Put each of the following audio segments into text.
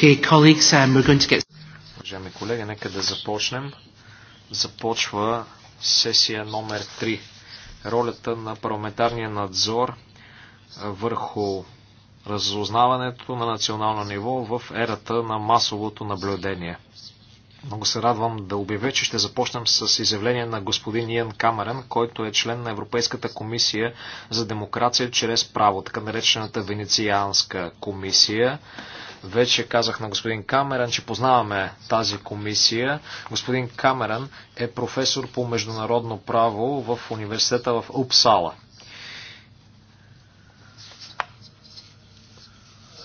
Okay, colleagues, um, we're going to get... Уважаеми колеги, нека да започнем. Започва сесия номер 3. Ролята на парламентарния надзор върху разузнаването на национално ниво в ерата на масовото наблюдение. Много се радвам да обявя, че ще започнем с изявление на господин Иен Камерен, който е член на Европейската комисия за демокрация чрез право, така наречената Венецианска комисия. Вече казах на господин Камеран, че познаваме тази комисия. Господин Камеран е професор по международно право в университета в Упсала.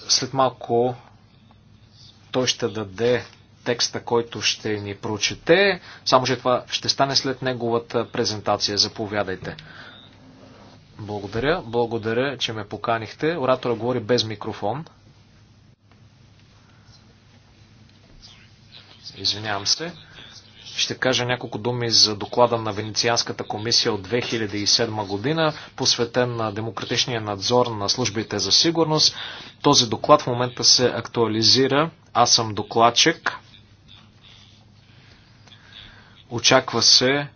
След малко той ще даде текста, който ще ни прочете, само че това ще стане след неговата презентация. Заповядайте. Благодаря, благодаря, че ме поканихте. Оратора говори без микрофон. Извинявам се. Ще кажа няколко думи за доклада на Венецианската комисия от 2007 година, посветен на демократичния надзор на службите за сигурност. Този доклад в момента се актуализира. Аз съм докладчик. Очаква се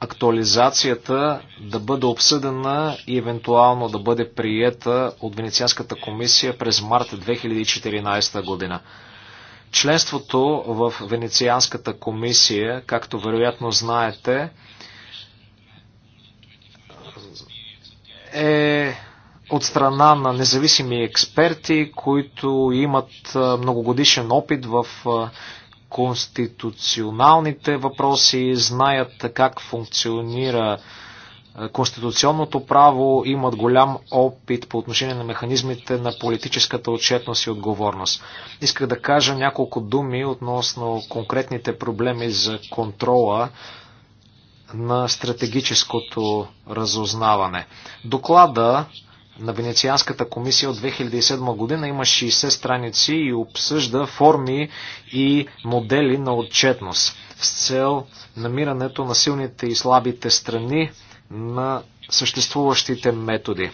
актуализацията да бъде обсъдена и евентуално да бъде приета от Венецианската комисия през март 2014 година. Членството в Венецианската комисия, както вероятно знаете, е от страна на независими експерти, които имат многогодишен опит в конституционалните въпроси, знаят как функционира е, конституционното право, имат голям опит по отношение на механизмите на политическата отчетност и отговорност. Исках да кажа няколко думи относно конкретните проблеми за контрола на стратегическото разузнаване. Доклада на Венецианската комисия от 2007 година има 60 страници и обсъжда форми и модели на отчетност с цел намирането на силните и слабите страни на съществуващите методи.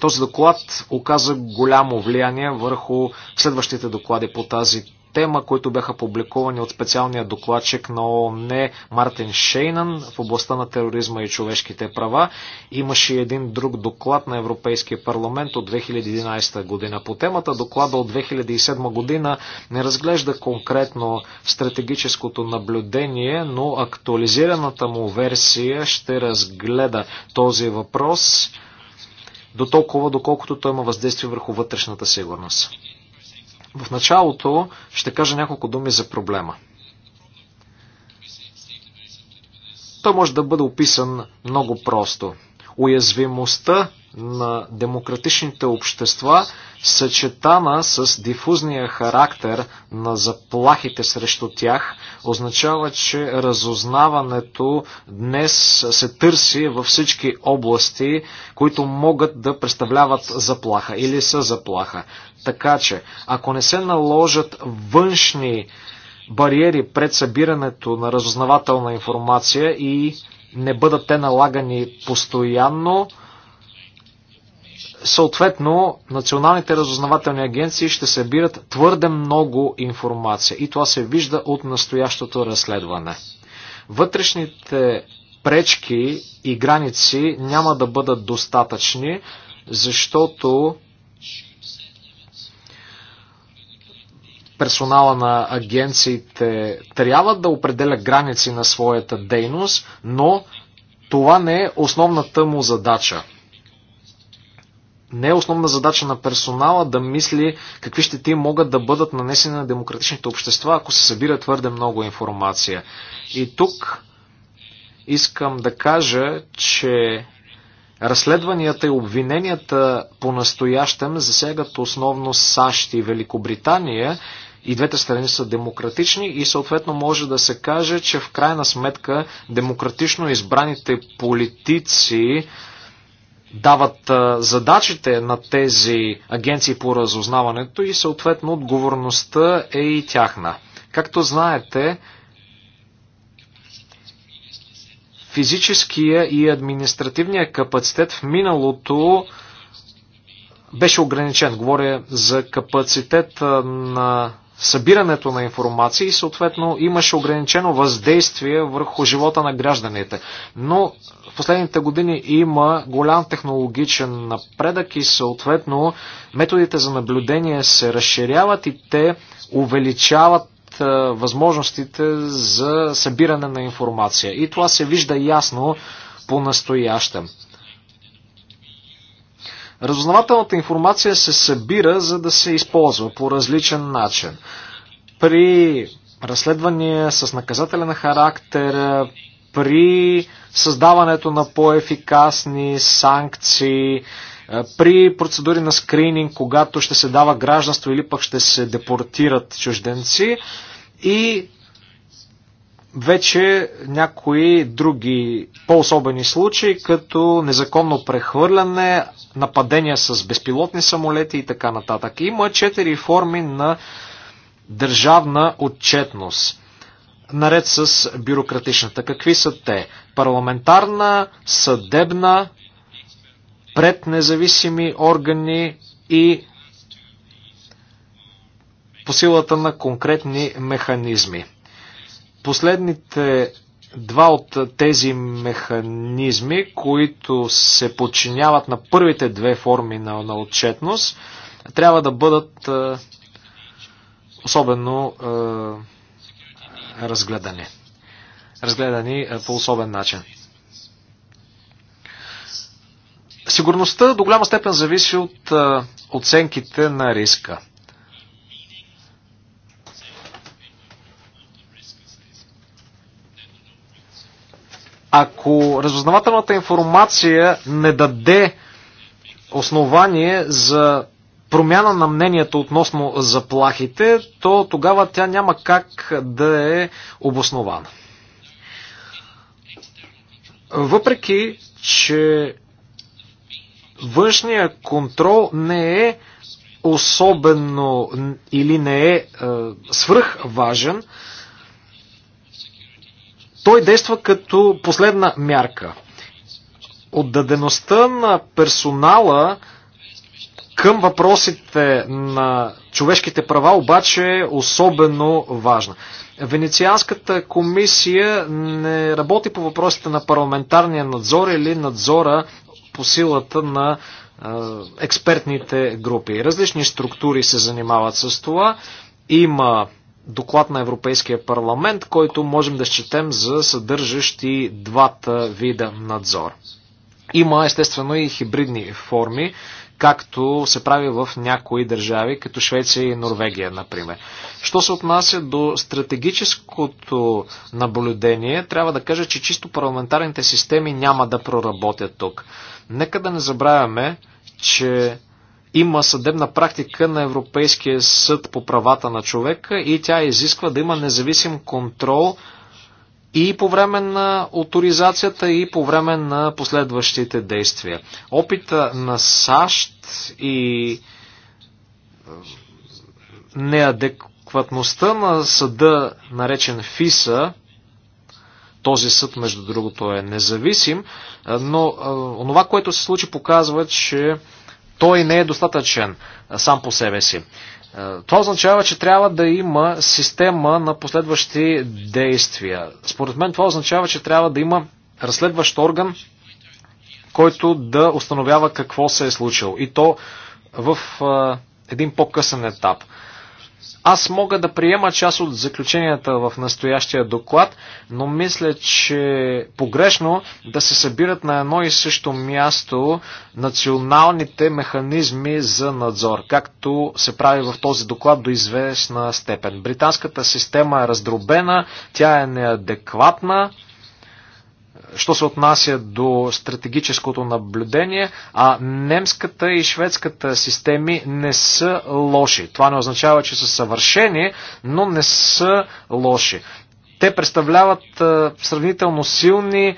Този доклад оказа голямо влияние върху следващите доклади по тази тема, които бяха публикувани от специалния докладчик на ООН Мартин Шейнан в областта на тероризма и човешките права. Имаше един друг доклад на Европейския парламент от 2011 година. По темата доклада от 2007 година не разглежда конкретно стратегическото наблюдение, но актуализираната му версия ще разгледа този въпрос до толкова, доколкото той има въздействие върху вътрешната сигурност. В началото ще кажа няколко думи за проблема. Той може да бъде описан много просто. Уязвимостта на демократичните общества съчетана с дифузния характер на заплахите срещу тях, означава, че разузнаването днес се търси във всички области, които могат да представляват заплаха или са заплаха. Така че, ако не се наложат външни бариери пред събирането на разузнавателна информация и не бъдат те налагани постоянно, Съответно, националните разузнавателни агенции ще събират твърде много информация и това се вижда от настоящото разследване. Вътрешните пречки и граници няма да бъдат достатъчни, защото персонала на агенциите трябва да определя граници на своята дейност, но това не е основната му задача не е основна задача на персонала да мисли какви ще ти могат да бъдат нанесени на демократичните общества, ако се събира твърде много информация. И тук искам да кажа, че разследванията и обвиненията по настоящем засягат основно САЩ и Великобритания. И двете страни са демократични и съответно може да се каже, че в крайна сметка демократично избраните политици дават задачите на тези агенции по разузнаването и съответно отговорността е и тяхна. Както знаете, физическия и административния капацитет в миналото беше ограничен. Говоря за капацитет на събирането на информация и съответно имаше ограничено въздействие върху живота на гражданите. Но в последните години има голям технологичен напредък и съответно методите за наблюдение се разширяват и те увеличават възможностите за събиране на информация. И това се вижда ясно по-настоящем. Разузнавателната информация се събира, за да се използва по различен начин. При разследвания с наказателен характер, при създаването на по-ефикасни санкции, при процедури на скрининг, когато ще се дава гражданство или пък ще се депортират чужденци и вече някои други по-особени случаи, като незаконно прехвърляне, нападения с безпилотни самолети и така нататък. Има четири форми на държавна отчетност, наред с бюрократичната. Какви са те? Парламентарна, съдебна, пред независими органи и по силата на конкретни механизми последните два от тези механизми, които се подчиняват на първите две форми на, на отчетност, трябва да бъдат е, особено е, разгледани. Разгледани е, по особен начин. Сигурността до голяма степен зависи от оценките на риска. Ако разузнавателната информация не даде основание за промяна на мнението относно заплахите, то тогава тя няма как да е обоснована. Въпреки, че външния контрол не е особено или не е, е свръхважен, той действа като последна мярка. Отдадеността на персонала към въпросите на човешките права обаче е особено важна. Венецианската комисия не работи по въпросите на парламентарния надзор или надзора по силата на е, експертните групи. Различни структури се занимават с това. Има доклад на Европейския парламент, който можем да счетем за съдържащи двата вида надзор. Има естествено и хибридни форми, както се прави в някои държави, като Швеция и Норвегия, например. Що се отнася до стратегическото наблюдение, трябва да кажа, че чисто парламентарните системи няма да проработят тук. Нека да не забравяме, че има съдебна практика на Европейския съд по правата на човека и тя изисква да има независим контрол и по време на авторизацията, и по време на последващите действия. Опита на САЩ и неадекватността на съда, наречен ФИСА, този съд, между другото, е независим, но онова, което се случи, показва, че той не е достатъчен сам по себе си. Това означава, че трябва да има система на последващи действия. Според мен това означава, че трябва да има разследващ орган, който да установява какво се е случило. И то в един по-късен етап. Аз мога да приема част от заключенията в настоящия доклад, но мисля, че погрешно да се събират на едно и също място националните механизми за надзор, както се прави в този доклад до известна степен. Британската система е раздробена, тя е неадекватна що се отнася до стратегическото наблюдение, а немската и шведската системи не са лоши. Това не означава, че са съвършени, но не са лоши. Те представляват е, сравнително силни е,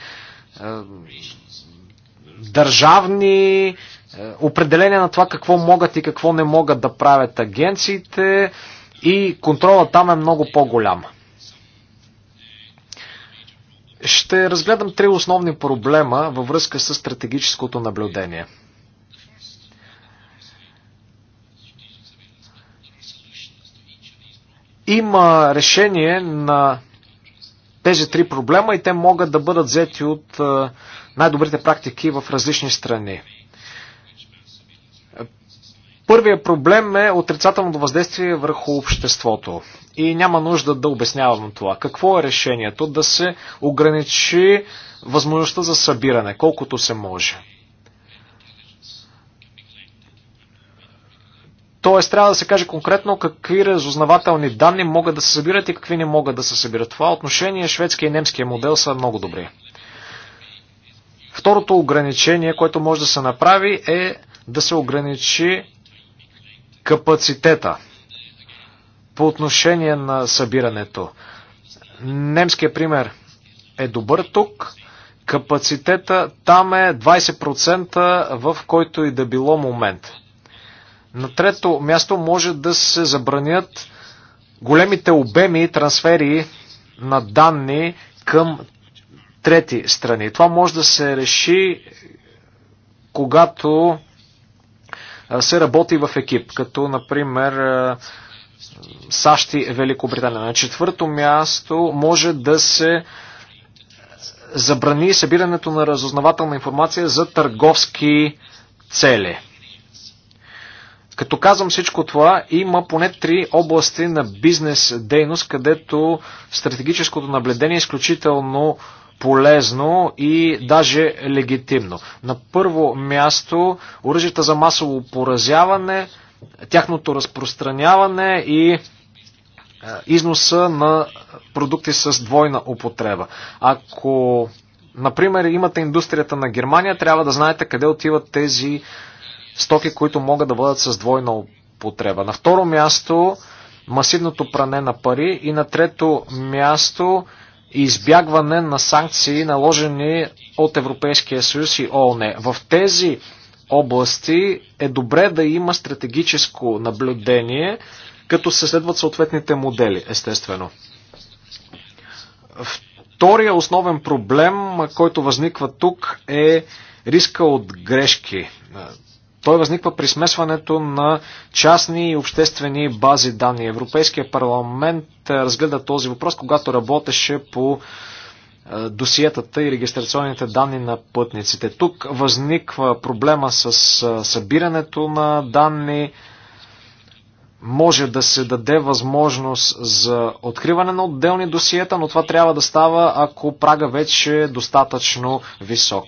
държавни е, определения на това какво могат и какво не могат да правят агенциите и контрола там е много по голяма ще разгледам три основни проблема във връзка с стратегическото наблюдение. Има решение на тези три проблема и те могат да бъдат взети от най-добрите практики в различни страни. Първият проблем е отрицателното въздействие върху обществото. И няма нужда да обяснявам това. Какво е решението? Да се ограничи възможността за събиране, колкото се може. Тоест, трябва да се каже конкретно какви разузнавателни данни могат да се събират и какви не могат да се събират. Това отношение шведския и немския модел са много добри. Второто ограничение, което може да се направи е да се ограничи капацитета по отношение на събирането. Немският пример е добър тук. Капацитета там е 20% в който и да било момент. На трето място може да се забранят големите обеми и трансфери на данни към трети страни. Това може да се реши, когато се работи в екип, като например САЩ и Великобритания. На четвърто място може да се забрани събирането на разузнавателна информация за търговски цели. Като казвам всичко това, има поне три области на бизнес дейност, където стратегическото наблюдение е изключително полезно и даже легитимно. На първо място оръжията за масово поразяване, тяхното разпространяване и е, износа на продукти с двойна употреба. Ако, например, имате индустрията на Германия, трябва да знаете къде отиват тези стоки, които могат да бъдат с двойна употреба. На второ място масивното пране на пари и на трето място избягване на санкции, наложени от Европейския съюз и ООН. В тези области е добре да има стратегическо наблюдение, като се следват съответните модели, естествено. Втория основен проблем, който възниква тук е риска от грешки. Той възниква при смесването на частни и обществени бази данни. Европейския парламент е, разгледа този въпрос, когато работеше по е, досиетата и регистрационните данни на пътниците. Тук възниква проблема с е, събирането на данни, може да се даде възможност за откриване на отделни досиета, но това трябва да става, ако прага вече е достатъчно висок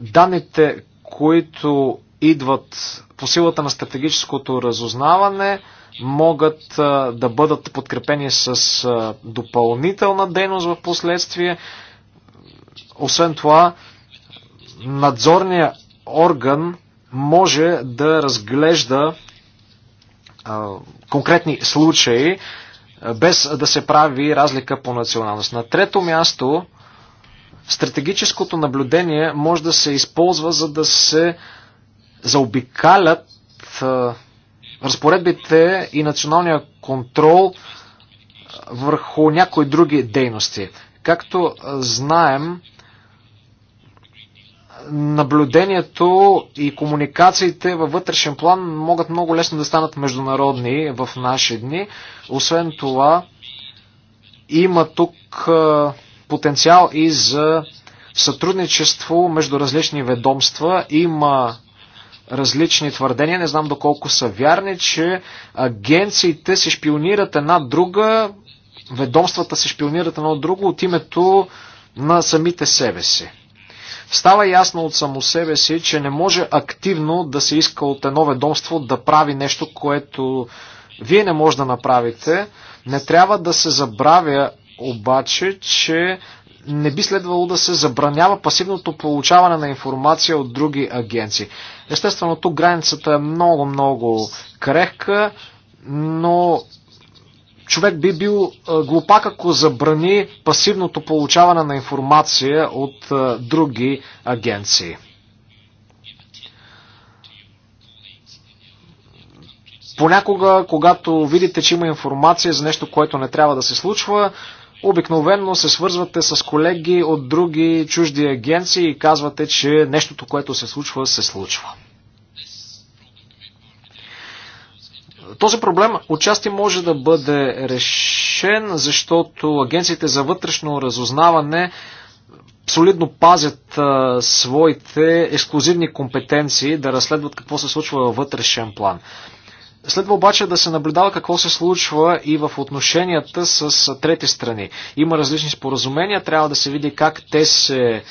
данните, които идват по силата на стратегическото разузнаване, могат да бъдат подкрепени с допълнителна дейност в последствие. Освен това, надзорният орган може да разглежда конкретни случаи, без да се прави разлика по националност. На трето място, Стратегическото наблюдение може да се използва, за да се заобикалят разпоредбите и националния контрол върху някои други дейности. Както знаем, наблюдението и комуникациите във вътрешен план могат много лесно да станат международни в наши дни. Освен това, има тук потенциал и за сътрудничество между различни ведомства. Има различни твърдения, не знам доколко са вярни, че агенциите се шпионират една друга, ведомствата се шпионират едно друго от името на самите себе си. Става ясно от само себе си, че не може активно да се иска от едно ведомство да прави нещо, което вие не може да направите. Не трябва да се забравя обаче, че не би следвало да се забранява пасивното получаване на информация от други агенции. Естествено, тук границата е много-много крехка, но човек би бил глупак, ако забрани пасивното получаване на информация от други агенции. Понякога, когато видите, че има информация за нещо, което не трябва да се случва, Обикновенно се свързвате с колеги от други чужди агенции и казвате, че нещото, което се случва, се случва. Този проблем отчасти може да бъде решен, защото агенциите за вътрешно разузнаване солидно пазят а, своите ексклюзивни компетенции да разследват какво се случва във вътрешен план. Следва обаче да се наблюдава какво се случва и в отношенията с трети страни. Има различни споразумения, трябва да се види как те се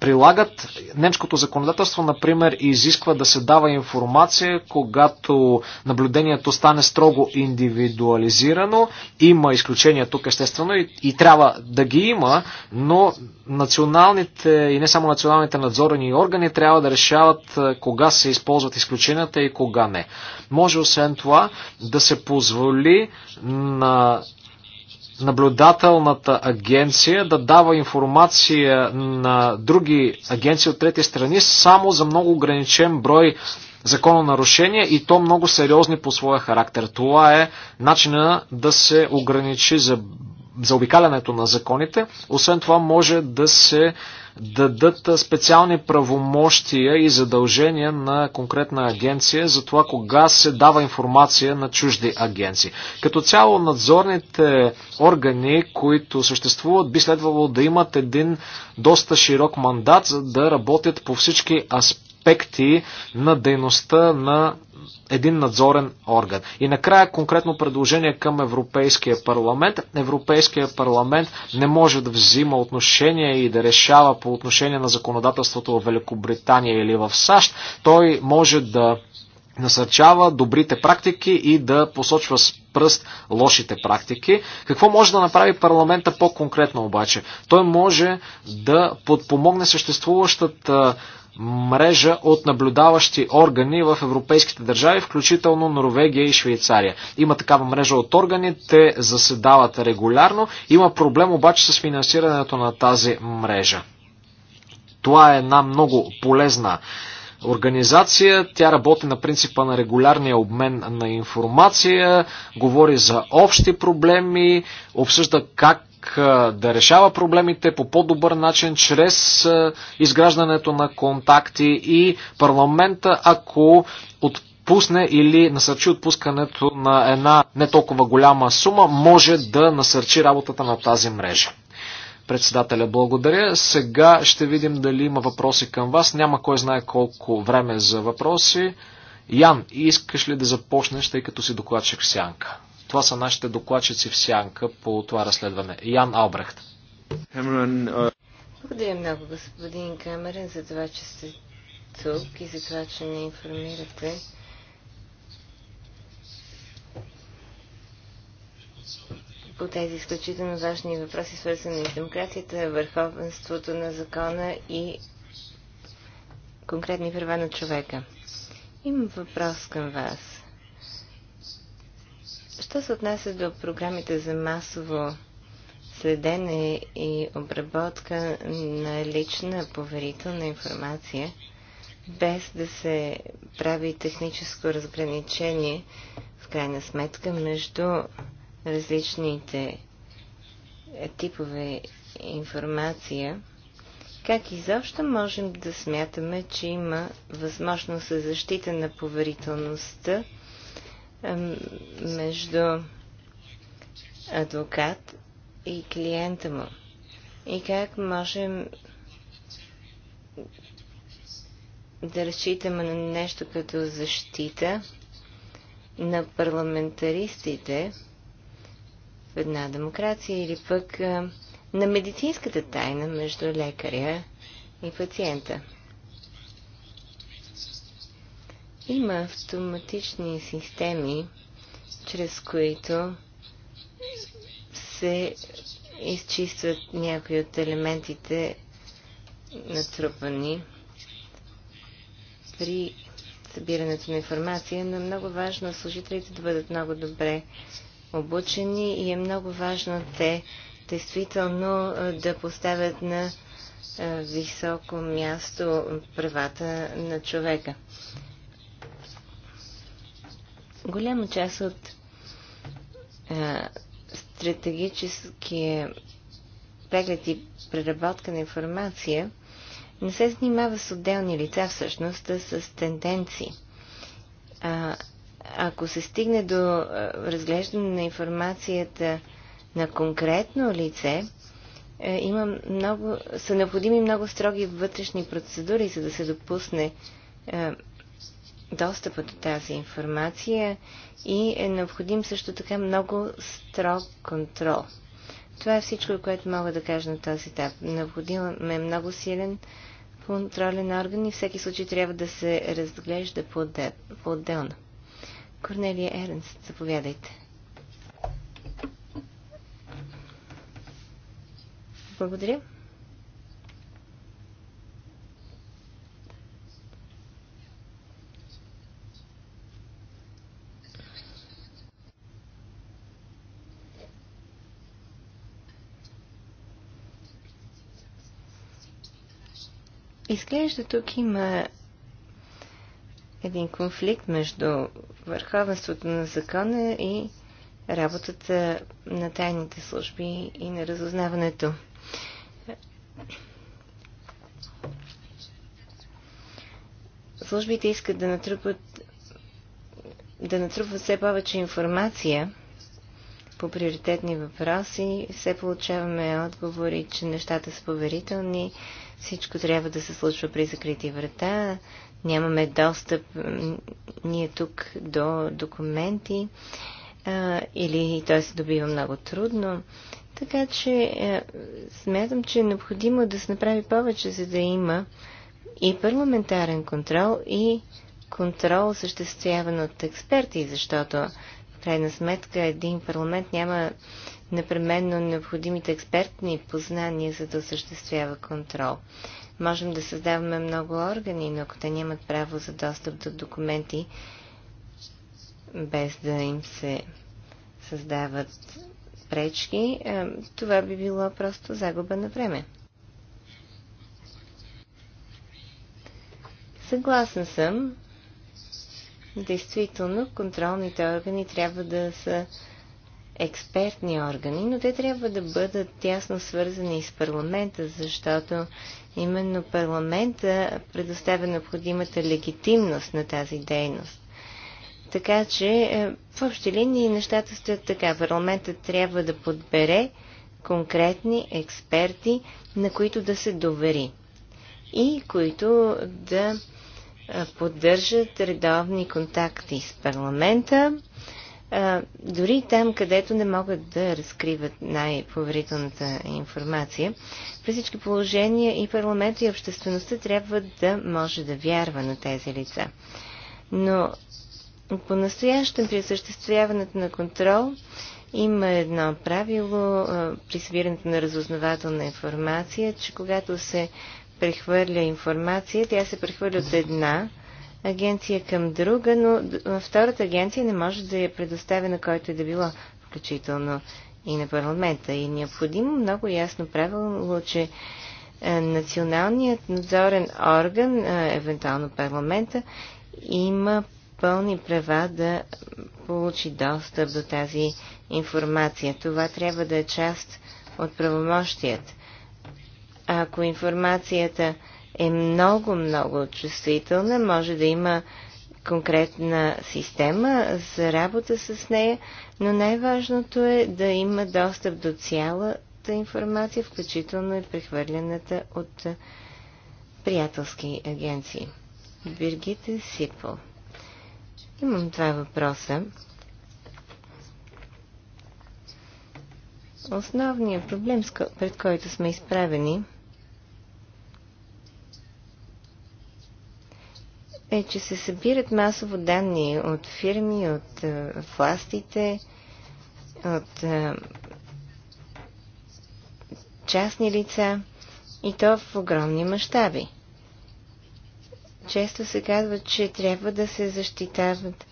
прилагат. Немското законодателство, например, изисква да се дава информация, когато наблюдението стане строго индивидуализирано. Има изключения тук, естествено, и, и трябва да ги има, но националните и не само националните надзорни органи трябва да решават е, кога се използват изключенията и кога не. Може освен това да се позволи на наблюдателната агенция да дава информация на други агенции от трети страни само за много ограничен брой закононарушения и то много сериозни по своя характер. Това е начина да се ограничи за заобикалянето на законите. Освен това може да се дадат специални правомощия и задължения на конкретна агенция за това кога се дава информация на чужди агенции. Като цяло надзорните органи, които съществуват, би следвало да имат един доста широк мандат, за да работят по всички аспекти аспекти на дейността на един надзорен орган. И накрая конкретно предложение към Европейския парламент. Европейския парламент не може да взима отношение и да решава по отношение на законодателството в Великобритания или в САЩ. Той може да насърчава добрите практики и да посочва с пръст лошите практики. Какво може да направи парламента по-конкретно обаче? Той може да подпомогне съществуващата мрежа от наблюдаващи органи в европейските държави, включително Норвегия и Швейцария. Има такава мрежа от органи, те заседават регулярно. Има проблем обаче с финансирането на тази мрежа. Това е една много полезна организация. Тя работи на принципа на регулярния обмен на информация, говори за общи проблеми, обсъжда как да решава проблемите по по-добър начин чрез изграждането на контакти и парламента, ако отпусне или насърчи отпускането на една не толкова голяма сума, може да насърчи работата на тази мрежа. Председателя, благодаря. Сега ще видим дали има въпроси към вас. Няма кой знае колко време за въпроси. Ян, искаш ли да започнеш, тъй като си докладчик в сянка? Това са нашите докладчици в сянка по това разследване. Ян Албрехт. Uh, Благодаря много, господин Камерен, за това, че сте тук и за това, че не информирате. по тези изключително важни въпроси, свързани с демокрацията, върховенството на закона и конкретни права на човека. Имам въпрос към вас. Що се отнася до програмите за масово следене и обработка на лична поверителна информация, без да се прави техническо разграничение, в крайна сметка, между различните типове информация, как изобщо можем да смятаме, че има възможност за защита на поверителността между адвокат и клиента му. И как можем да разчитаме на нещо като защита на парламентаристите в една демокрация или пък на медицинската тайна между лекаря и пациента. Има автоматични системи, чрез които се изчистват някои от елементите натрупани при събирането на информация, но е много важно служителите да бъдат много добре обучени и е много важно те действително да поставят на високо място правата на човека голяма част от а, стратегическия преглед и преработка на информация не се занимава с отделни лица всъщност, а с тенденции. А, ако се стигне до разглеждане на информацията на конкретно лице, е, има много, са необходими много строги вътрешни процедури, за да се допусне достъпа до тази информация и е необходим също така много строг контрол. Това е всичко, което мога да кажа на този етап. Необходим е много силен контролен орган и всеки случай трябва да се разглежда по-отделно. Корнелия Ернст, заповядайте. Благодаря. Изглежда тук има един конфликт между върховенството на закона и работата на тайните служби и на разузнаването. Службите искат да натрупат да натрупват все повече информация по приоритетни въпроси. Все получаваме отговори, че нещата са поверителни, всичко трябва да се случва при закрити врата. Нямаме достъп ние тук до документи а, или той се добива много трудно. Така че а, е, смятам, че е необходимо да се направи повече, за да има и парламентарен контрол, и контрол съществяван от експерти, защото в крайна сметка един парламент няма непременно необходимите експертни познания, за да осъществява контрол. Можем да създаваме много органи, но ако те нямат право за достъп до документи, без да им се създават пречки, е, това би било просто загуба на време. Съгласен съм. Действително, контролните органи трябва да са експертни органи, но те трябва да бъдат тясно свързани с парламента, защото именно парламента предоставя необходимата легитимност на тази дейност. Така че е, в общи линии нещата стоят така. Парламентът трябва да подбере конкретни експерти, на които да се довери и които да е, поддържат редовни контакти с парламента, а, дори там, където не могат да разкриват най-поверителната информация. При всички положения и парламент и обществеността трябва да може да вярва на тези лица. Но по-настоящем при осъществяването на контрол има едно правило а, при събирането на разузнавателна информация, че когато се прехвърля информация, тя се прехвърля от една агенция към друга, но втората агенция не може да я предоставя на който и е да било, включително и на парламента. И необходимо много ясно правило, че националният надзорен орган, евентуално парламента, има пълни права да получи достъп до тази информация. Това трябва да е част от правомощият. Ако информацията е много, много чувствителна. Може да има конкретна система за работа с нея, но най-важното е да има достъп до цялата информация, включително и прехвърлената от приятелски агенции. Биргите Сипо. Имам два въпроса. Основният проблем, пред който сме изправени – е, че се събират масово данни от фирми, от е, властите, от е, частни лица и то в огромни мащаби. Често се казва, че трябва да се защитават,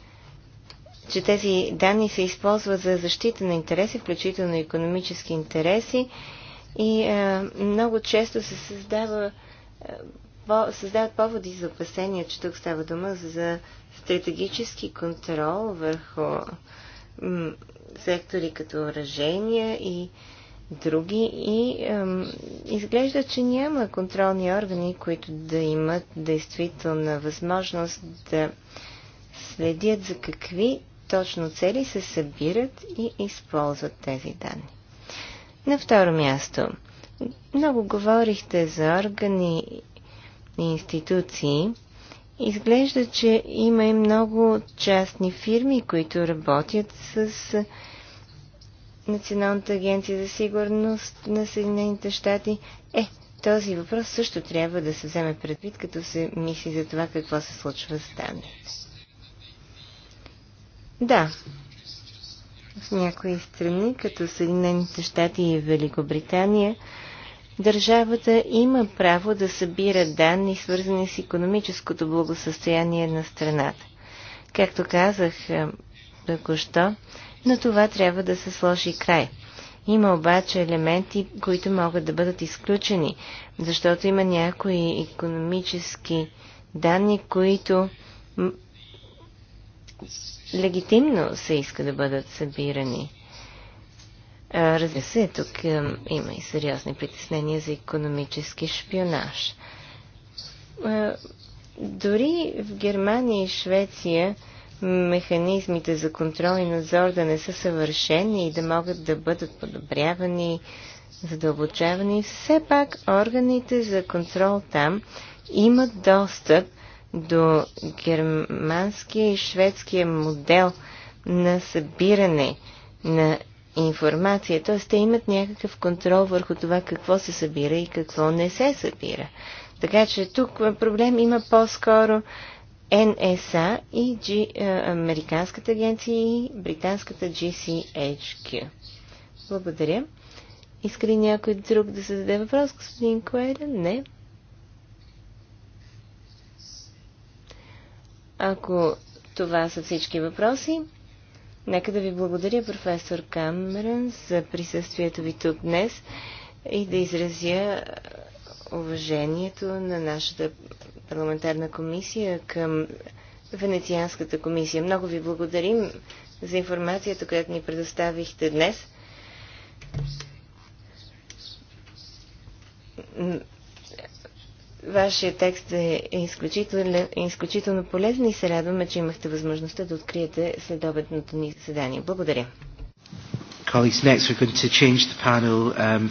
че тези данни се използват за защита на интереси, включително економически интереси и е, много често се създава е, по- създават поводи за опасения, че тук става дума за стратегически контрол върху сектори като оръжения и други и ем, изглежда, че няма контролни органи, които да имат действителна възможност да следят за какви точно цели се събират и използват тези данни. На второ място, много говорихте за органи институции, изглежда, че има и много частни фирми, които работят с Националната агенция за сигурност на Съединените щати. Е, този въпрос също трябва да се вземе предвид, като се мисли за това какво се случва с там. Да, в някои страни, като Съединените щати и Великобритания, Държавата има право да събира данни, свързани с економическото благосъстояние на страната. Както казах е, току-що, на това трябва да се сложи край. Има обаче елементи, които могат да бъдат изключени, защото има някои економически данни, които легитимно се иска да бъдат събирани. Е, разбира се, тук е, има и сериозни притеснения за економически шпионаж. Е, дори в Германия и Швеция механизмите за контрол и надзор да не са съвършени и да могат да бъдат подобрявани, задълбочавани, все пак органите за контрол там имат достъп до германския и шведския модел на събиране на информация, т.е. те имат някакъв контрол върху това какво се събира и какво не се събира. Така че тук проблем има по-скоро NSA и G, е, Американската агенция и Британската GCHQ. Благодаря. Иска ли някой друг да се зададе въпрос, господин Коеда? Не. Ако това са всички въпроси, Нека да ви благодаря, професор Камерън, за присъствието ви тук днес и да изразя уважението на нашата парламентарна комисия към Венецианската комисия. Много ви благодарим за информацията, която ни предоставихте днес. Вашия текст е изключително, изключително полезен и се радваме, че имахте възможността да откриете следобедното ни заседание. Благодаря. Um,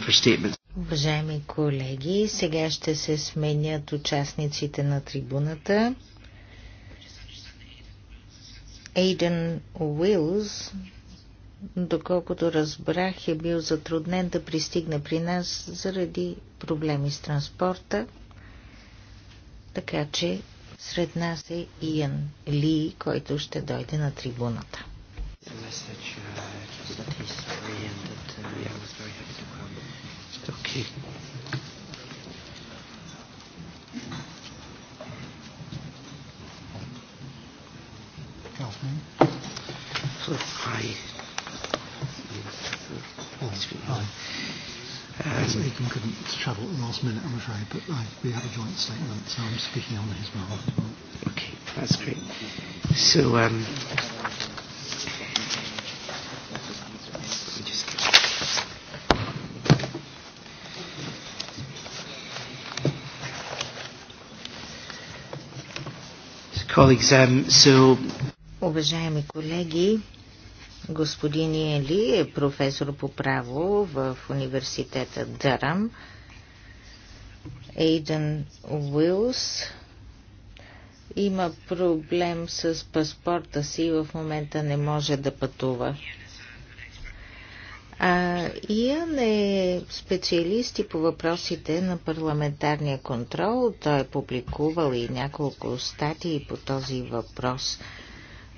Уважаеми колеги, сега ще се сменят участниците на трибуната. Ейден Уилс, доколкото разбрах, е бил затруднен да пристигне при нас заради проблеми с транспорта. Така че сред нас е Иен Ли, който ще дойде на трибуната. Okay. Hi. Hi. Mr. Aiken couldn't travel at the last minute, I'm afraid, but I, we have a joint statement, so I'm speaking on his behalf. Okay, that's great. So, um, Colleagues, um, so... Уважаеми колеги, Господин Ели е професор по право в университета Дърам. Ейден Уилс има проблем с паспорта си и в момента не може да пътува. А, Иан е специалист и по въпросите на парламентарния контрол. Той е публикувал и няколко статии по този въпрос –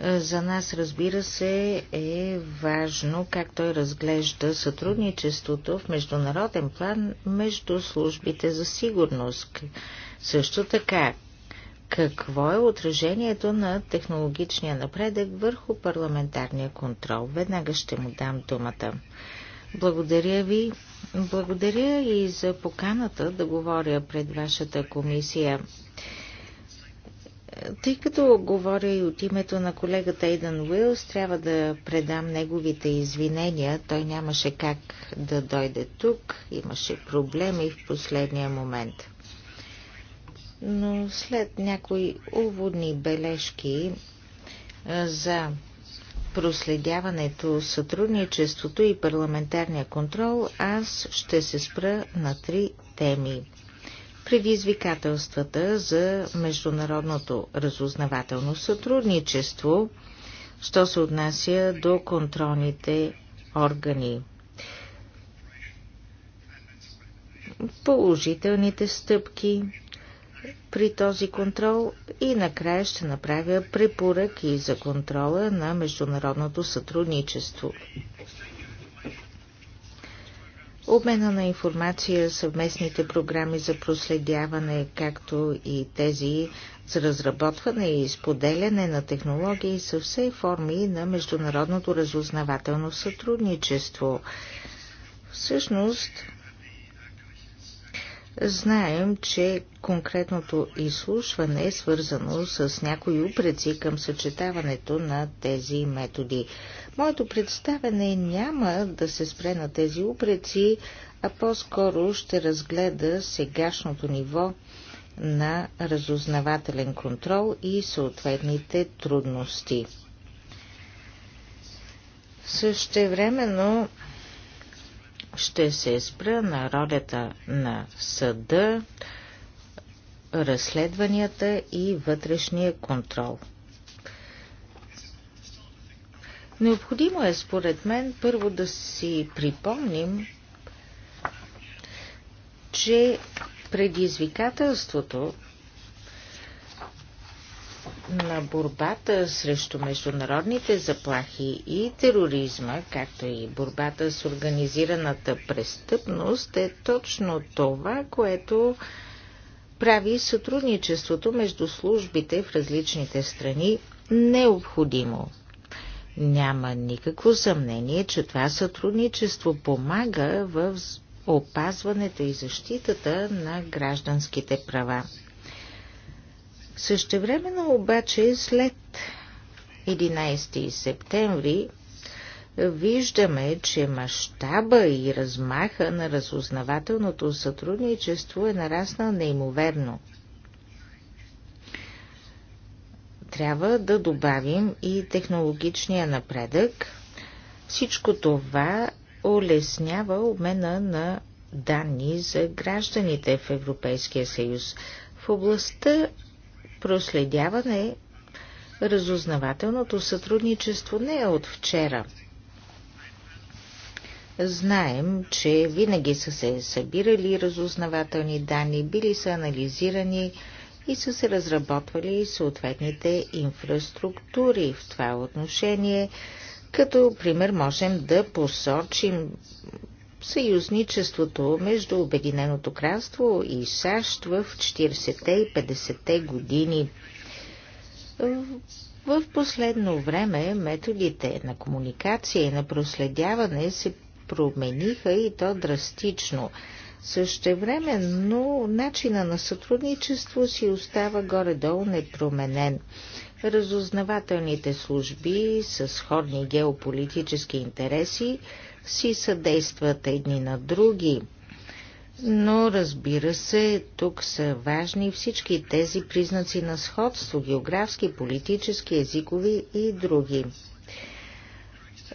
за нас, разбира се, е важно как той разглежда сътрудничеството в международен план между службите за сигурност. Също така, какво е отражението на технологичния напредък върху парламентарния контрол? Веднага ще му дам думата. Благодаря ви. Благодаря и за поканата да говоря пред вашата комисия. Тъй като говоря и от името на колегата Ейдън Уилс, трябва да предам неговите извинения. Той нямаше как да дойде тук, имаше проблеми в последния момент. Но след някои уводни бележки за проследяването, сътрудничеството и парламентарния контрол, аз ще се спра на три теми предизвикателствата за международното разузнавателно сътрудничество, що се отнася до контролните органи. Положителните стъпки при този контрол и накрая ще направя препоръки за контрола на международното сътрудничество обмена на информация, съвместните програми за проследяване, както и тези за разработване и споделяне на технологии са все форми на международното разузнавателно сътрудничество. Всъщност, знаем, че конкретното изслушване е свързано с някои упреци към съчетаването на тези методи. Моето представене няма да се спре на тези упреци, а по-скоро ще разгледа сегашното ниво на разузнавателен контрол и съответните трудности. Същевременно ще се спра на ролята на съда, разследванията и вътрешния контрол. Необходимо е, според мен, първо да си припомним, че предизвикателството на борбата срещу международните заплахи и тероризма, както и борбата с организираната престъпност, е точно това, което прави сътрудничеството между службите в различните страни необходимо. Няма никакво съмнение, че това сътрудничество помага в опазването и защитата на гражданските права. Същевременно обаче след 11 септември виждаме, че мащаба и размаха на разузнавателното сътрудничество е нараснал неимоверно – трябва да добавим и технологичния напредък. Всичко това улеснява обмена на данни за гражданите в Европейския съюз. В областта проследяване разузнавателното сътрудничество не е от вчера. Знаем, че винаги са се събирали разузнавателни данни, били са анализирани, и са се разработвали съответните инфраструктури в това отношение. Като пример можем да посочим съюзничеството между Обединеното кралство и САЩ в 40-те и 50-те години. В последно време методите на комуникация и на проследяване се промениха и то драстично. Същевременно начина на сътрудничество си остава горе-долу непроменен. Разузнавателните служби с сходни геополитически интереси си съдействат едни на други. Но разбира се, тук са важни всички тези признаци на сходство – географски, политически, езикови и други.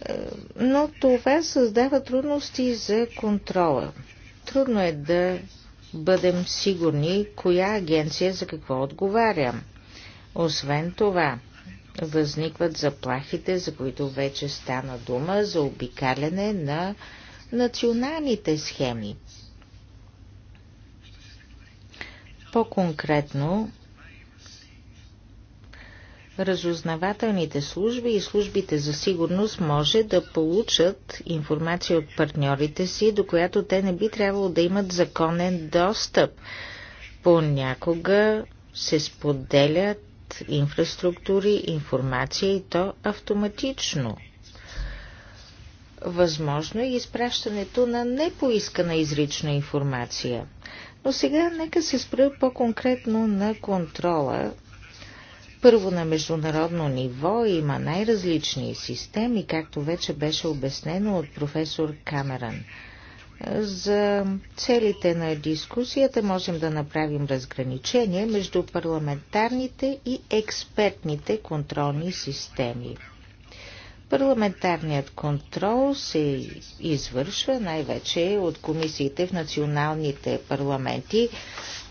Е, но това създава трудности за контрола. Трудно е да бъдем сигурни коя агенция за какво отговаря. Освен това, възникват заплахите, за които вече стана дума, за обикаляне на националните схеми. По-конкретно, Разузнавателните служби и службите за сигурност може да получат информация от партньорите си, до която те не би трябвало да имат законен достъп. Понякога се споделят инфраструктури, информация и то автоматично. Възможно е изпращането на непоискана изрична информация. Но сега нека се спра по-конкретно на контрола първо на международно ниво има най-различни системи, както вече беше обяснено от професор Камеран. За целите на дискусията можем да направим разграничение между парламентарните и експертните контролни системи. Парламентарният контрол се извършва най-вече от комисиите в националните парламенти,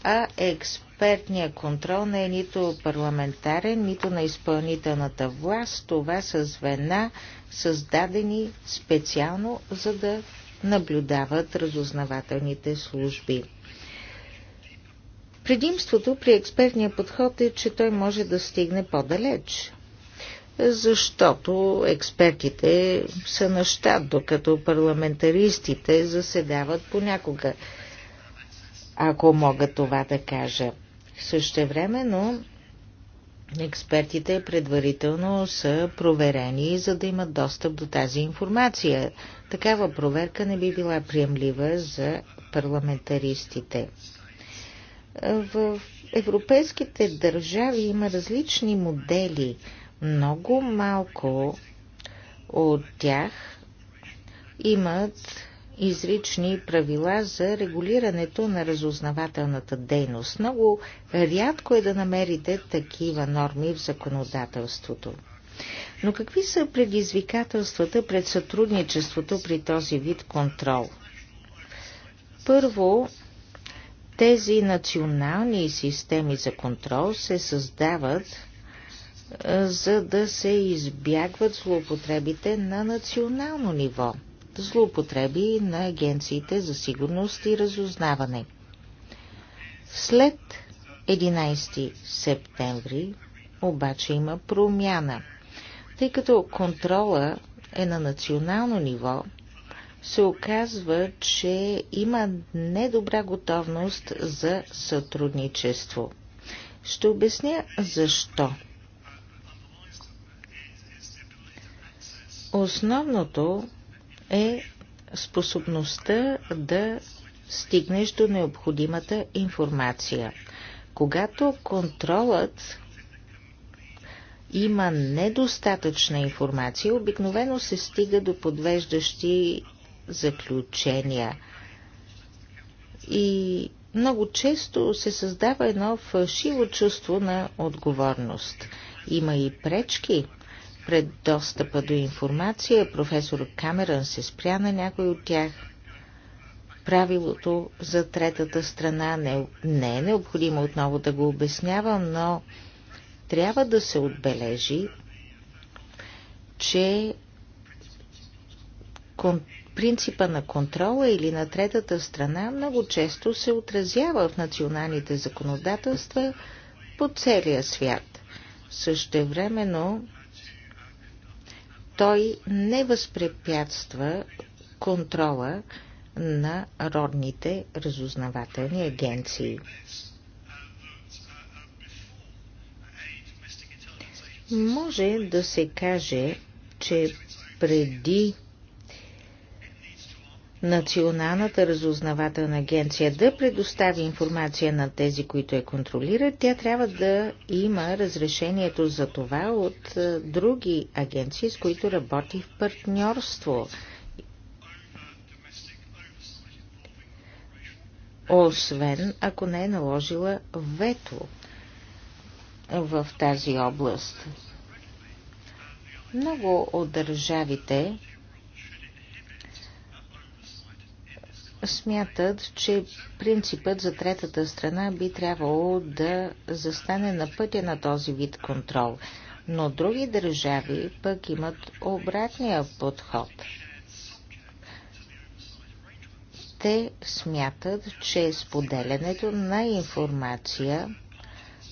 а експертните експертния контрол не е нито парламентарен, нито на изпълнителната власт. Това са звена, създадени специално за да наблюдават разузнавателните служби. Предимството при експертния подход е, че той може да стигне по-далеч, защото експертите са на щат, докато парламентаристите заседават понякога, ако мога това да кажа. Също но експертите предварително са проверени, за да имат достъп до тази информация. Такава проверка не би била приемлива за парламентаристите. В европейските държави има различни модели. Много малко от тях имат изрични правила за регулирането на разузнавателната дейност. Много рядко е да намерите такива норми в законодателството. Но какви са предизвикателствата пред сътрудничеството при този вид контрол? Първо, тези национални системи за контрол се създават за да се избягват злоупотребите на национално ниво – злоупотреби на агенциите за сигурност и разузнаване. След 11 септември обаче има промяна. Тъй като контрола е на национално ниво, се оказва, че има недобра готовност за сътрудничество. Ще обясня защо. Основното е способността да стигнеш до необходимата информация. Когато контролът има недостатъчна информация, обикновено се стига до подвеждащи заключения. И много често се създава едно фалшиво чувство на отговорност. Има и пречки пред достъпа до информация. Професор Камерън се спря на някой от тях. Правилото за третата страна не, не е необходимо отново да го обяснявам, но трябва да се отбележи, че принципа на контрола или на третата страна много често се отразява в националните законодателства по целия свят. Същевременно времено той не възпрепятства контрола на родните разузнавателни агенции. Може да се каже, че преди Националната разузнавателна агенция да предостави информация на тези, които я контролират, тя трябва да има разрешението за това от е, други агенции, с които работи в партньорство. Освен ако не е наложила вето в тази област. Много от държавите смятат, че принципът за третата страна би трябвало да застане на пътя на този вид контрол. Но други държави пък имат обратния подход. Те смятат, че споделянето на информация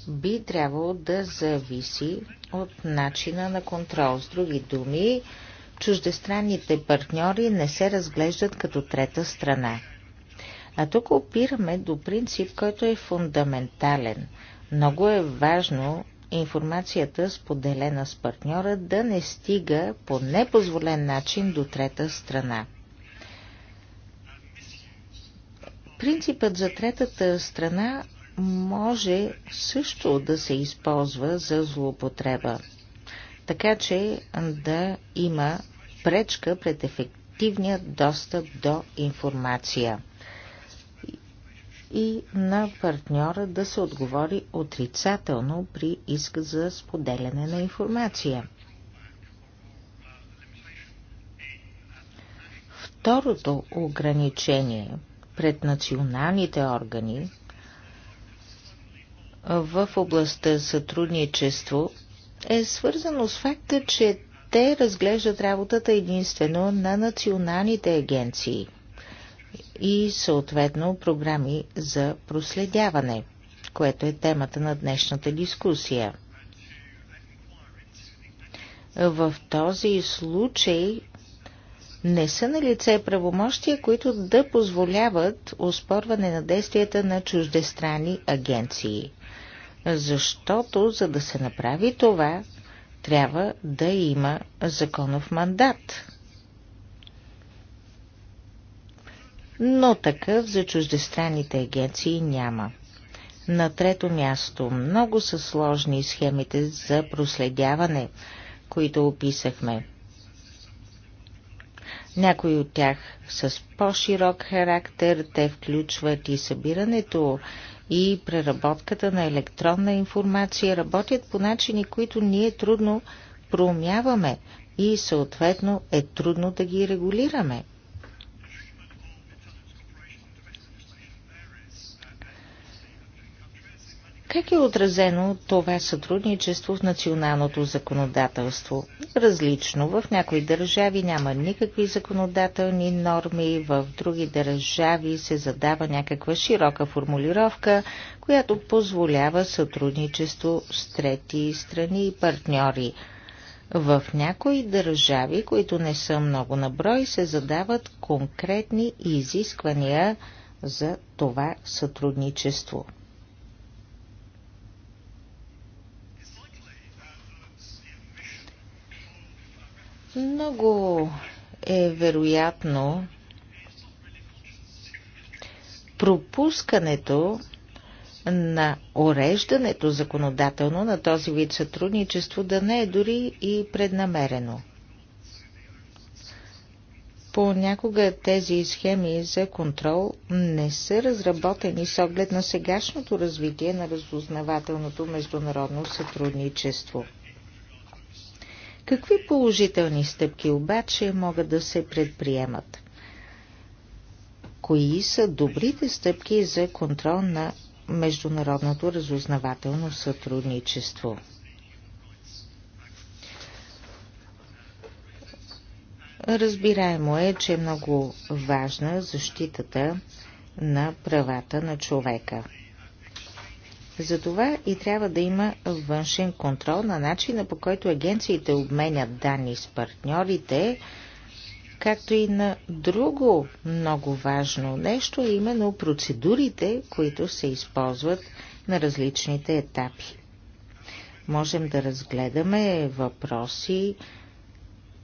би трябвало да зависи от начина на контрол. С други думи, чуждестранните партньори не се разглеждат като трета страна. А тук опираме до принцип, който е фундаментален. Много е важно информацията, споделена с партньора, да не стига по непозволен начин до трета страна. Принципът за третата страна може също да се използва за злоупотреба, така че да има пречка пред ефективния достъп до информация и на партньора да се отговори отрицателно при иск за споделяне на информация. Второто ограничение пред националните органи в областта сътрудничество е свързано с факта, че те разглеждат работата единствено на националните агенции и съответно програми за проследяване, което е темата на днешната дискусия. В този случай не са на лице правомощия, които да позволяват оспорване на действията на чуждестранни агенции. Защото, за да се направи това, трябва да има законов мандат. Но такъв за чуждестранните агенции няма. На трето място много са сложни схемите за проследяване, които описахме. Някои от тях с по-широк характер, те включват и събирането и преработката на електронна информация работят по начини, които ние трудно проумяваме и съответно е трудно да ги регулираме. Как е отразено това сътрудничество в националното законодателство? Различно. В някои държави няма никакви законодателни норми, в други държави се задава някаква широка формулировка, която позволява сътрудничество с трети страни и партньори. В някои държави, които не са много на брой, се задават конкретни изисквания за това сътрудничество. Много е вероятно пропускането на ореждането законодателно на този вид сътрудничество да не е дори и преднамерено. Понякога тези схеми за контрол не са разработени с оглед на сегашното развитие на разузнавателното международно сътрудничество – Какви положителни стъпки обаче могат да се предприемат? Кои са добрите стъпки за контрол на международното разузнавателно сътрудничество? Разбираемо е, че е много важна защитата на правата на човека – затова и трябва да има външен контрол на начина по който агенциите обменят данни с партньорите, както и на друго много важно нещо, именно процедурите, които се използват на различните етапи. Можем да разгледаме въпроси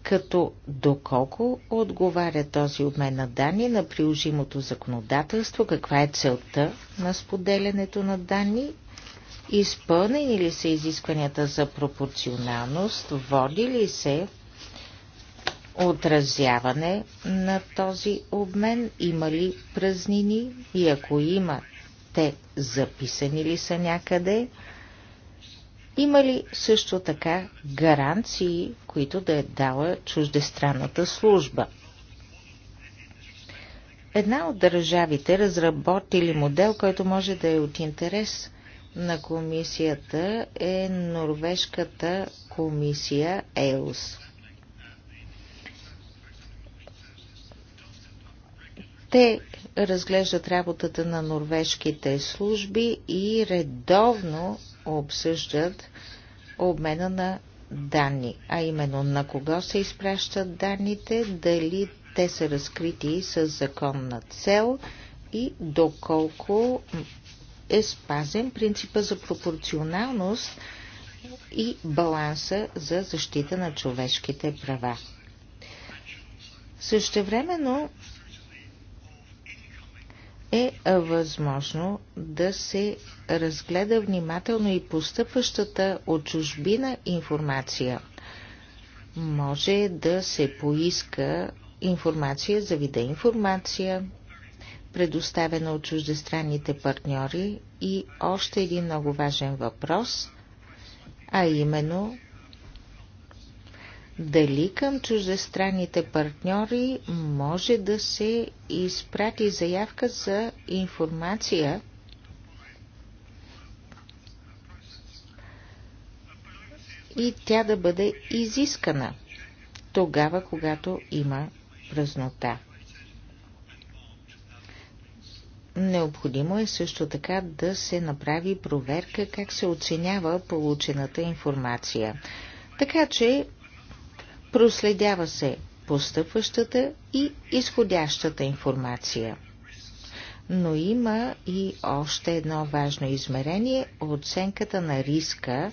като доколко отговаря този обмен на данни на приложимото законодателство, каква е целта на споделянето на данни Изпълнени ли са изискванията за пропорционалност? Води ли се отразяване на този обмен? Има ли празнини? И ако има, те записани ли са някъде? Има ли също така гаранции, които да е дала чуждестранната служба? Една от държавите разработили модел, който може да е от интерес на комисията е Норвежката комисия ЕЛС. Те разглеждат работата на норвежките служби и редовно обсъждат обмена на данни, а именно на кого се изпращат данните, дали те са разкрити с законна цел и доколко е спазен принципа за пропорционалност и баланса за защита на човешките права. Същевременно е възможно да се разгледа внимателно и постъпващата от чужбина информация. Може да се поиска информация за вида информация, предоставена от чуждестранните партньори и още един много важен въпрос, а именно дали към чуждестранните партньори може да се изпрати заявка за информация и тя да бъде изискана тогава, когато има празнота. Необходимо е също така да се направи проверка как се оценява получената информация. Така че проследява се постъпващата и изходящата информация. Но има и още едно важно измерение – оценката на риска,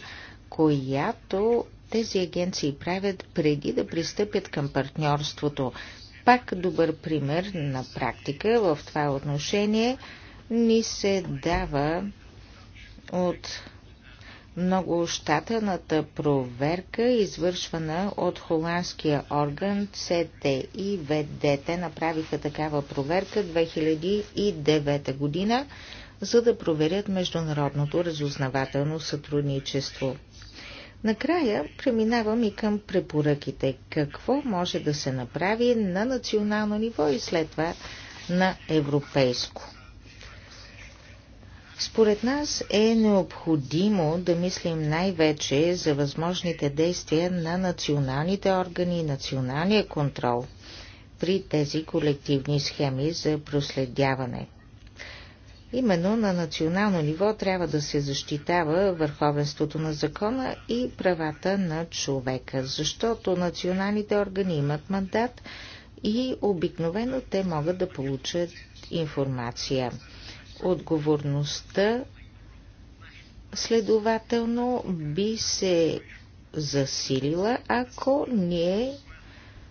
която тези агенции правят преди да пристъпят към партньорството. Пак добър пример на практика в това отношение ни се дава от щатаната проверка, извършвана от холандския орган ЦТ и ВД. направиха такава проверка 2009 година, за да проверят международното разузнавателно сътрудничество. Накрая преминавам и към препоръките. Какво може да се направи на национално ниво и след това на европейско? Според нас е необходимо да мислим най-вече за възможните действия на националните органи и националния контрол при тези колективни схеми за проследяване. Именно на национално ниво трябва да се защитава върховенството на закона и правата на човека, защото националните органи имат мандат и обикновено те могат да получат информация. Отговорността следователно би се засилила, ако ние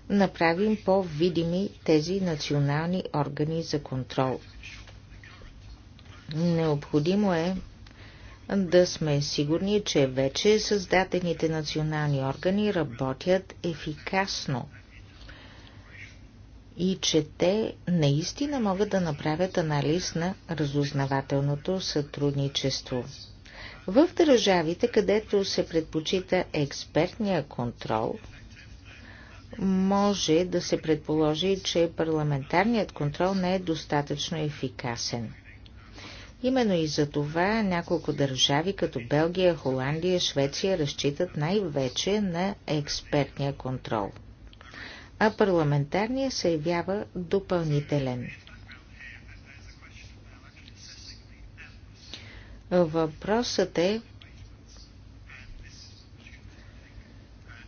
направим по-видими тези национални органи за контрол. Необходимо е да сме сигурни, че вече създадените национални органи работят ефикасно и че те наистина могат да направят анализ на разузнавателното сътрудничество. В държавите, където се предпочита експертния контрол, може да се предположи, че парламентарният контрол не е достатъчно ефикасен. Именно и за това няколко държави, като Белгия, Холандия, Швеция, разчитат най-вече на експертния контрол. А парламентарния се явява допълнителен. Въпросът е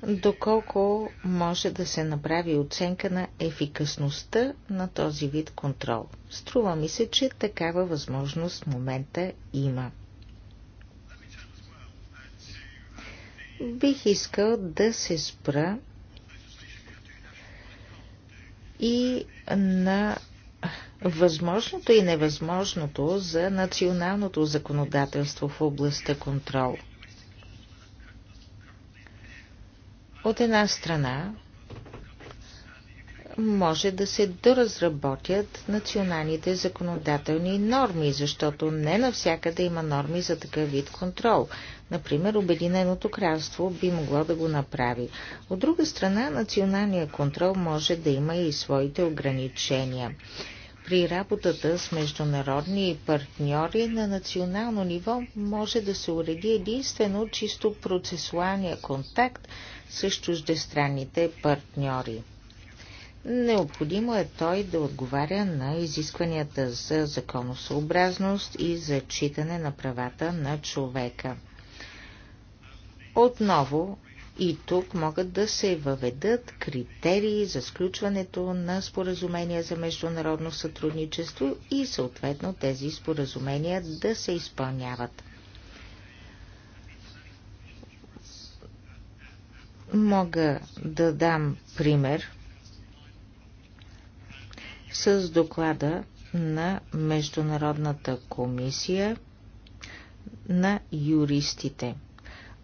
доколко може да се направи оценка на ефикасността на този вид контрол. Струва ми се, че такава възможност в момента има. Бих искал да се спра и на възможното и невъзможното за националното законодателство в областта контрол – От една страна може да се доразработят националните законодателни норми, защото не навсякъде има норми за такъв вид контрол. Например, Обединеното кралство би могло да го направи. От друга страна, националният контрол може да има и своите ограничения. При работата с международни партньори на национално ниво може да се уреди единствено чисто процесуалния контакт с чуждестранните партньори. Необходимо е той да отговаря на изискванията за законосъобразност и за читане на правата на човека. Отново и тук могат да се въведат критерии за сключването на споразумения за международно сътрудничество и съответно тези споразумения да се изпълняват. Мога да дам пример с доклада на Международната комисия на юристите.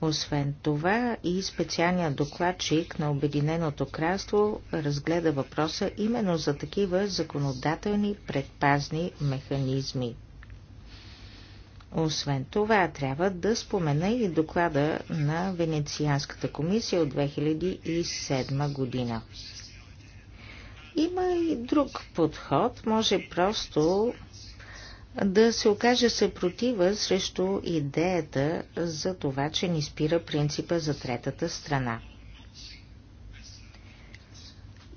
Освен това и специалният докладчик на Обединеното кралство разгледа въпроса именно за такива законодателни предпазни механизми. Освен това, трябва да спомена и доклада на Венецианската комисия от 2007 година. Има и друг подход, може просто да се окаже съпротива срещу идеята за това, че ни спира принципа за третата страна.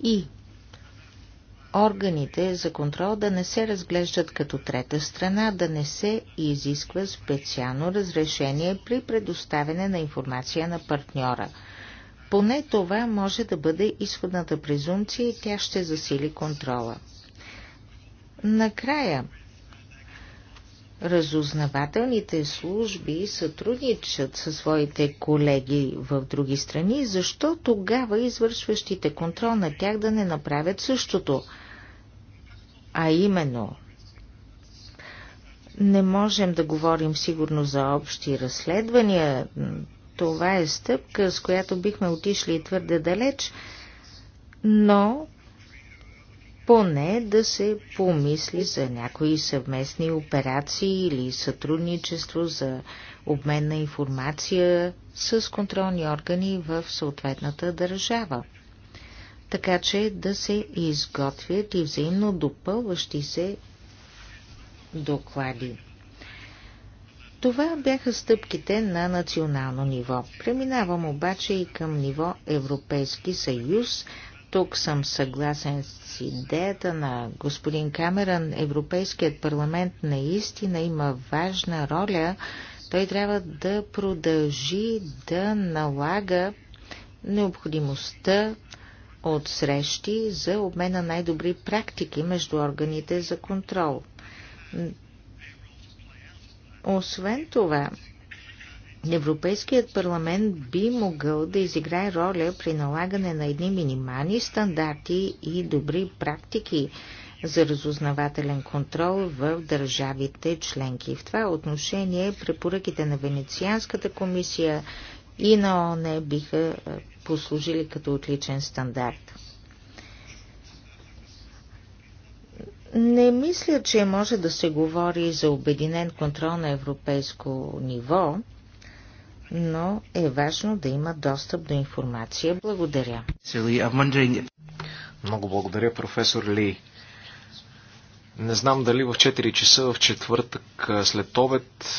И органите за контрол да не се разглеждат като трета страна, да не се изисква специално разрешение при предоставяне на информация на партньора. Поне това може да бъде изходната презумпция и тя ще засили контрола. Накрая, разузнавателните служби сътрудничат със своите колеги в други страни, защо тогава извършващите контрол на тях да не направят същото – а именно, не можем да говорим сигурно за общи разследвания. Това е стъпка, с която бихме отишли твърде далеч, но поне да се помисли за някои съвместни операции или сътрудничество за обмен на информация с контролни органи в съответната държава така че да се изготвят и взаимно допълващи се доклади. Това бяха стъпките на национално ниво. Преминавам обаче и към ниво Европейски съюз. Тук съм съгласен с идеята на господин Камеран. Европейският парламент наистина има важна роля. Той трябва да продължи да налага необходимостта от срещи за обмен на най-добри практики между органите за контрол. Освен това, Европейският парламент би могъл да изиграе роля при налагане на едни минимални стандарти и добри практики за разузнавателен контрол в държавите членки. В това отношение препоръките на Венецианската комисия и на ОНЕ биха послужили като отличен стандарт. Не мисля, че може да се говори за обединен контрол на европейско ниво, но е важно да има достъп до информация. Благодаря. Много благодаря, професор Ли. Не знам дали в 4 часа в четвъртък след обед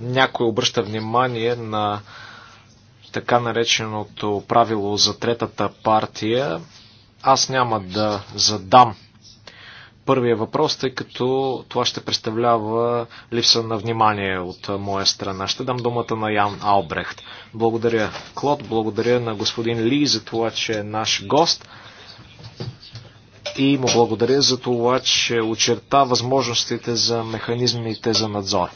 някой обръща внимание на така нареченото правило за третата партия, аз няма да задам първия въпрос, тъй като това ще представлява липса на внимание от моя страна. Ще дам думата на Ян Албрехт. Благодаря, Клод, благодаря на господин Ли за това, че е наш гост и му благодаря за това, че очерта възможностите за механизмите за надзор.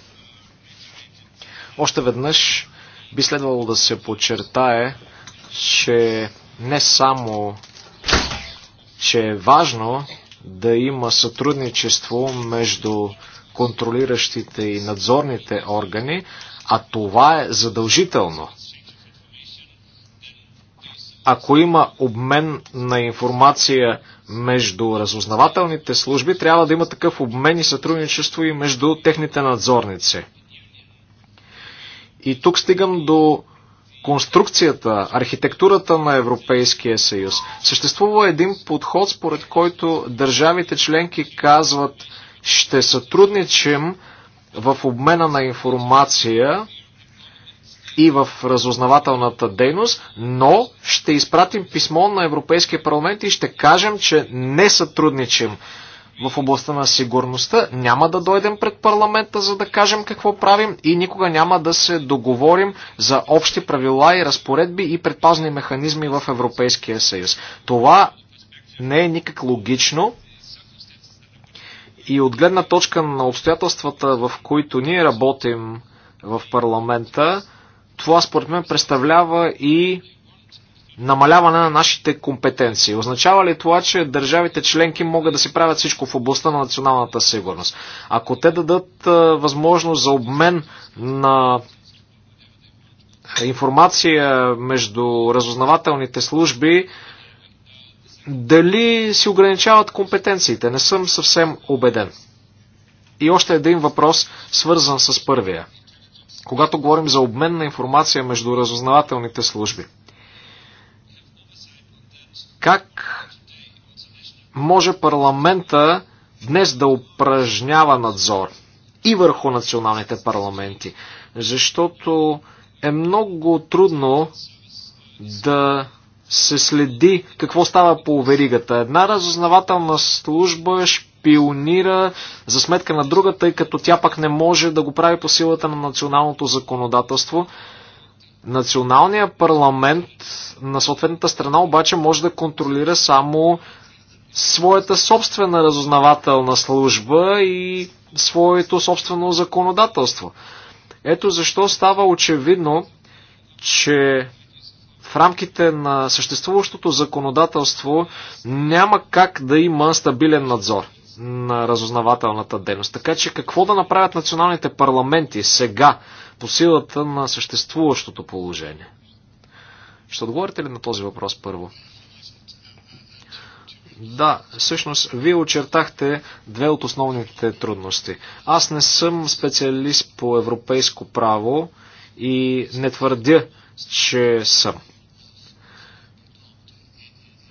Още веднъж би следвало да се подчертае, че не само, че е важно да има сътрудничество между контролиращите и надзорните органи, а това е задължително. Ако има обмен на информация между разузнавателните служби, трябва да има такъв обмен и сътрудничество и между техните надзорници. И тук стигам до конструкцията, архитектурата на Европейския съюз. Съществува един подход, според който държавите членки казват, ще сътрудничим в обмена на информация и в разузнавателната дейност, но ще изпратим писмо на Европейския парламент и ще кажем, че не сътрудничим в областта на сигурността, няма да дойдем пред парламента, за да кажем какво правим и никога няма да се договорим за общи правила и разпоредби и предпазни механизми в Европейския съюз. Това не е никак логично и от гледна точка на обстоятелствата, в които ние работим в парламента, това според мен представлява и намаляване на нашите компетенции. Означава ли това, че държавите членки могат да си правят всичко в областта на националната сигурност? Ако те дадат възможност за обмен на информация между разузнавателните служби, дали си ограничават компетенциите? Не съм съвсем убеден. И още един въпрос, свързан с първия. Когато говорим за обмен на информация между разузнавателните служби – как може парламента днес да упражнява надзор и върху националните парламенти? Защото е много трудно да се следи какво става по веригата. Една разузнавателна служба шпионира за сметка на другата, тъй като тя пък не може да го прави по силата на националното законодателство. Националният парламент на съответната страна обаче може да контролира само своята собствена разузнавателна служба и своето собствено законодателство. Ето защо става очевидно, че в рамките на съществуващото законодателство няма как да има стабилен надзор на разузнавателната дейност. Така че какво да направят националните парламенти сега? по силата на съществуващото положение? Ще отговорите ли на този въпрос първо? Да, всъщност, вие очертахте две от основните трудности. Аз не съм специалист по европейско право и не твърдя, че съм.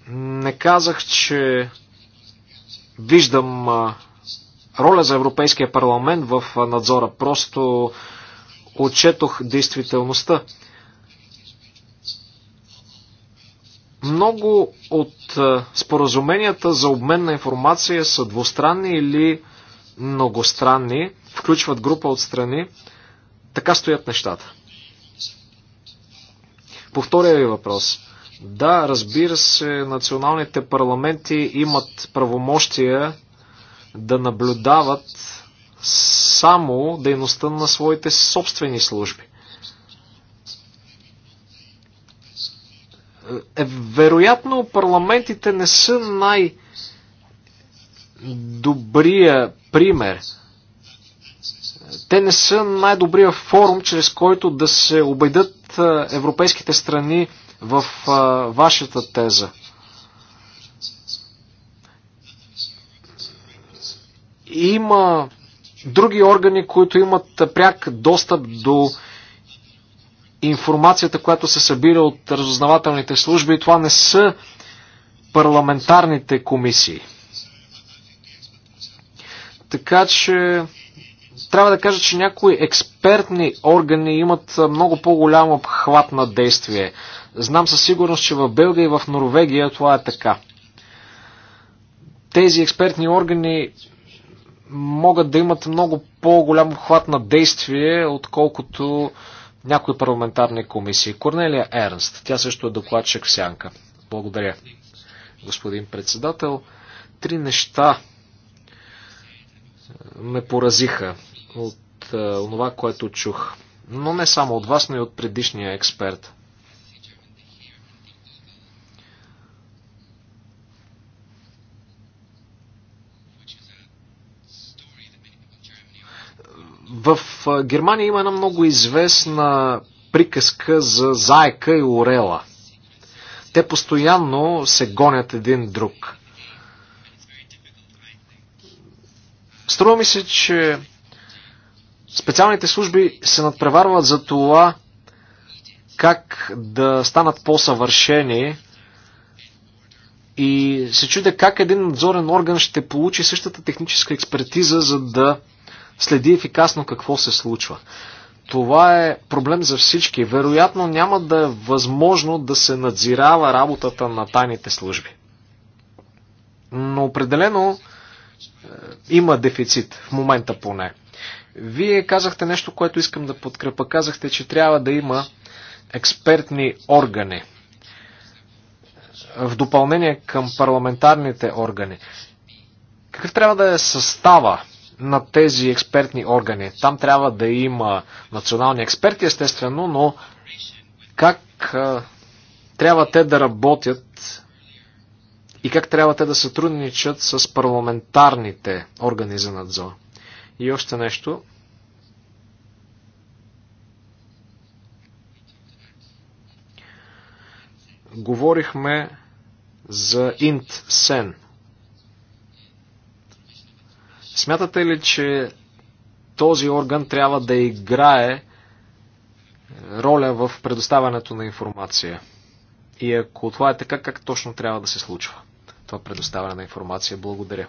Не казах, че виждам роля за Европейския парламент в надзора. Просто отчетох действителността. Много от споразуменията за обмен на информация са двустранни или многостранни, включват група от страни. Така стоят нещата. По втория ви въпрос. Да, разбира се, националните парламенти имат правомощия да наблюдават само дейността на своите собствени служби. Е, вероятно парламентите не са най- добрия пример. Те не са най-добрия форум, чрез който да се убедят е, европейските страни в е, вашата теза. Има други органи, които имат пряк достъп до информацията, която се събира от разузнавателните служби. Това не са парламентарните комисии. Така че трябва да кажа, че някои експертни органи имат много по-голям обхват на действие. Знам със сигурност, че в Белгия и в Норвегия това е така. Тези експертни органи могат да имат много по-голям хват на действие, отколкото някои парламентарни комисии. Корнелия Ернст, тя също е докладчик в Сянка. Благодаря, господин председател. Три неща ме поразиха от това, е, което чух. Но не само от вас, но и от предишния експерт. В Германия има една много известна приказка за заека и орела. Те постоянно се гонят един друг. Струва ми се, че специалните служби се надпреварват за това как да станат по-съвършени и се чудя как един надзорен орган ще получи същата техническа експертиза, за да следи ефикасно какво се случва. Това е проблем за всички. Вероятно няма да е възможно да се надзирава работата на тайните служби. Но определено е, има дефицит, в момента поне. Вие казахте нещо, което искам да подкрепа. Казахте, че трябва да има експертни органи в допълнение към парламентарните органи. Какъв трябва да е състава на тези експертни органи. Там трябва да има национални експерти, естествено, но как а, трябва те да работят и как трябва те да сътрудничат с парламентарните органи за надзор. И още нещо. Говорихме за Интсен. Сен. Смятате ли, че този орган трябва да играе роля в предоставянето на информация? И ако това е така, как точно трябва да се случва това предоставяне на информация? Благодаря.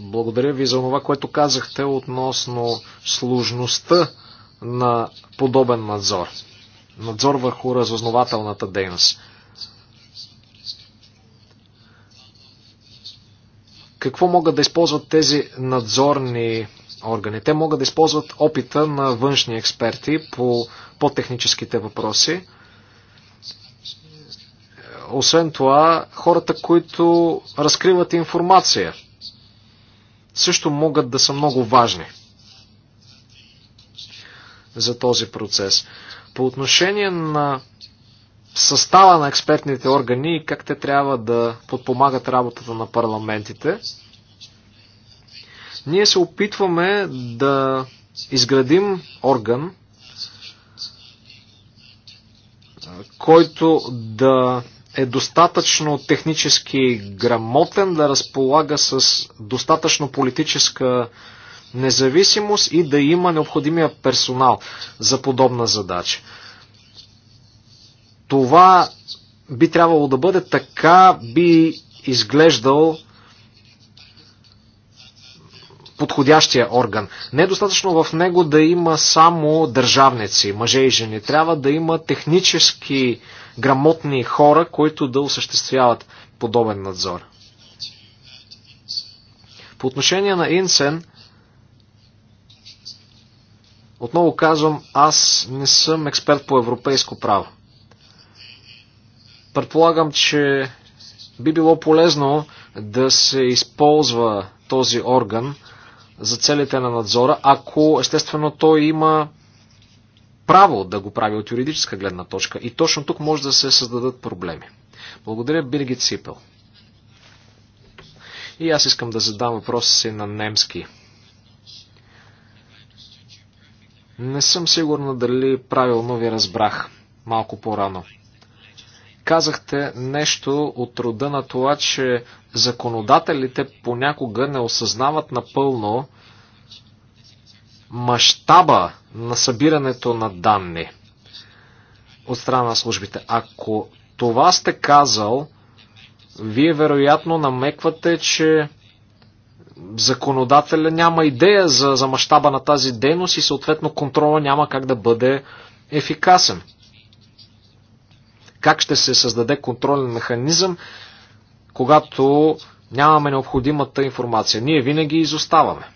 Благодаря ви за това, което казахте относно сложността на подобен надзор. Надзор върху разузнавателната дейност. Какво могат да използват тези надзорни органи? Те могат да използват опита на външни експерти по по-техническите въпроси. Освен това, хората, които разкриват информация, също могат да са много важни за този процес. По отношение на състава на експертните органи и как те трябва да подпомагат работата на парламентите. Ние се опитваме да изградим орган, който да е достатъчно технически грамотен, да разполага с достатъчно политическа независимост и да има необходимия персонал за подобна задача. Това би трябвало да бъде така, би изглеждал подходящия орган. Не е достатъчно в него да има само държавници, мъже и жени. Трябва да има технически грамотни хора, които да осъществяват подобен надзор. По отношение на Инсен, отново казвам, аз не съм експерт по европейско право. Предполагам, че би било полезно да се използва този орган за целите на надзора, ако естествено той има право да го прави от юридическа гледна точка. И точно тук може да се създадат проблеми. Благодаря, Бирги Ципел. И аз искам да задам въпроса си на немски. Не съм сигурна дали правилно ви разбрах малко по-рано казахте нещо от рода на това, че законодателите понякога не осъзнават напълно мащаба на събирането на данни от страна на службите. Ако това сте казал, вие вероятно намеквате, че законодателя няма идея за, за мащаба на тази дейност и съответно контрола няма как да бъде ефикасен как ще се създаде контролен механизъм, когато нямаме необходимата информация. Ние винаги изоставаме.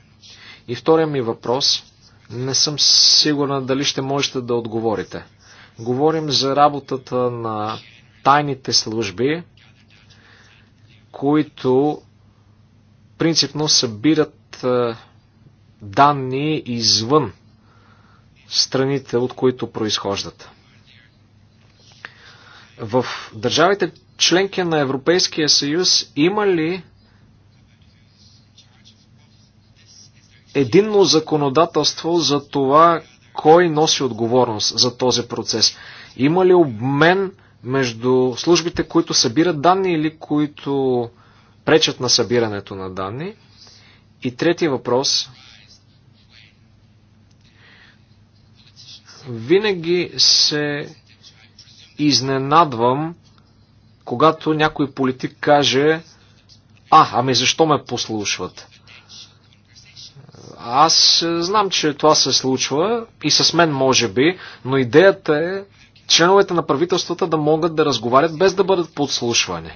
И втория ми въпрос, не съм сигурна дали ще можете да отговорите. Говорим за работата на тайните служби, които принципно събират е, данни извън страните, от които произхождат. В държавите членки на Европейския съюз има ли единно законодателство за това кой носи отговорност за този процес? Има ли обмен между службите, които събират данни или които пречат на събирането на данни? И третия въпрос. Винаги се изненадвам, когато някой политик каже А, ами защо ме послушват? Аз знам, че това се случва и с мен може би, но идеята е членовете на правителствата да могат да разговарят без да бъдат подслушвани.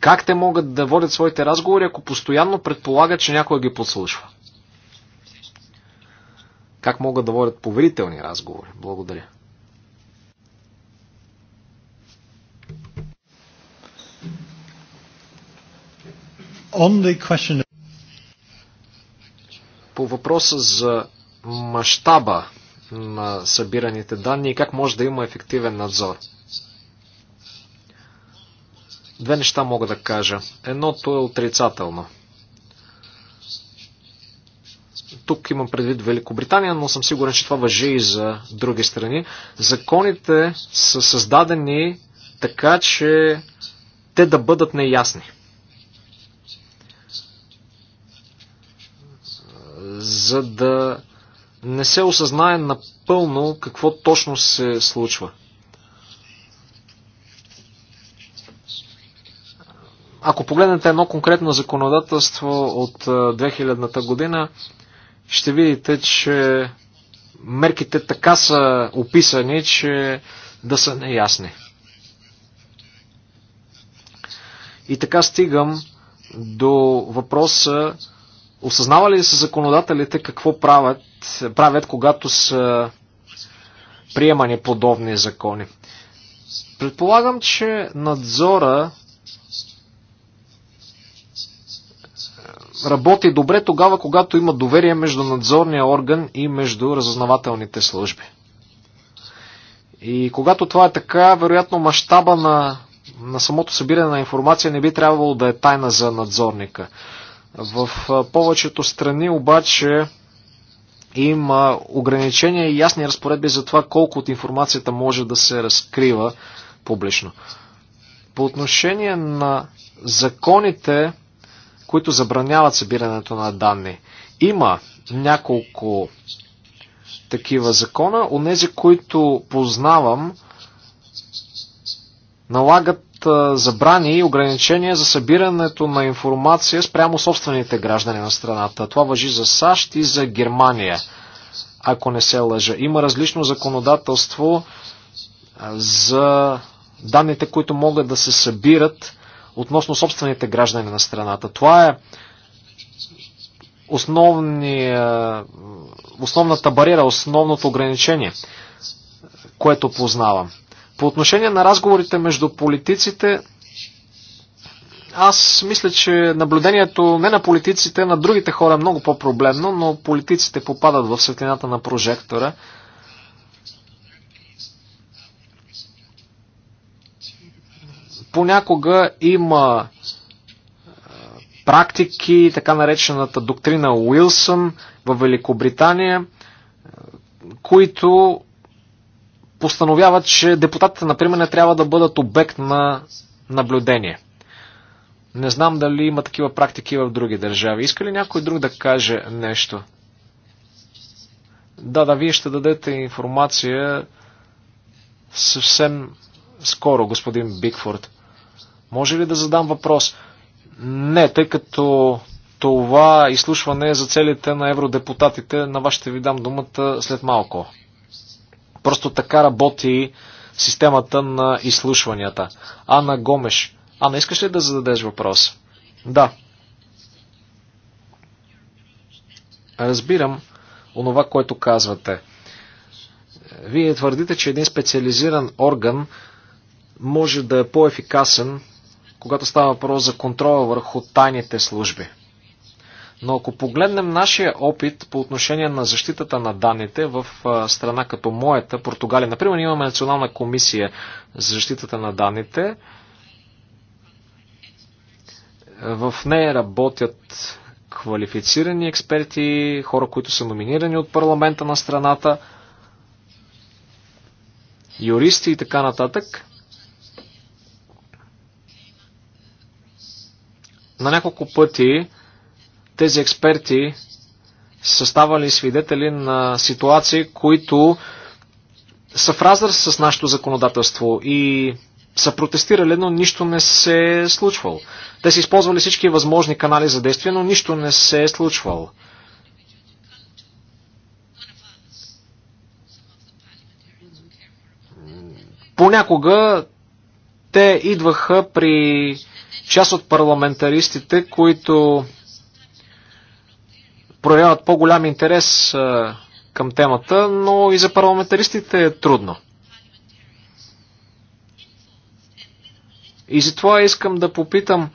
Как те могат да водят своите разговори, ако постоянно предполагат, че някой ги подслушва? Как могат да водят поверителни разговори? Благодаря. По въпроса за мащаба на събираните данни и как може да има ефективен надзор. Две неща мога да кажа. Едното е отрицателно. Тук имам предвид Великобритания, но съм сигурен, че това въжи и за други страни. Законите са създадени така, че те да бъдат неясни. за да не се осъзнае напълно какво точно се случва. Ако погледнете едно конкретно законодателство от 2000-та година, ще видите, че мерките така са описани, че да са неясни. И така стигам до въпроса Осъзнавали ли са законодателите какво правят, правят когато са приемани подобни закони? Предполагам, че надзора работи добре тогава, когато има доверие между надзорния орган и между разузнавателните служби. И когато това е така, вероятно мащаба на, на самото събиране на информация не би трябвало да е тайна за надзорника. В повечето страни обаче има ограничения и ясни разпоредби за това колко от информацията може да се разкрива публично. По отношение на законите, които забраняват събирането на данни, има няколко такива закона. Онези, които познавам, налагат забрани и ограничения за събирането на информация спрямо собствените граждани на страната. Това въжи за САЩ и за Германия, ако не се лъжа. Има различно законодателство за данните, които могат да се събират относно собствените граждани на страната. Това е основни, основната бариера, основното ограничение, което познавам. По отношение на разговорите между политиците, аз мисля, че наблюдението не на политиците, на другите хора е много по-проблемно, но политиците попадат в светлината на прожектора. Понякога има практики, така наречената доктрина Уилсън в Великобритания, които постановява, че депутатите, например, не трябва да бъдат обект на наблюдение. Не знам дали има такива практики в други държави. Иска ли някой друг да каже нещо? Да, да, вие ще дадете информация съвсем скоро, господин Бигфорд. Може ли да задам въпрос? Не, тъй като това изслушване е за целите на евродепутатите, на вас ще ви дам думата след малко. Просто така работи системата на изслушванията. Ана Гомеш. Ана, искаш ли да зададеш въпрос? Да. Разбирам онова, което казвате. Вие твърдите, че един специализиран орган може да е по-ефикасен, когато става въпрос за контрола върху тайните служби. Но ако погледнем нашия опит по отношение на защитата на данните в страна като моята, Португалия, например, имаме Национална комисия за защитата на данните. В нея работят квалифицирани експерти, хора, които са номинирани от парламента на страната, юристи и така нататък. На няколко пъти тези експерти са ставали свидетели на ситуации, които са в разрез с нашето законодателство и са протестирали, но нищо не се е случвало. Те са използвали всички възможни канали за действие, но нищо не се е случвало. Понякога те идваха при част от парламентаристите, които проявяват по-голям интерес към темата, но и за парламентаристите е трудно. И затова искам да попитам,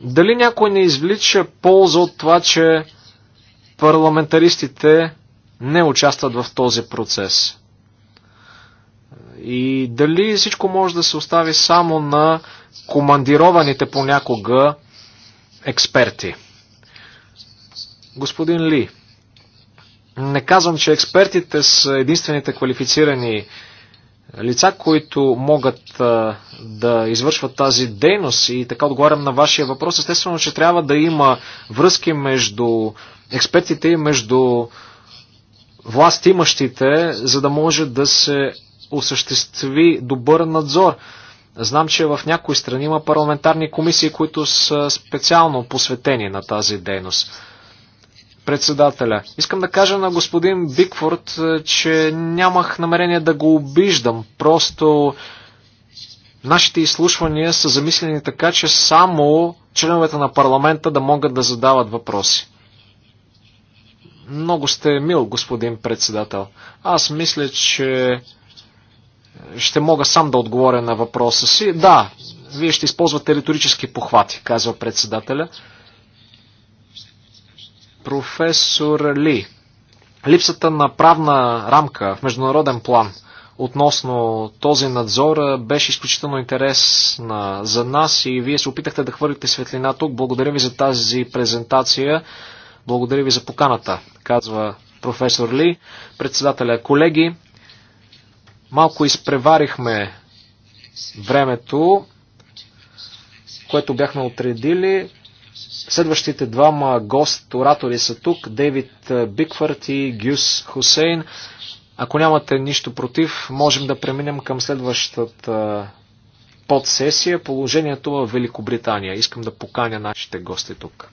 дали някой не извлича полза от това, че парламентаристите не участват в този процес? И дали всичко може да се остави само на командированите понякога експерти? Господин Ли, не казвам, че експертите са единствените квалифицирани лица, които могат да извършват тази дейност и така отговарям на вашия въпрос. Естествено, че трябва да има връзки между експертите и между власт имащите, за да може да се осъществи добър надзор. Знам, че в някои страни има парламентарни комисии, които са специално посветени на тази дейност. Председателя. Искам да кажа на господин Бикфорд, е, че нямах намерение да го обиждам. Просто нашите изслушвания са замислени така, че само членовете на парламента да могат да задават въпроси. Много сте мил, господин председател. Аз мисля, че ще мога сам да отговоря на въпроса си. Да, вие ще използвате риторически похвати, казва председателя професор Ли. Липсата на правна рамка в международен план относно този надзор беше изключително интересна за нас и вие се опитахте да хвърлите светлина тук. Благодаря ви за тази презентация. Благодаря ви за поканата, казва професор Ли. Председателя, колеги, малко изпреварихме времето, което бяхме отредили. Следващите двама гост-оратори са тук, Дейвид е, Бикфърт и Гюс Хусейн. Ако нямате нищо против, можем да преминем към следващата е, подсесия положението в Великобритания. Искам да поканя нашите гости тук.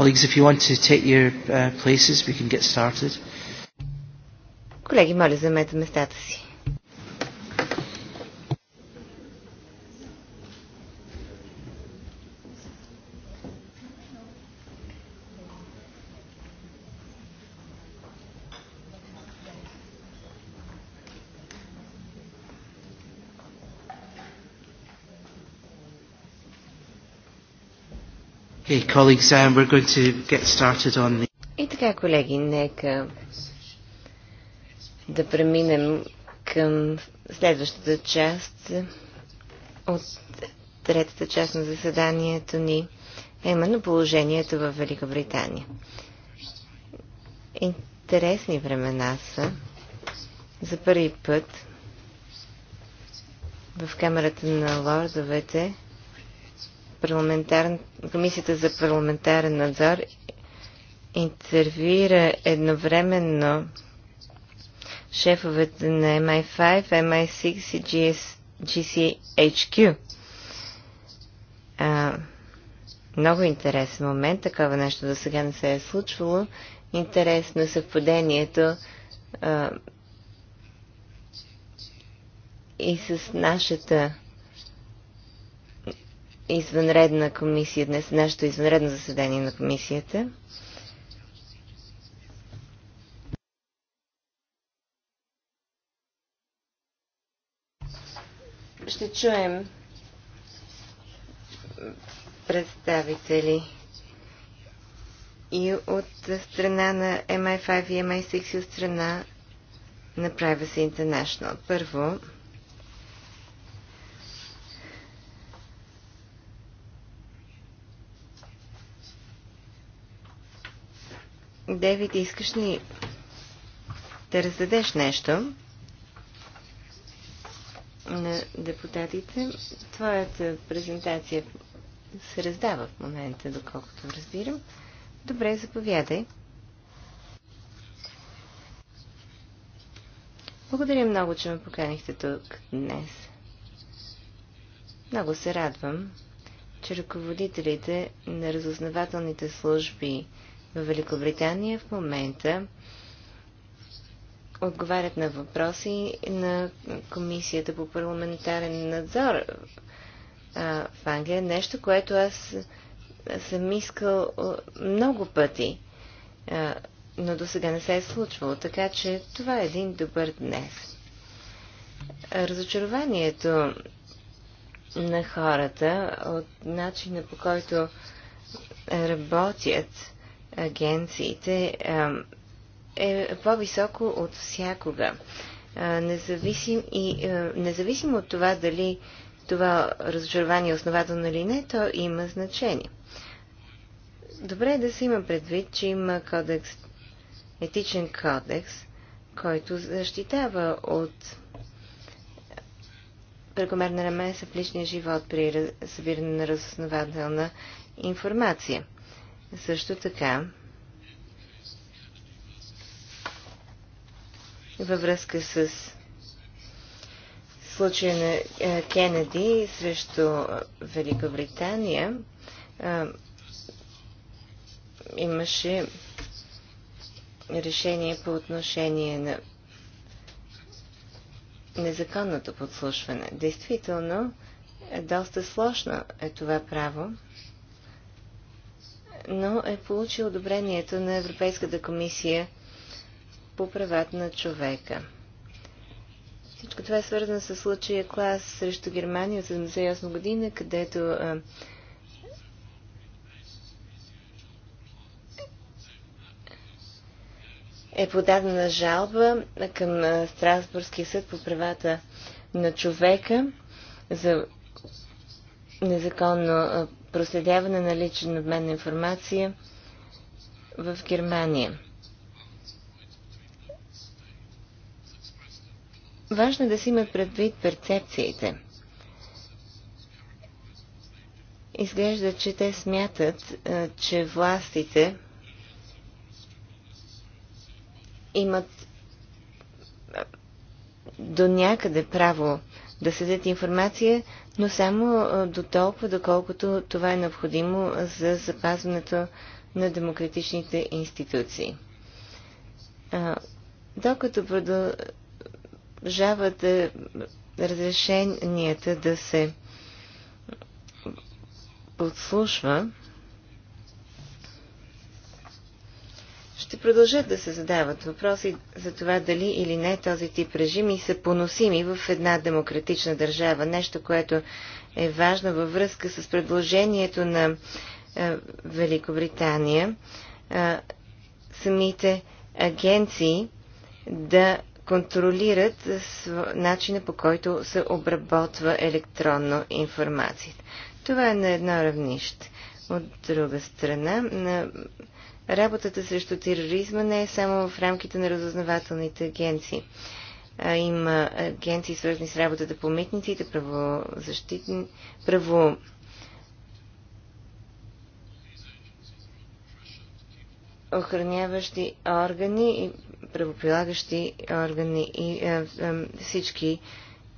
Colleagues, if you want to take your uh, places, we can get started. Колеги, моля, заемете местата си. Okay, colleagues, um, we're going to get started on the... И така, колеги, нека да преминем към следващата част от третата част на заседанието ни, именно положението в Великобритания. Интересни времена са. За първи път в камерата на лордовете Комисията за парламентарен надзор интервюира едновременно шефовете на MI5, MI6 и GS, GCHQ. А, много интересен момент. Такова нещо до сега не се е случвало. Интересно е съвпадението а, и с нашата извънредна комисия днес, нашето извънредно заседание на комисията. Ще чуем представители и от страна на MI5 и MI6 и от страна на Privacy International. Първо, Девид, искаш ли да раздадеш нещо на депутатите? Твоята презентация се раздава в момента, доколкото разбирам. Добре, заповядай. Благодаря много, че ме поканихте тук днес. Много се радвам, че ръководителите на разузнавателните служби в Великобритания в момента отговарят на въпроси на Комисията по парламентарен надзор а, в Англия. Нещо, което аз съм искал много пъти, а, но до сега не се е случвало. Така че това е един добър днес. Разочарованието на хората от начина по който работят агенциите е по-високо от всякога. Независим, и, независимо от това дали това разочарование е основателно или не, то има значение. Добре е да се има предвид, че има кодекс, етичен кодекс, който защитава от прекомерна намеса в личния живот при събиране на разоснователна информация. Също така, във връзка с случая на е, Кеннеди срещу е, Великобритания е, имаше решение по отношение на незаконното подслушване. Действително, доста сложно е това право но е получил одобрението на Европейската комисия по правата на човека. Всичко това е свързано с случая клас срещу Германия от 1978 година, където е подадена жалба към Страсбургския съд по правата на човека за незаконно проследяване на личен обмен на информация в Германия. Важно е да си имат предвид перцепциите. Изглежда, че те смятат, че властите имат до някъде право да следят информация, но само до толкова, доколкото това е необходимо за запазването на демократичните институции. Докато продължават разрешенията да се подслушва, ще продължат да се задават въпроси за това дали или не този тип режими са поносими в една демократична държава. Нещо, което е важно във връзка с предложението на е, Великобритания е, самите агенции да контролират начина по който се обработва електронно информацията. Това е на едно равнище. От друга страна, на Работата срещу тероризма не е само в рамките на разузнавателните агенции. Има агенции, свързани с работата по митниците, правозащитни, право охраняващи органи и правоприлагащи органи и а, а, всички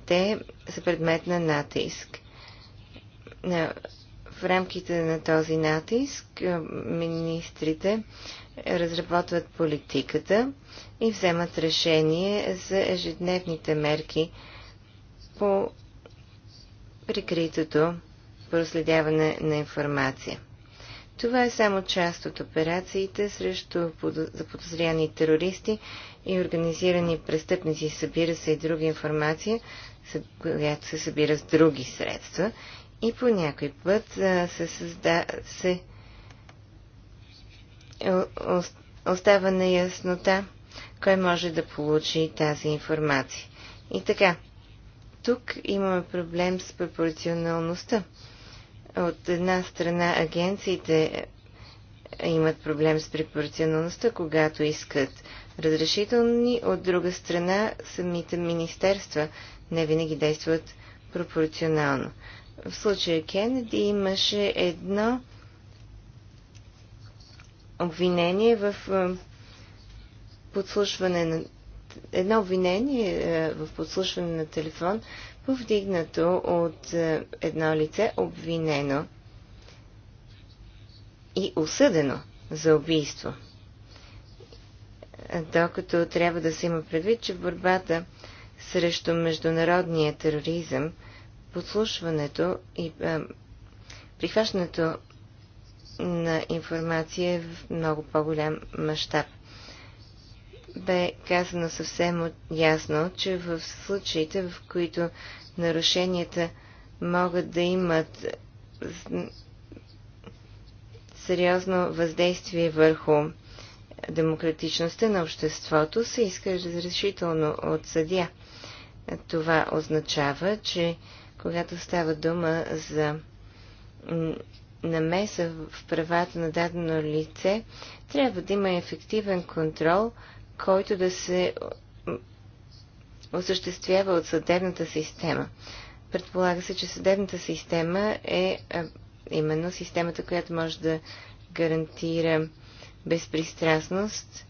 те са предмет на натиск в рамките на този натиск е, министрите разработват политиката и вземат решение за ежедневните мерки по прикритото проследяване на информация. Това е само част от операциите срещу заподозряни терористи и организирани престъпници. Събира се и друга информация, която се събира с други средства и по някой път се, създа, се е, остава неяснота кой може да получи тази информация. И така, тук имаме проблем с пропорционалността. От една страна агенциите е, имат проблем с пропорционалността, когато искат разрешителни, от друга страна самите министерства не винаги действат пропорционално в случая Кеннеди имаше едно обвинение в е, подслушване на едно обвинение е, в подслушване на телефон, повдигнато от е, едно лице, обвинено и осъдено за убийство. Докато трябва да се има предвид, че в борбата срещу международния тероризъм – подслушването и а, прихващането на информация е в много по-голям мащаб. Бе казано съвсем ясно, че в случаите, в които нарушенията могат да имат сериозно въздействие върху демократичността на обществото, се иска разрешително от съдя. Това означава, че когато става дума за намеса в правата на дадено лице, трябва да има ефективен контрол, който да се осъществява от съдебната система. Предполага се, че съдебната система е именно системата, която може да гарантира безпристрастност,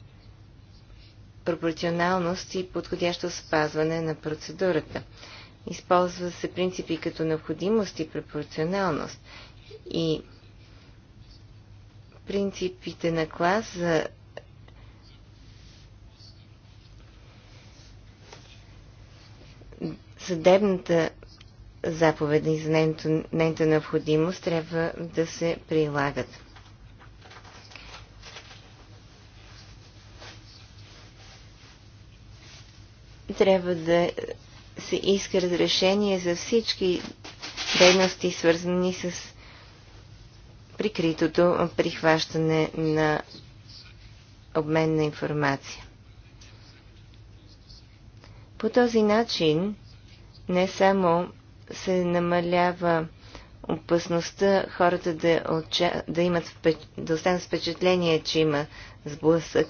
пропорционалност и подходящо спазване на процедурата. Използва се принципи като необходимост и пропорционалност. И принципите на клас за съдебната заповед и за нейната, нейната необходимост трябва да се прилагат. Трябва да се иска разрешение за всички дейности, свързани с прикритото прихващане на обмен на информация. По този начин не само се намалява опасността хората да, отча... да, имат, да останат впечатление, че има сблъсък,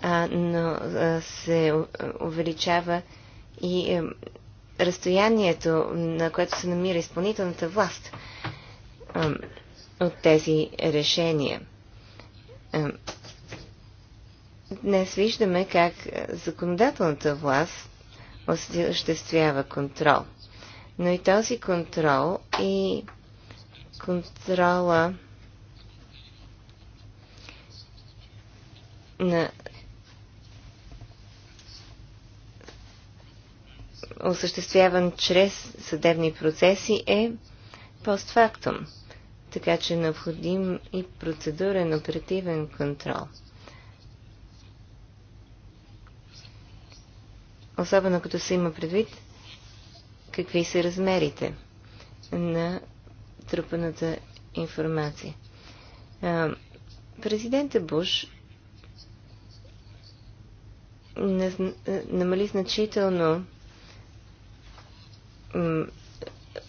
а, но а, се увеличава и е, разстоянието, на което се намира изпълнителната власт е, от тези решения. Е, днес виждаме как е, законодателната власт осъществява контрол. Но и този контрол и контрола на осъществяван чрез съдебни процеси, е постфактум. Така че е необходим и процедурен оперативен контрол. Особено като се има предвид какви са размерите на трупаната информация. Президента Буш намали значително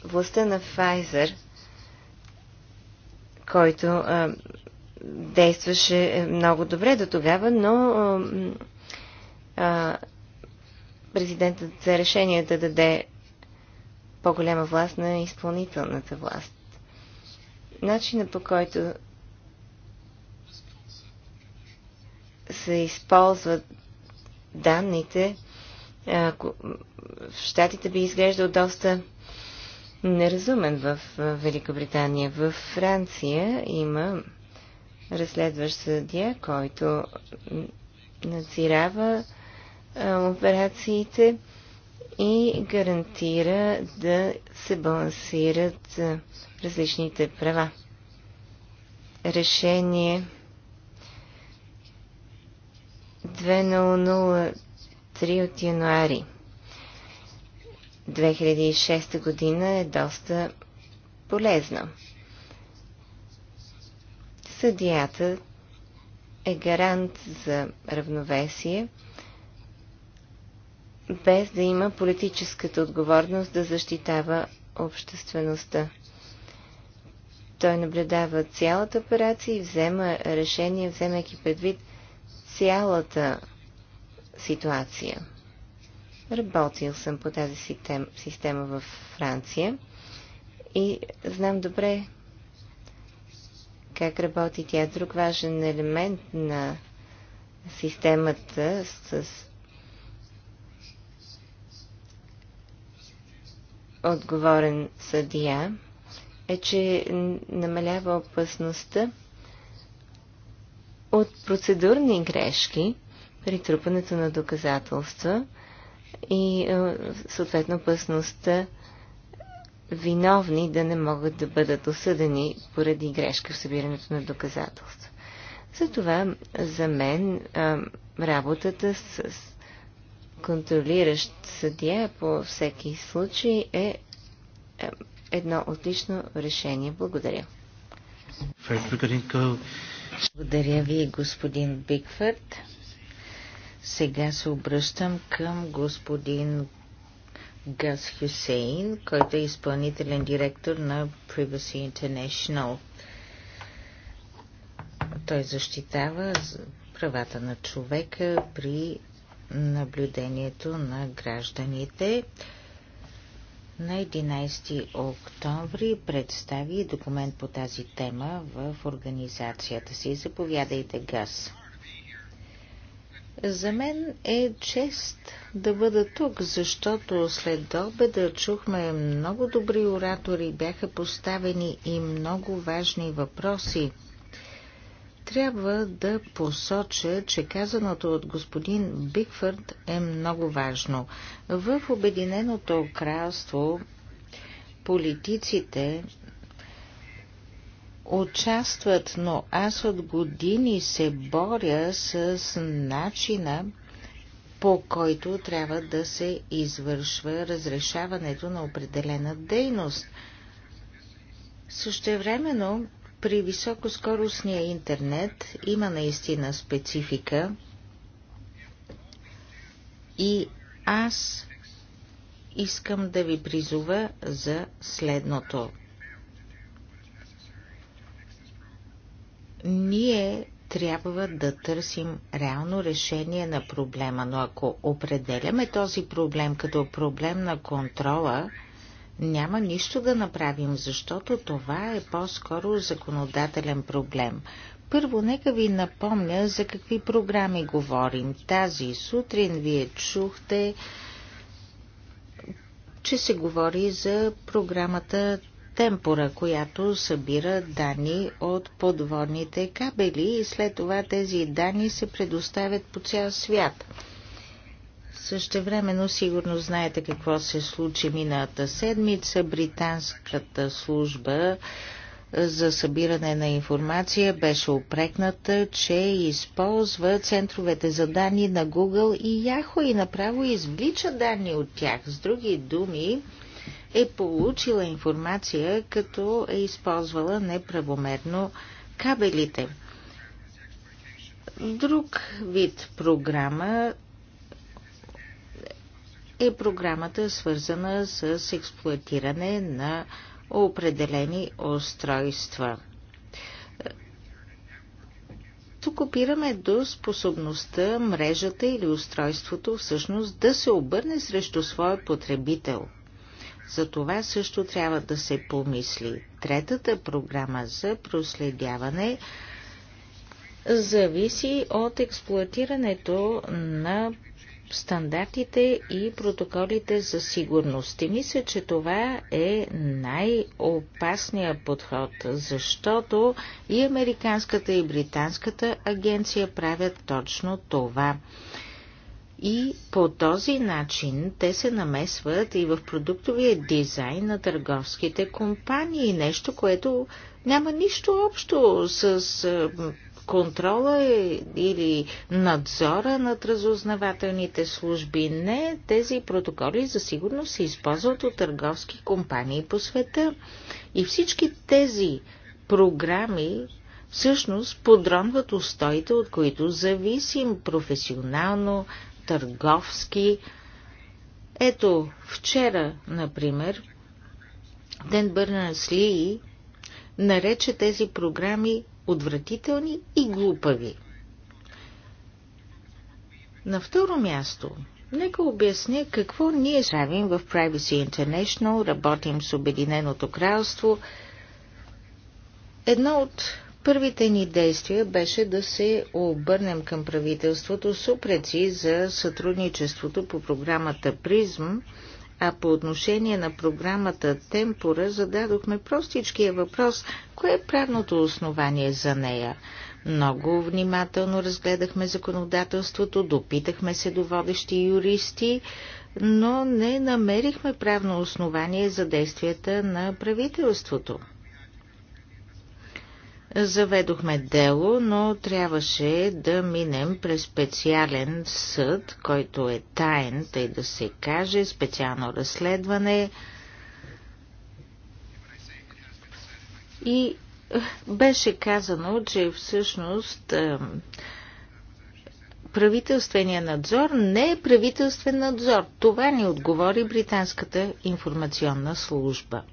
властта на Файзер, който а, действаше е, много добре до тогава, но а, президентът за решение да даде по-голяма власт на изпълнителната власт. Начина по който се използват данните ако, в Штатите би изглеждал доста неразумен в Великобритания. В Франция има разследващ съдия, който надзирава операциите и гарантира да се балансират различните права. Решение 2003 3 от януари 2006 година е доста полезна. Съдията е гарант за равновесие, без да има политическата отговорност да защитава обществеността. Той наблюдава цялата операция и взема решение, вземайки предвид цялата ситуация. Работил съм по тази система в Франция и знам добре как работи тя. Друг важен елемент на системата с отговорен съдия е, че намалява опасността от процедурни грешки – при трупането на доказателства и е, съответно опасността виновни да не могат да бъдат осъдени поради грешка в събирането на доказателства. Затова за мен е, работата с контролиращ съдия по всеки случай е, е едно отлично решение. Благодаря. Благодаря ви, господин Бигфърт. Сега се обръщам към господин Гас Хюсейн, който е изпълнителен директор на Privacy International. Той защитава правата на човека при наблюдението на гражданите. На 11 октомври представи документ по тази тема в организацията си. Заповядайте, Газ. За мен е чест да бъда тук, защото след обеда чухме много добри оратори, бяха поставени и много важни въпроси. Трябва да посоча, че казаното от господин Бигфърд е много важно. В Обединеното кралство политиците участват, но аз от години се боря с начина по който трябва да се извършва разрешаването на определена дейност. Същевременно при високоскоростния интернет има наистина специфика и аз искам да ви призова за следното. Ние трябва да търсим реално решение на проблема, но ако определяме този проблем като проблем на контрола, няма нищо да направим, защото това е по-скоро законодателен проблем. Първо, нека ви напомня за какви програми говорим. Тази сутрин вие чухте, че се говори за програмата Темпора, която събира данни от подводните кабели и след това тези данни се предоставят по цял свят. Същевременно сигурно знаете какво се случи миналата седмица. Британската служба за събиране на информация беше опрекната, че използва центровете за данни на Google и Yahoo и направо извлича данни от тях. С други думи, е получила информация, като е използвала неправомерно кабелите. Друг вид програма е програмата свързана с експлуатиране на определени устройства. Тук опираме до способността мрежата или устройството всъщност да се обърне срещу своя потребител – за това също трябва да се помисли. Третата програма за проследяване зависи от експлуатирането на стандартите и протоколите за сигурност. И мисля, че това е най-опасният подход, защото и Американската и Британската агенция правят точно това. И по този начин те се намесват и в продуктовия дизайн на търговските компании. Нещо, което няма нищо общо с контрола е, или надзора над разузнавателните служби. Не, тези протоколи за сигурност се използват от търговски компании по света. И всички тези програми всъщност подронват устоите, от които зависим професионално, търговски. Ето, вчера, например, Ден Бърнас Ли нарече тези програми отвратителни и глупави. На второ място, нека обясня какво ние правим в Privacy International, работим с Обединеното кралство. Едно от Първите ни действия беше да се обърнем към правителството с упреци за сътрудничеството по програмата Призм, а по отношение на програмата Темпора зададохме простичкия въпрос, кое е правното основание за нея. Много внимателно разгледахме законодателството, допитахме се до водещи юристи, но не намерихме правно основание за действията на правителството. Заведохме дело, но трябваше да минем през специален съд, който е тайн, тъй да се каже, специално разследване. И е, беше казано, че всъщност е, правителствения надзор не е правителствен надзор. Това ни отговори британската информационна служба.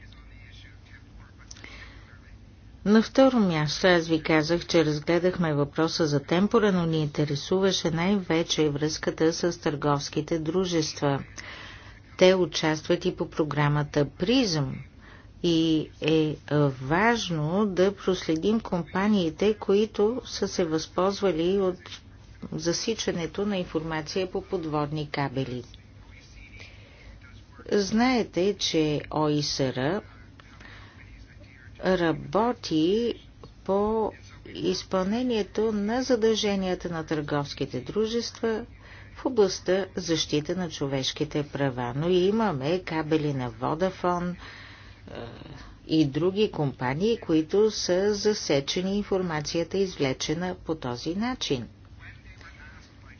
На второ място аз ви казах, че разгледахме въпроса за темпора, но ни интересуваше най-вече връзката с търговските дружества. Те участват и по програмата Призъм и е важно да проследим компаниите, които са се възползвали от засичането на информация по подводни кабели. Знаете, че ОИСР работи по изпълнението на задълженията на търговските дружества в областта защита на човешките права. Но и имаме кабели на Водафон е, и други компании, които са засечени информацията, е извлечена по този начин.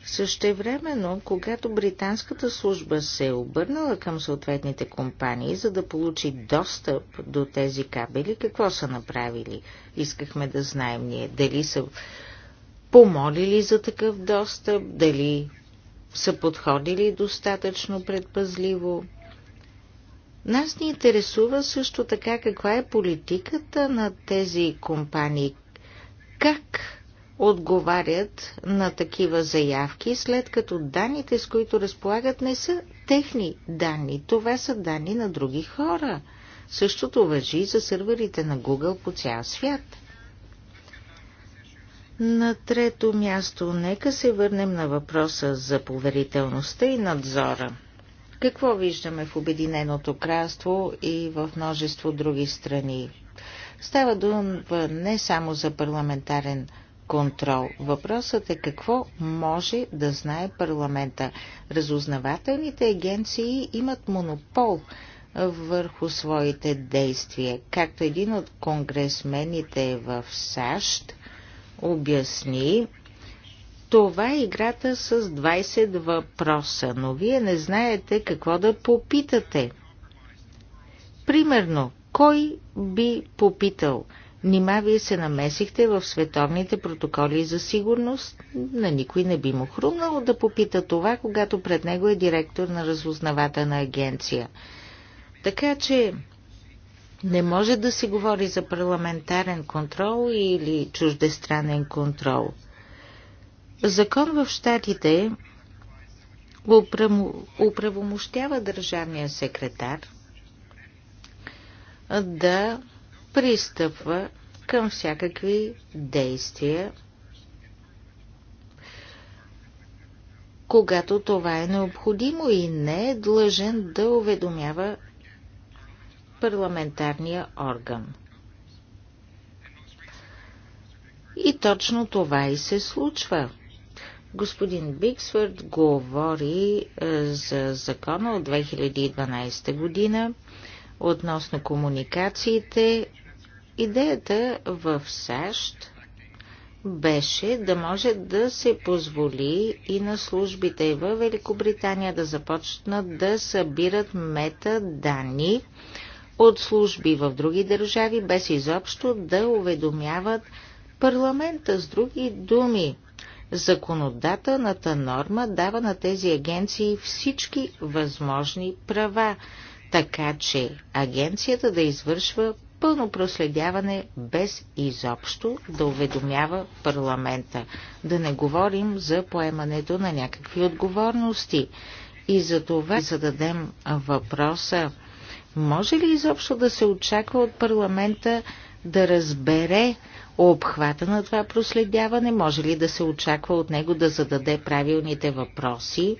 Същевременно, когато британската служба се е обърнала към съответните компании, за да получи достъп до тези кабели, какво са направили? Искахме да знаем ние дали са помолили за такъв достъп, дали са подходили достатъчно предпазливо. Нас ни интересува също така каква е политиката на тези компании, как отговарят на такива заявки, след като данните, с които разполагат, не са техни данни. Това са данни на други хора. Същото въжи за сървърите на Google по цял свят. На трето място, нека се върнем на въпроса за поверителността и надзора. Какво виждаме в Обединеното кралство и в множество други страни? Става дума не само за парламентарен контрол. Въпросът е какво може да знае парламента. Разузнавателните агенции имат монопол върху своите действия. Както един от конгресмените в САЩ обясни, това е играта с 20 въпроса, но вие не знаете какво да попитате. Примерно, кой би попитал – Нима вие се намесихте в световните протоколи за сигурност? На никой не би му хрумнало да попита това, когато пред него е директор на разузнавателна агенция. Така че не може да се говори за парламентарен контрол или чуждестранен контрол. Закон в щатите управомощява държавния секретар да пристъпва към всякакви действия, когато това е необходимо и не е длъжен да уведомява парламентарния орган. И точно това и се случва. Господин Биксфорд говори е, за закона от 2012 година, относно комуникациите. Идеята в САЩ беше да може да се позволи и на службите в Великобритания да започнат да събират метаданни от служби в други държави, без изобщо да уведомяват парламента с други думи. Законодателната норма дава на тези агенции всички възможни права така че агенцията да извършва пълно проследяване без изобщо да уведомява парламента. Да не говорим за поемането на някакви отговорности. И за това зададем въпроса, може ли изобщо да се очаква от парламента да разбере обхвата на това проследяване, може ли да се очаква от него да зададе правилните въпроси,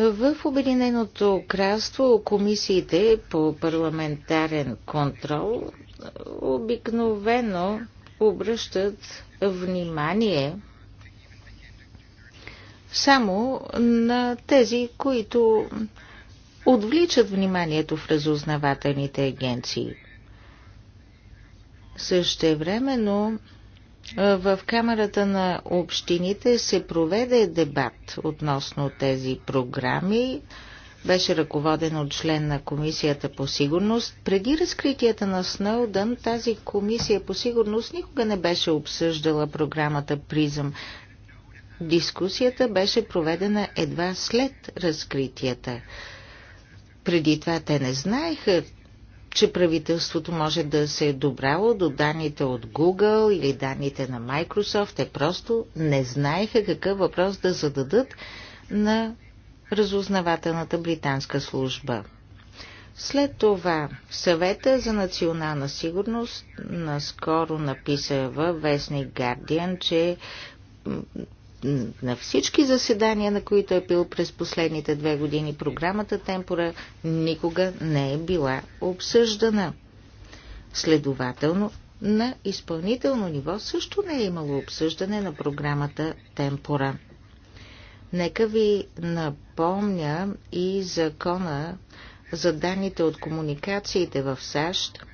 в Обединеното кралство комисиите по парламентарен контрол обикновено обръщат внимание само на тези, които отвличат вниманието в разузнавателните агенции. Също времено е, в Камерата на общините се проведе дебат относно тези програми. Беше ръководен от член на Комисията по сигурност. Преди разкритията на Сноудън, тази Комисия по сигурност никога не беше обсъждала програмата Призъм. Дискусията беше проведена едва след разкритията. Преди това те не знаеха че правителството може да се е добрало до данните от Google или данните на Microsoft. Те просто не знаеха какъв въпрос да зададат на разузнавателната британска служба. След това съвета за национална сигурност наскоро написа във вестник Guardian, че на всички заседания, на които е бил през последните две години, програмата Темпора никога не е била обсъждана. Следователно, на изпълнително ниво също не е имало обсъждане на програмата Темпора. Нека ви напомня и закона за данните от комуникациите в САЩ,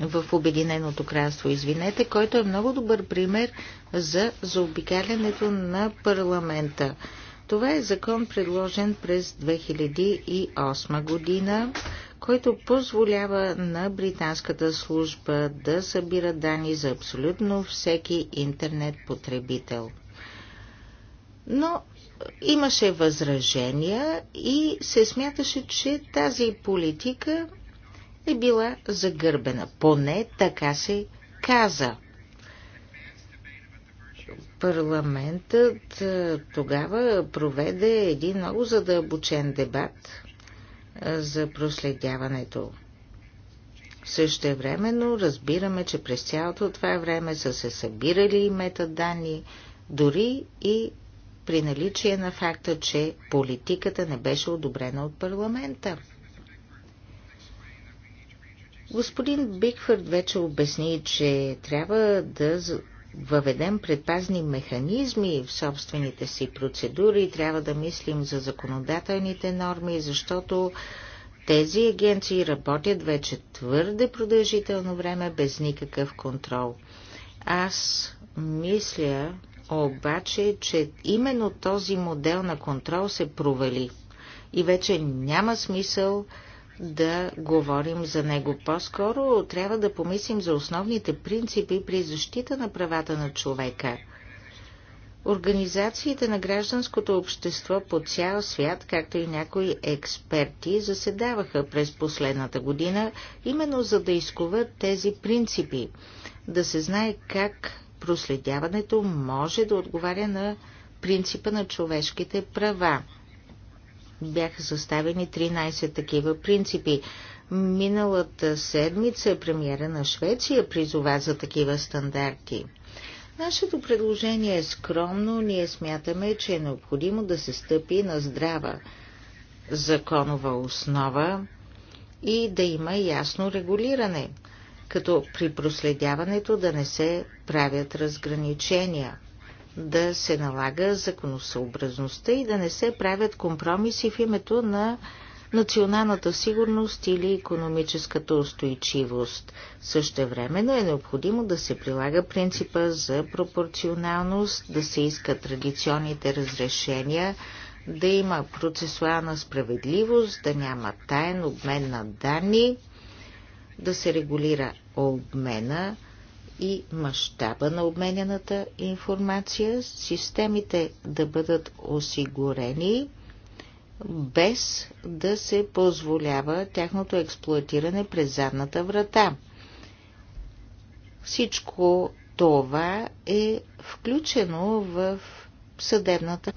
в Обединеното кралство, извинете, който е много добър пример за заобикалянето на парламента. Това е закон предложен през 2008 година, който позволява на британската служба да събира данни за абсолютно всеки интернет потребител. Но имаше възражения и се смяташе, че тази политика е била загърбена. Поне така се каза. Парламентът е, тогава проведе един много задълбочен дебат е, за проследяването. Същевременно разбираме, че през цялото това време са се събирали и метаданни, дори и при наличие на факта, че политиката не беше одобрена от парламента. Господин Бикфърд вече обясни, че трябва да въведем предпазни механизми в собствените си процедури, трябва да мислим за законодателните норми, защото тези агенции работят вече твърде продължително време без никакъв контрол. Аз мисля обаче, че именно този модел на контрол се провали и вече няма смисъл да говорим за него. По-скоро трябва да помислим за основните принципи при защита на правата на човека. Организациите на гражданското общество по цял свят, както и някои експерти, заседаваха през последната година, именно за да изкуват тези принципи, да се знае как проследяването може да отговаря на принципа на човешките права бяха съставени 13 такива принципи. Миналата седмица премиера на Швеция призова за такива стандарти. Нашето предложение е скромно, ние смятаме, че е необходимо да се стъпи на здрава законова основа и да има ясно регулиране, като при проследяването да не се правят разграничения да се налага законосъобразността и да не се правят компромиси в името на националната сигурност или економическата устойчивост. Същевременно е необходимо да се прилага принципа за пропорционалност, да се искат традиционните разрешения, да има процесуална справедливост, да няма таен обмен на данни, да се регулира обмена и мащаба на обменената информация, системите да бъдат осигурени без да се позволява тяхното експлуатиране през задната врата. Всичко това е включено в съдебната.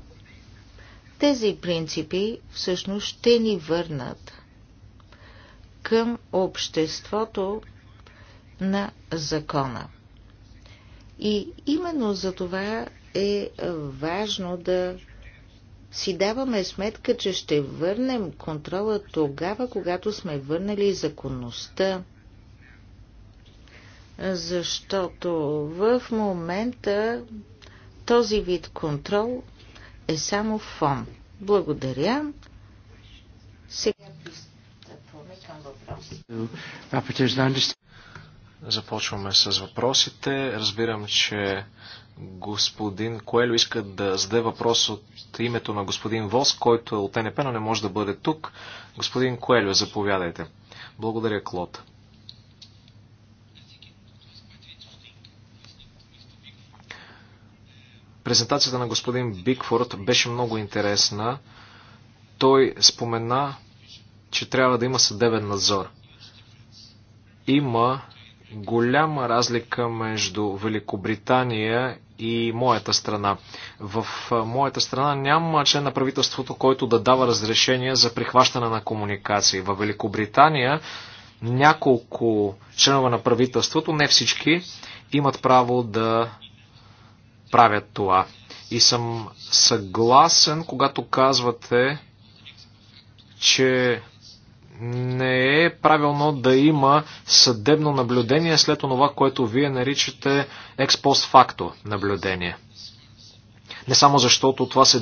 Тези принципи всъщност ще ни върнат към обществото на закона. И именно за това е важно да си даваме сметка, че ще върнем контрола тогава, когато сме върнали законността. Защото в момента този вид контрол е само фон. Благодаря. Сега пристъпваме към въпроса. Започваме с въпросите. Разбирам, че господин Коелю иска да зададе въпрос от името на господин Вос, който е от НП, но не може да бъде тук. Господин Коелю, заповядайте. Благодаря, Клод. Презентацията на господин Бигфорд беше много интересна. Той спомена, че трябва да има съдебен надзор. Има голяма разлика между Великобритания и моята страна. В моята страна няма член на правителството, който да дава разрешение за прихващане на комуникации. В Великобритания няколко членове на правителството, не всички, имат право да правят това. И съм съгласен, когато казвате, че не е правилно да има съдебно наблюдение след това, което вие наричате експост факто наблюдение. Не само защото това се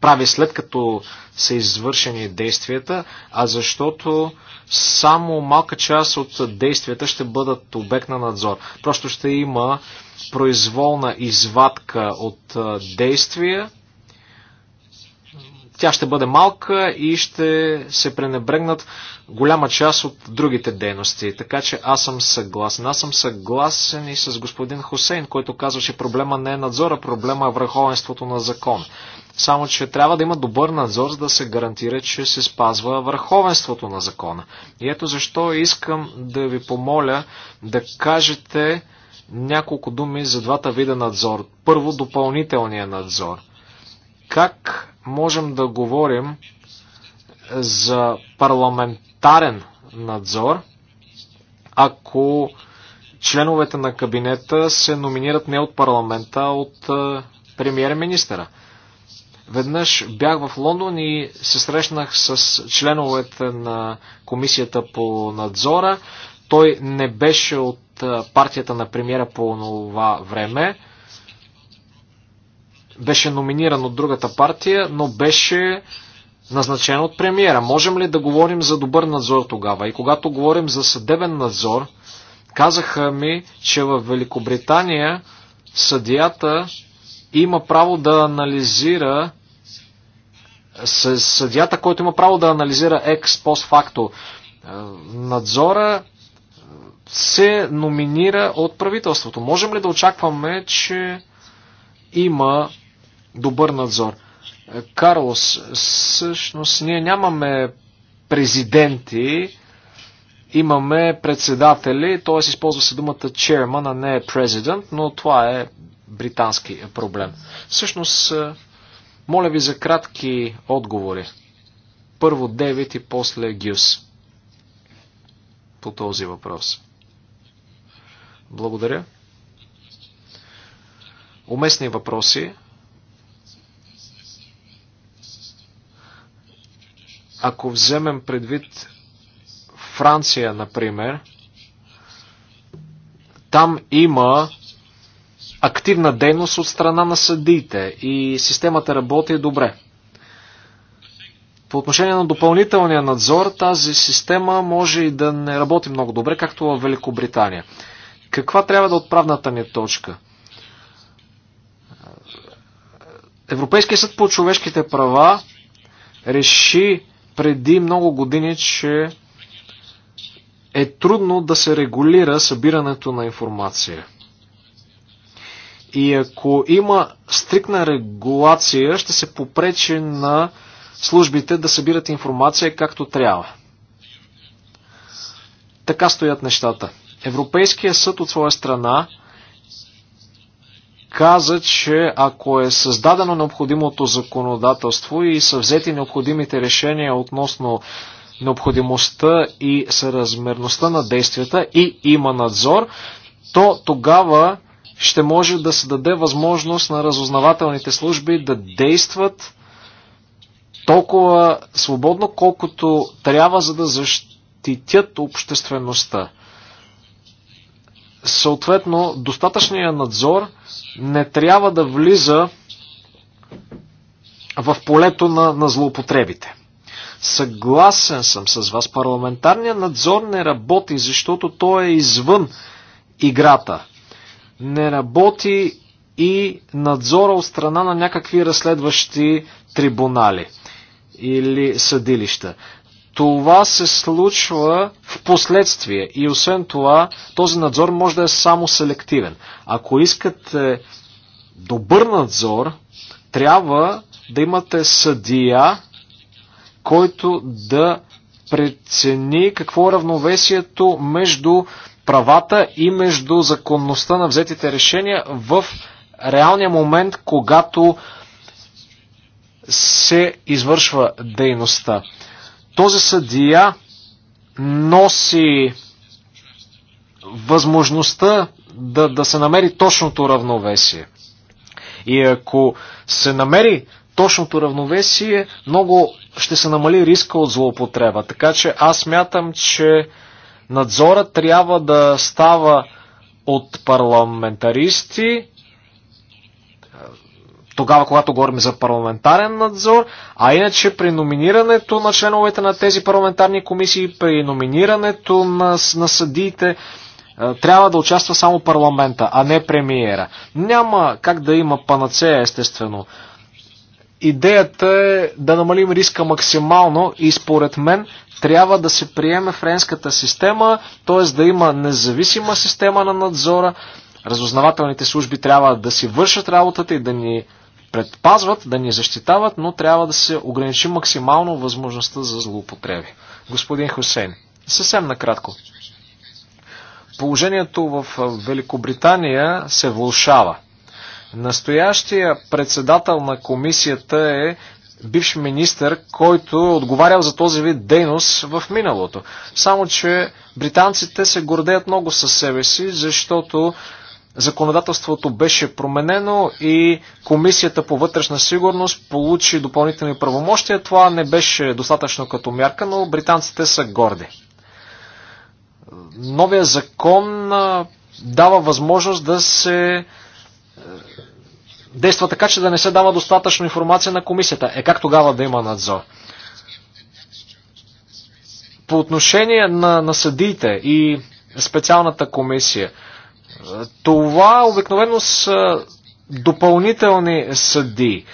прави след като са извършени действията, а защото само малка част от действията ще бъдат обект на надзор. Просто ще има произволна извадка от действия, тя ще бъде малка и ще се пренебрегнат голяма част от другите дейности. Така че аз съм съгласен. Аз съм съгласен и с господин Хусейн, който казва, че проблема не е надзора, проблема е върховенството на закон. Само, че трябва да има добър надзор, за да се гарантира, че се спазва върховенството на закона. И ето защо искам да ви помоля да кажете няколко думи за двата вида надзор. Първо, допълнителния надзор. Как можем да говорим за парламентарен надзор, ако членовете на кабинета се номинират не от парламента, а от премьер-министъра. Веднъж бях в Лондон и се срещнах с членовете на комисията по надзора. Той не беше от партията на премиера по това време беше номиниран от другата партия, но беше назначен от премиера. Можем ли да говорим за добър надзор тогава? И когато говорим за съдебен надзор, казаха ми, че в Великобритания съдията има право да анализира съдията, който има право да анализира екс постфакто е, надзора се номинира от правителството. Можем ли да очакваме, че има добър надзор. Е, Карлос, всъщност ние нямаме президенти, имаме председатели, т.е. използва се думата chairman, а не президент, но това е британски проблем. Всъщност, е, моля ви за кратки отговори. Първо Девит и после Гюс по този въпрос. Благодаря. Уместни въпроси. Ако вземем предвид Франция, например, там има активна дейност от страна на съдиите и системата работи добре. По отношение на допълнителния надзор, тази система може и да не работи много добре, както в Великобритания. Каква трябва да е отправната ни точка? Европейския съд по човешките права реши преди много години, че е трудно да се регулира събирането на информация. И ако има стрикна регулация, ще се попречи на службите да събират информация както трябва. Така стоят нещата. Европейския съд от своя страна каза, че ако е създадено необходимото законодателство и са взети необходимите решения относно необходимостта и съразмерността на действията и има надзор, то тогава ще може да се даде възможност на разузнавателните служби да действат толкова свободно, колкото трябва, за да защитят обществеността. Съответно, достатъчният надзор не трябва да влиза в полето на, на злоупотребите. Съгласен съм с вас. Парламентарният надзор не работи, защото той е извън играта. Не работи и надзора от страна на някакви разследващи трибунали или съдилища. Това се случва в последствие и освен това този надзор може да е само селективен. Ако искате добър надзор, трябва да имате съдия, който да прецени какво е равновесието между правата и между законността на взетите решения в реалния момент, когато се извършва дейността. Този съдия носи възможността да, да се намери точното равновесие. И ако се намери точното равновесие, много ще се намали риска от злоупотреба. Така че аз мятам, че надзора трябва да става от парламентаристи, тогава, когато говорим за парламентарен надзор, а иначе при номинирането на членовете на тези парламентарни комисии, при номинирането на, на съдиите, е, трябва да участва само парламента, а не премиера. Няма как да има панацея, естествено. Идеята е да намалим риска максимално и според мен трябва да се приеме френската система, т.е. да има независима система на надзора. Разузнавателните служби трябва да си вършат работата и да ни предпазват, да ни защитават, но трябва да се ограничи максимално възможността за злоупотреби. Господин Хусейн, съвсем накратко. Положението в Великобритания се вълшава. Настоящия председател на комисията е бивш министър, който е отговарял за този вид дейност в миналото. Само, че британците се гордеят много със себе си, защото законодателството беше променено и Комисията по вътрешна сигурност получи допълнителни правомощия. Това не беше достатъчно като мярка, но британците са горди. Новия закон дава възможност да се е, действа така, че да не се дава достатъчно информация на комисията. Е как тогава да има надзор? По отношение на, на съдиите и специалната комисия, това обикновено са допълнителни съди.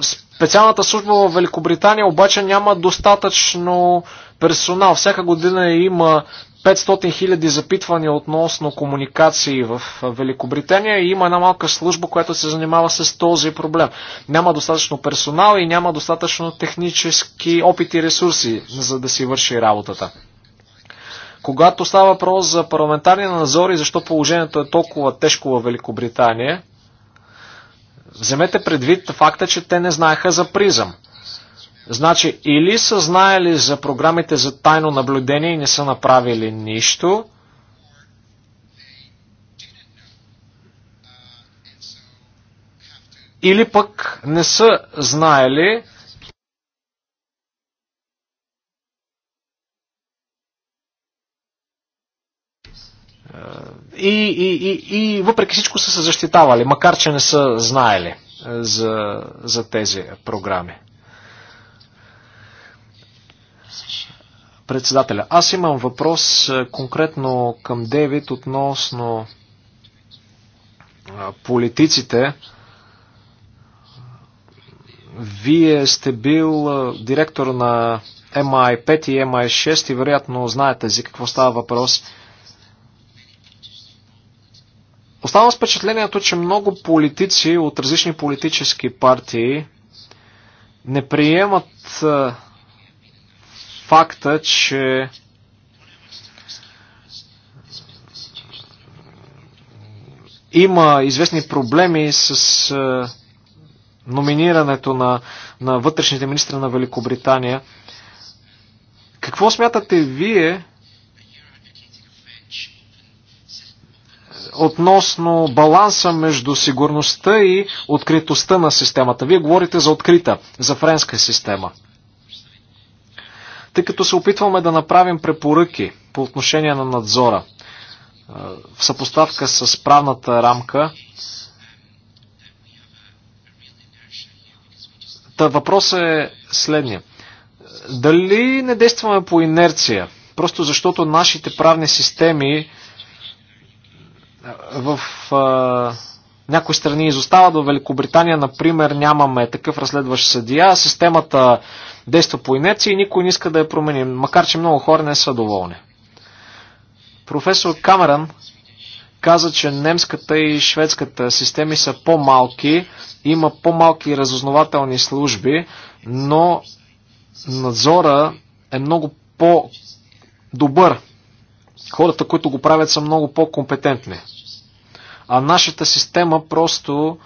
Специалната служба в Великобритания обаче няма достатъчно персонал. Всяка година има 500 хиляди запитвания относно комуникации в Великобритания и има една малка служба, която се занимава с този проблем. Няма достатъчно персонал и няма достатъчно технически опит и ресурси, за да си върши работата. Когато става въпрос за парламентарния надзор и защо положението е толкова тежко във Великобритания, вземете предвид факта, че те не знаеха за призъм. Значи, или са знаели за програмите за тайно наблюдение и не са направили нищо, или пък не са знаели, И, и, и, и въпреки всичко са се защитавали, макар че не са знаели е, за, за тези програми. Председателя, аз имам въпрос е, конкретно към Девид относно е, политиците. Вие сте бил директор на MI5 и MI6 и вероятно знаете за какво става въпрос. Оставам с впечатлението, че много политици от различни политически партии не приемат факта, че има известни проблеми с номинирането на, на вътрешните министри на Великобритания. Какво смятате вие относно баланса между сигурността и откритостта на системата. Вие говорите за открита, за френска система. Тъй като се опитваме да направим препоръки по отношение на надзора в съпоставка с правната рамка, Та въпросът е следния. Дали не действаме по инерция? Просто защото нашите правни системи в а, някои страни изостават. В Великобритания, например, нямаме такъв разследващ съдия. Системата действа по инеция и никой не иска да я промени, макар че много хора не са доволни. Професор Камеран каза, че немската и шведската системи са по-малки, има по-малки разузнавателни служби, но надзора е много по-добър. Хората, които го правят, са много по-компетентни а нашата система просто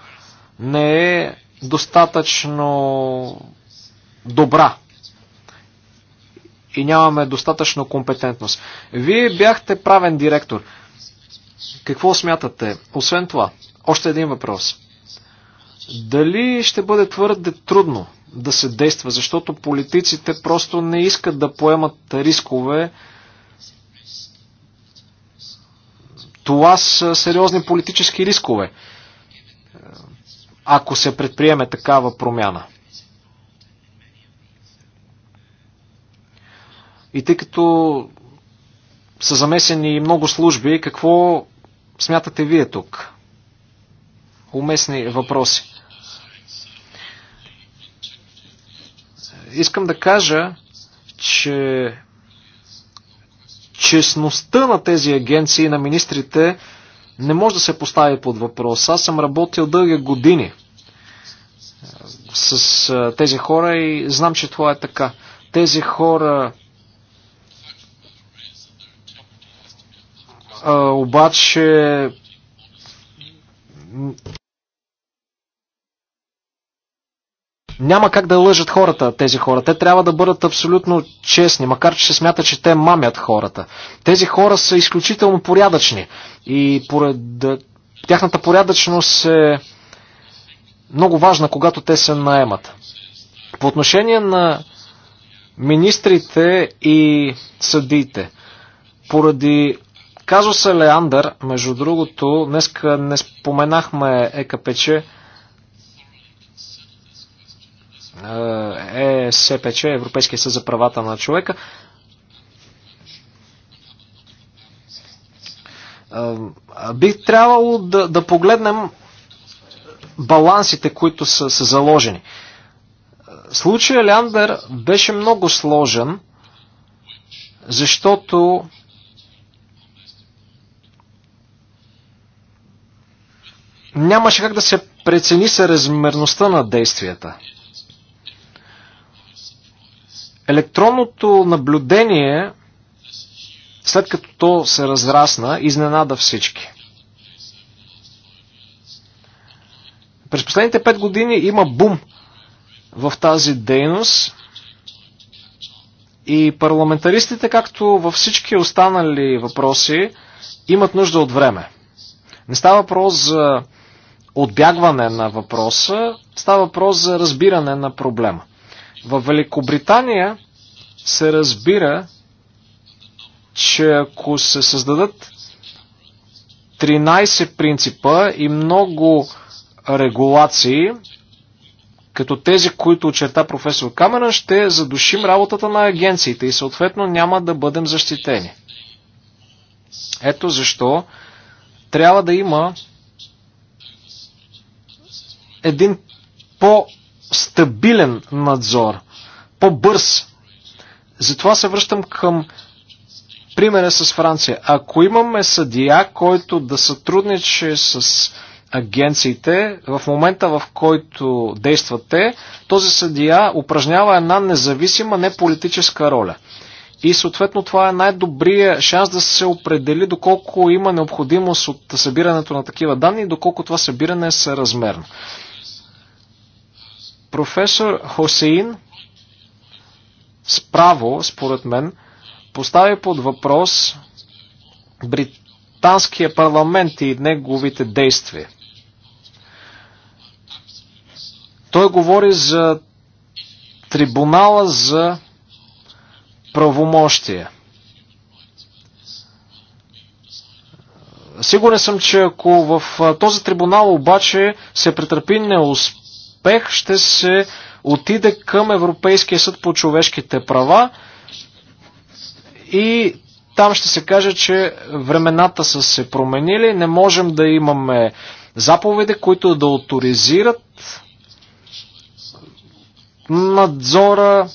не е достатъчно добра и нямаме достатъчно компетентност. Вие бяхте правен директор. Какво смятате? Освен това, още един въпрос. Дали ще бъде твърде трудно да се действа, защото политиците просто не искат да поемат рискове, Това са сериозни политически рискове, е, ако се предприеме такава промяна. И тъй като са замесени много служби, какво смятате вие тук? Уместни въпроси. Искам да кажа, че честността на тези агенции на министрите не може да се постави под въпрос. Аз съм работил дълги години е, с е, тези хора и знам, че това е така. Тези хора а, е, обаче Няма как да лъжат хората, тези хора. Те трябва да бъдат абсолютно честни, макар че се смята, че те мамят хората. Тези хора са изключително порядъчни и поред... тяхната порядъчност е много важна, когато те се наемат. По отношение на министрите и съдиите, поради казуса Леандър, между другото, днеска не споменахме ЕКПЧ, ЕСПЧ, Европейския съд за правата на човека. Би трябвало да, да погледнем балансите, които са, са заложени. Случая Ляндер беше много сложен, защото нямаше как да се прецени съразмерността на действията. Електронното наблюдение, след като то се разрасна, изненада всички. През последните пет години има бум в тази дейност и парламентаристите, както във всички останали въпроси, имат нужда от време. Не става въпрос за отбягване на въпроса, става въпрос за разбиране на проблема. В Великобритания се разбира, че ако се създадат 13 принципа и много регулации, като тези, които очерта професор Камерън, ще задушим работата на агенциите и съответно няма да бъдем защитени. Ето защо трябва да има един по стабилен надзор, по-бърз. Затова се връщам към примера с Франция. Ако имаме съдия, който да сътрудничи с агенциите, в момента в който действате, този съдия упражнява една независима, неполитическа роля. И съответно това е най-добрия шанс да се определи доколко има необходимост от събирането на такива данни и доколко това събиране е съразмерно. Професор Хосеин справо, според мен, постави под въпрос британския парламент и неговите действия. Той говори за трибунала за правомощия. Сигурен съм, че ако в този трибунал обаче се претърпи неуспех, успех ще се отиде към Европейския съд по човешките права и там ще се каже, че времената са се променили, не можем да имаме заповеди, които да авторизират надзора,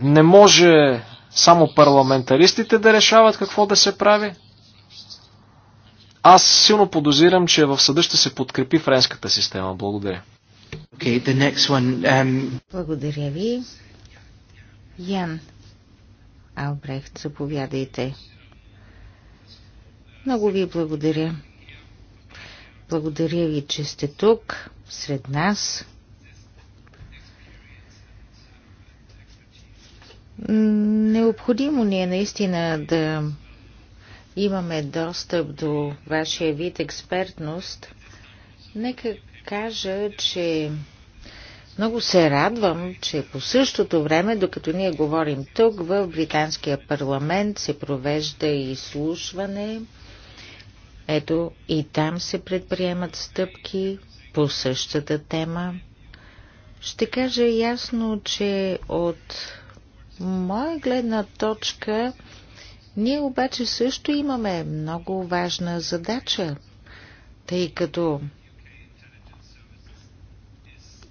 не може само парламентаристите да решават какво да се прави. Аз силно подозирам, че в съда ще се подкрепи френската система. Благодаря. Okay, the next one, um... Благодаря ви. Ян Албрехт, заповядайте. Много ви благодаря. Благодаря ви, че сте тук, сред нас. Необходимо ни е наистина да имаме достъп до вашия вид експертност. Нека кажа, че много се радвам, че по същото време, докато ние говорим тук, в Британския парламент се провежда изслушване. Ето и там се предприемат стъпки по същата тема. Ще кажа ясно, че от моя гледна точка ние обаче също имаме много важна задача, тъй като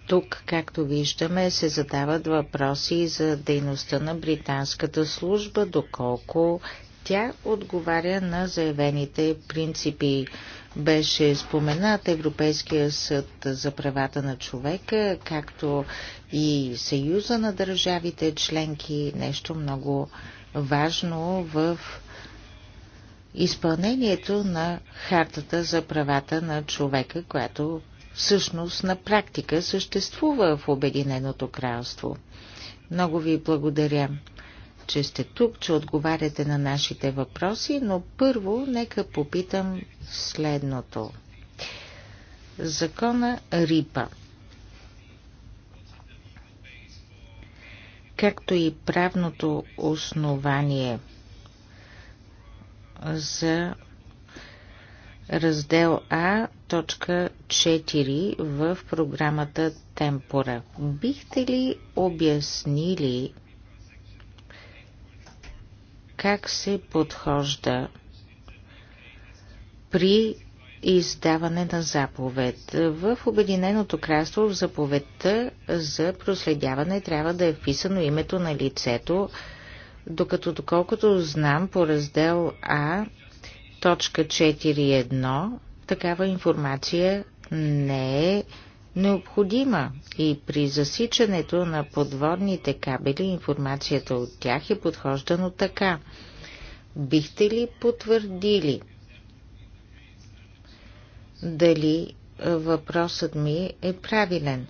тук, както виждаме, се задават въпроси за дейността на британската служба, доколко тя отговаря на заявените принципи. Беше споменат Европейския съд за правата на човека, както и Съюза на държавите членки, нещо много важно в изпълнението на Хартата за правата на човека, която всъщност на практика съществува в Обединеното кралство. Много ви благодаря, че сте тук, че отговаряте на нашите въпроси, но първо нека попитам следното. Закона Рипа. Както и правното основание за раздел А, точка 4 в програмата Темпора. Бихте ли обяснили как се подхожда при издаване на заповед. В Обединеното кралство в заповедта за проследяване трябва да е вписано името на лицето, докато доколкото знам по раздел А точка 4.1 такава информация не е необходима и при засичането на подводните кабели информацията от тях е подхождано така. Бихте ли потвърдили дали въпросът ми е правилен?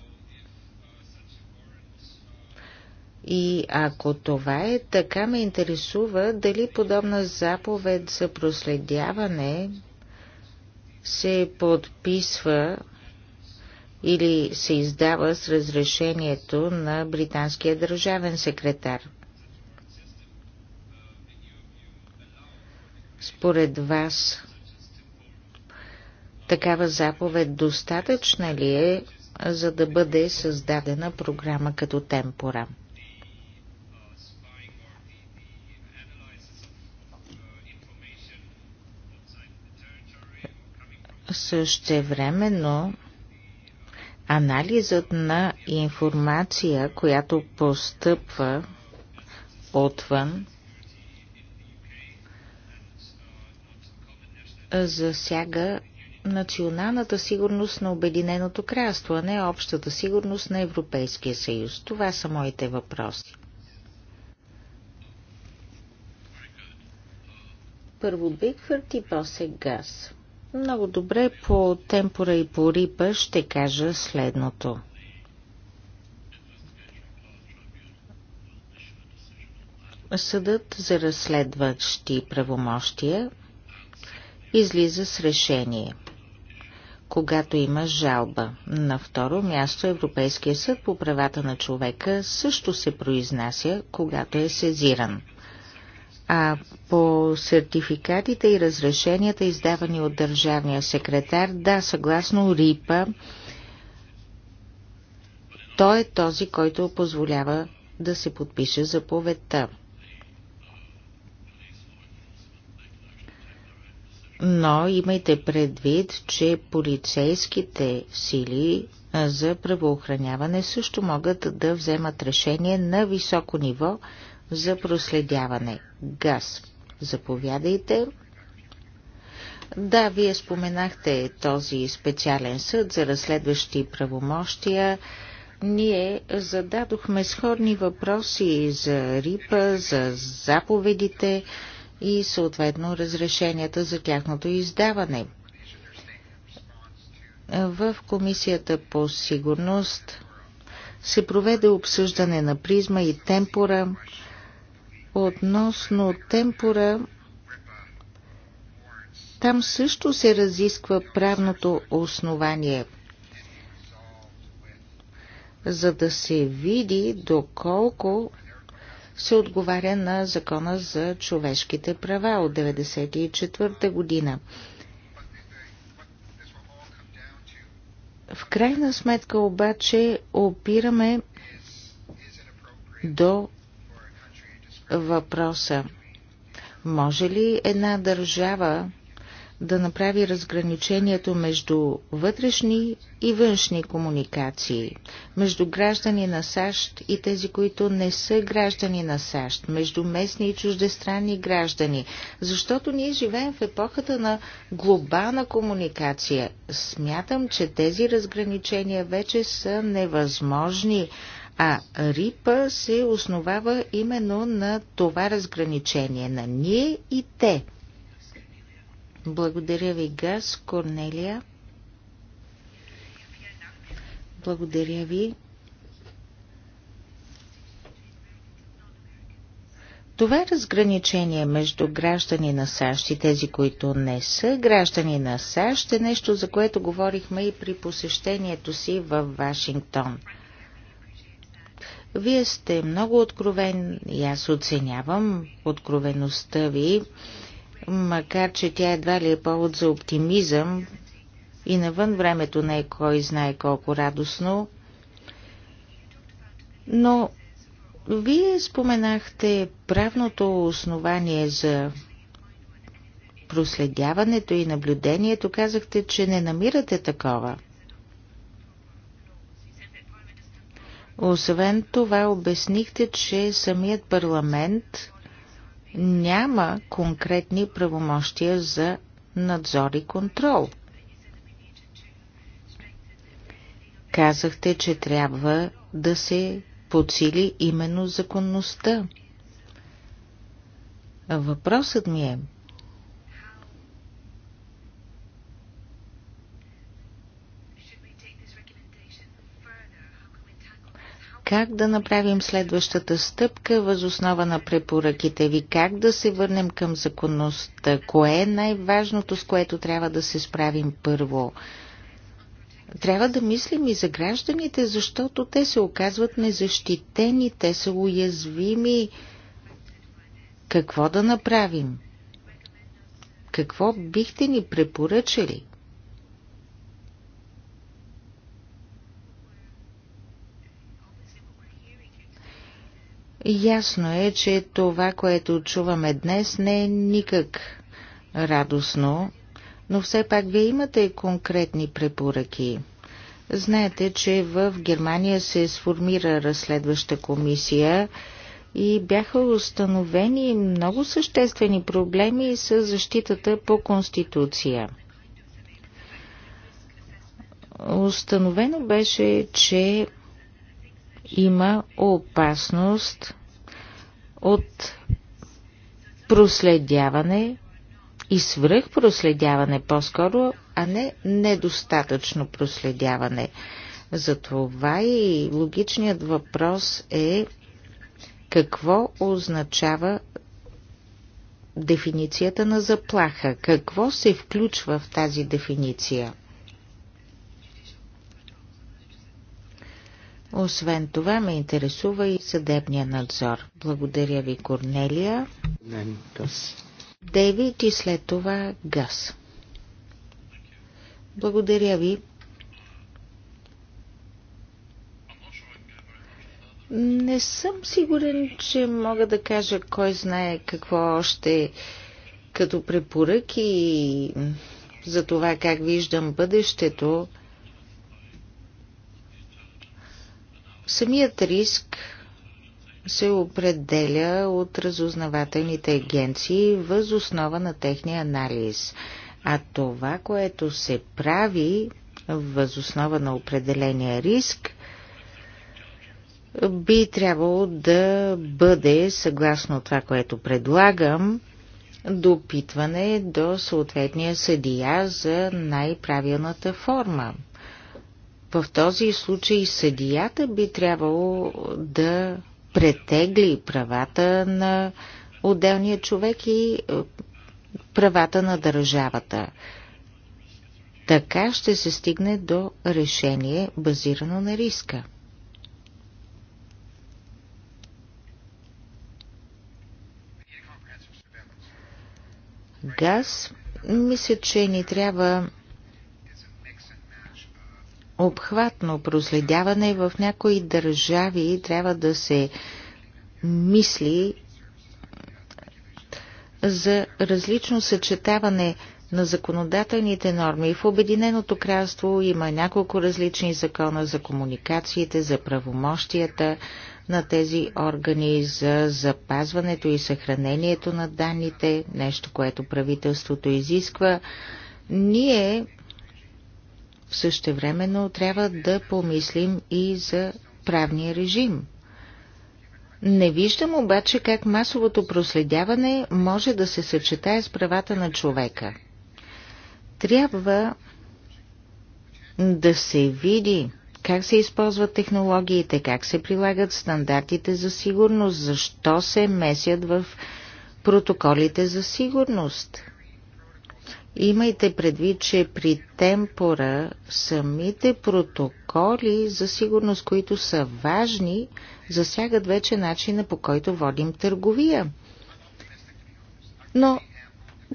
И ако това е така, ме интересува дали подобна заповед за проследяване се подписва или се издава с разрешението на британския държавен секретар. Според вас, такава заповед достатъчна ли е, за да бъде създадена програма като темпора? Същевременно анализът на информация, която постъпва отвън, засяга националната сигурност на Обединеното кралство, а не общата сигурност на Европейския съюз. Това са моите въпроси. Първо Бигфърт и после Газ. Много добре по темпора и по рипа ще кажа следното. Съдът за разследващи правомощия излиза с решение, когато има жалба. На второ място Европейския съд по правата на човека също се произнася, когато е сезиран – а по сертификатите и разрешенията, издавани от държавния секретар, да, съгласно РИПА, той е този, който позволява да се подпише заповедта. Но имайте предвид, че полицейските сили за правоохраняване също могат да вземат решение на високо ниво за проследяване. ГАЗ. Заповядайте. Да, вие споменахте този специален съд за разследващи правомощия. Ние зададохме сходни въпроси за РИПА, за заповедите и съответно разрешенията за тяхното издаване. В Комисията по сигурност се проведе обсъждане на призма и темпора Относно темпора, там също се разисква правното основание, за да се види доколко се отговаря на Закона за човешките права от 1994 година. В крайна сметка обаче опираме до въпроса. Може ли една държава да направи разграничението между вътрешни и външни комуникации, между граждани на САЩ и тези, които не са граждани на САЩ, между местни и чуждестранни граждани, защото ние живеем в епохата на глобална комуникация. Смятам, че тези разграничения вече са невъзможни. А Рипа се основава именно на това разграничение на ние и те. Благодаря ви, Газ, Корнелия. Благодаря ви. Това разграничение между граждани на САЩ и тези, които не са граждани на САЩ, е нещо, за което говорихме и при посещението си в Вашингтон – вие сте много откровен и аз оценявам откровеността ви, макар че тя едва ли е повод за оптимизъм и навън времето не е кой знае колко радостно. Но вие споменахте правното основание за проследяването и наблюдението. Казахте, че не намирате такова – Освен това обяснихте, че самият парламент няма конкретни правомощия за надзор и контрол. Казахте, че трябва да се подсили именно законността. Въпросът ми е, как да направим следващата стъпка възоснова на препоръките ви, как да се върнем към законността, кое е най-важното, с което трябва да се справим първо. Трябва да мислим и за гражданите, защото те се оказват незащитени, те са уязвими. Какво да направим? Какво бихте ни препоръчали? Ясно е, че това, което чуваме днес, не е никак радостно, но все пак вие имате конкретни препоръки. Знаете, че в Германия се сформира разследваща комисия и бяха установени много съществени проблеми с защитата по Конституция. Установено беше, че има опасност от проследяване и свръхпроследяване по-скоро, а не недостатъчно проследяване. Затова и логичният въпрос е какво означава дефиницията на заплаха? Какво се включва в тази дефиниция? Освен това ме интересува и съдебния надзор. Благодаря ви, Корнелия. Дейвид и след това Газ. Благодаря ви. Не съм сигурен, че мога да кажа кой знае какво още като препоръки за това как виждам бъдещето. Самият риск се определя от разузнавателните агенции въз основа на техния анализ. А това, което се прави въз основа на определения риск, би трябвало да бъде, съгласно това, което предлагам, допитване до съответния съдия за най-правилната форма в този случай съдията би трябвало да претегли правата на отделния човек и е, правата на държавата. Така ще се стигне до решение базирано на риска. Газ, мисля, че ни трябва обхватно проследяване в някои държави трябва да се мисли за различно съчетаване на законодателните норми. В Обединеното кралство има няколко различни закона за комуникациите, за правомощията на тези органи, за запазването и съхранението на данните, нещо, което правителството изисква. Ние Същевременно трябва да помислим и за правния режим. Не виждам обаче как масовото проследяване може да се съчетае с правата на човека. Трябва да се види как се използват технологиите, как се прилагат стандартите за сигурност, защо се месят в протоколите за сигурност. Имайте предвид, че при темпора самите протоколи за сигурност, които са важни, засягат вече начина по който водим търговия. Но,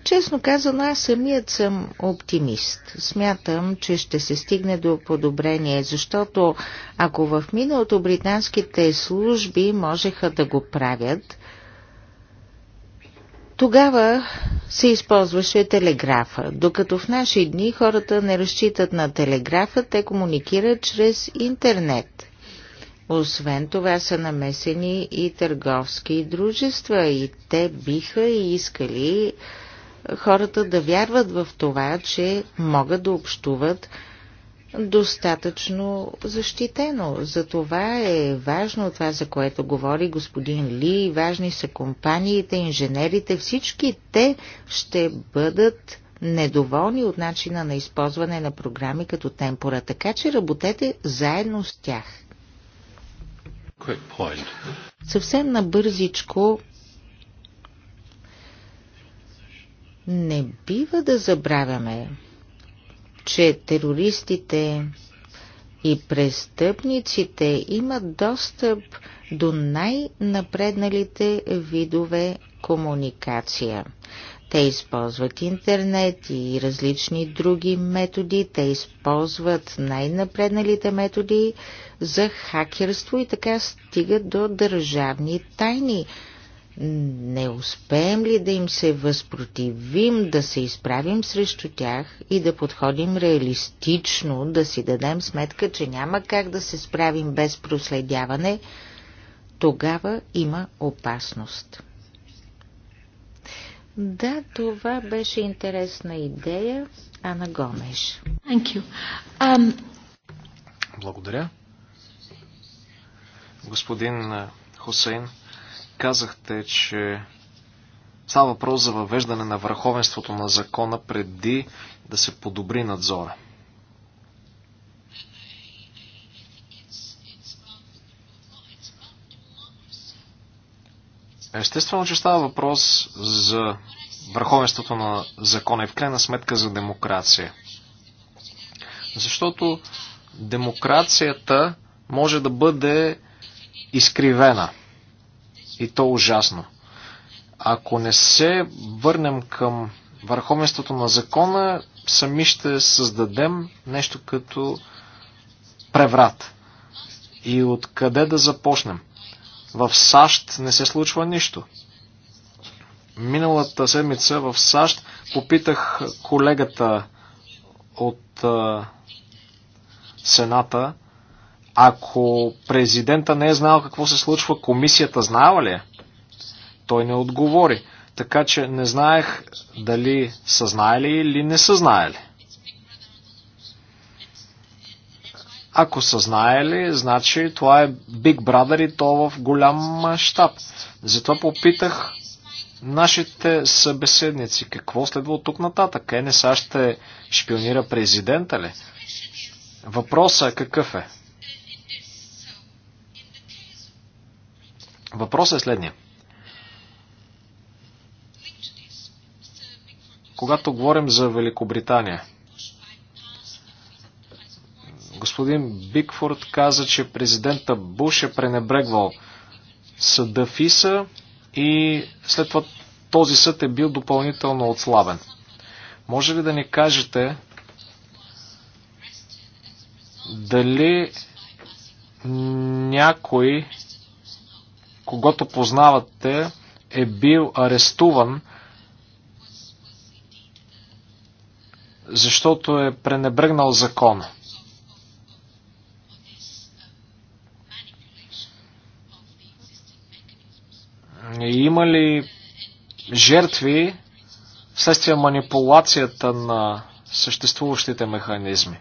честно казано, аз самият съм оптимист. Смятам, че ще се стигне до подобрение, защото ако в миналото британските служби можеха да го правят – тогава се използваше телеграфа, докато в наши дни хората не разчитат на телеграфа, те комуникират чрез интернет. Освен това са намесени и търговски дружества и те биха и искали хората да вярват в това, че могат да общуват достатъчно защитено. За това е важно това, за което говори господин Ли. Важни са компаниите, инженерите. Всички те ще бъдат недоволни от начина на използване на програми като темпора, така че работете заедно с тях. Съвсем набързичко не бива да забравяме, че терористите и престъпниците имат достъп до най-напредналите видове комуникация. Те използват интернет и различни други методи. Те използват най-напредналите методи за хакерство и така стигат до държавни тайни. Не успеем ли да им се възпротивим, да се изправим срещу тях и да подходим реалистично, да си дадем сметка, че няма как да се справим без проследяване, тогава има опасност. Да, това беше интересна идея, Ана Гомеш. Thank you. Um... Благодаря. Господин Хусейн, казахте, че става въпрос за въвеждане на върховенството на закона преди да се подобри надзора. Естествено, че става въпрос за върховенството на закона и в крайна сметка за демокрация. Защото демокрацията може да бъде изкривена – и то ужасно. Ако не се върнем към върховенството на закона, сами ще създадем нещо като преврат. И откъде да започнем? В САЩ не се случва нищо. Миналата седмица в САЩ попитах колегата от а, Сената ако президента не е знал какво се случва, комисията знава ли? Той не отговори. Така че не знаех дали са знаели или не са знаели. Ако са знаели, значи това е Big Brother и то в голям мащаб. Затова попитах нашите събеседници какво следва от тук нататък. Е, не САЩ ще шпионира президента ли? Въпросът е какъв е? Въпросът е следния. Когато говорим за Великобритания, господин Бикфорд каза, че президента Буш е пренебрегвал съда ФИСА и след това този съд е бил допълнително отслабен. Може ли да ни кажете дали някой когато познавате, е бил арестуван, защото е пренебрегнал закона. Има ли жертви вследствие манипулацията на съществуващите механизми?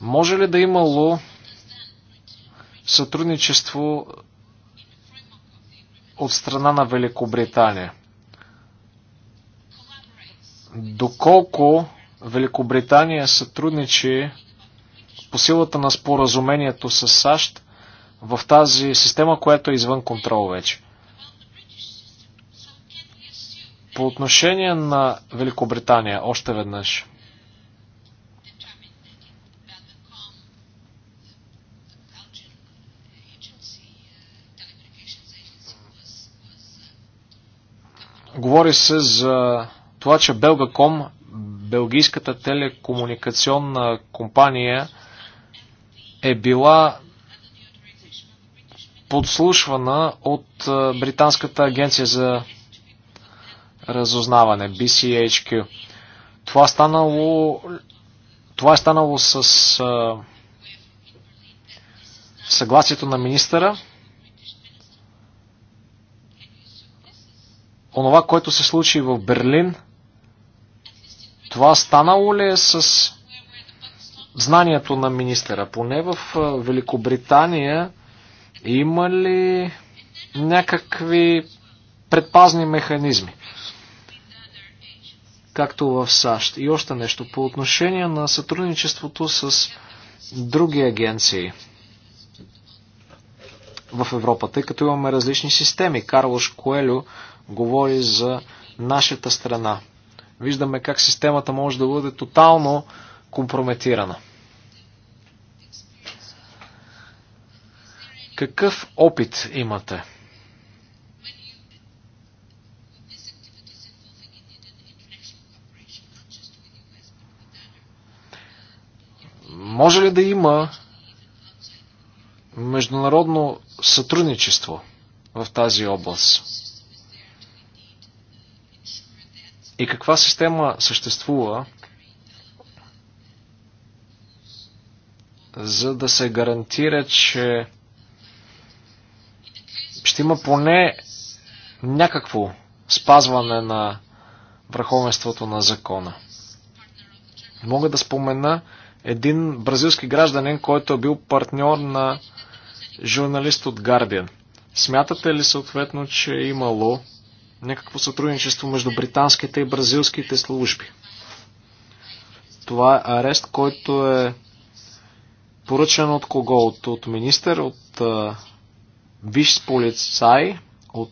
Може ли да имало сътрудничество от страна на Великобритания. Доколко Великобритания сътрудничи по силата на споразумението с САЩ в тази система, която е извън контрол вече. По отношение на Великобритания, още веднъж – Говори се за това, че Белгаком, белгийската телекомуникационна компания, е била подслушвана от Британската агенция за разузнаване, BCHQ. Това, станало, това е станало с а, съгласието на министъра онова, което се случи в Берлин, това станало ли е с знанието на министера? Поне в Великобритания има ли някакви предпазни механизми? както в САЩ. И още нещо по отношение на сътрудничеството с други агенции в Европа, тъй като имаме различни системи. Карлош Коелю говори за нашата страна. Виждаме как системата може да бъде тотално компрометирана. Какъв опит имате? Може ли да има международно сътрудничество в тази област? И каква система съществува, за да се гарантира, че ще има поне някакво спазване на върховенството на закона. Мога да спомена един бразилски гражданин, който е бил партньор на журналист от Guardian. Смятате ли съответно, че е имало някакво сътрудничество между британските и бразилските служби. Това е арест, който е поръчен от кого? От, от министър, от виш полицай, от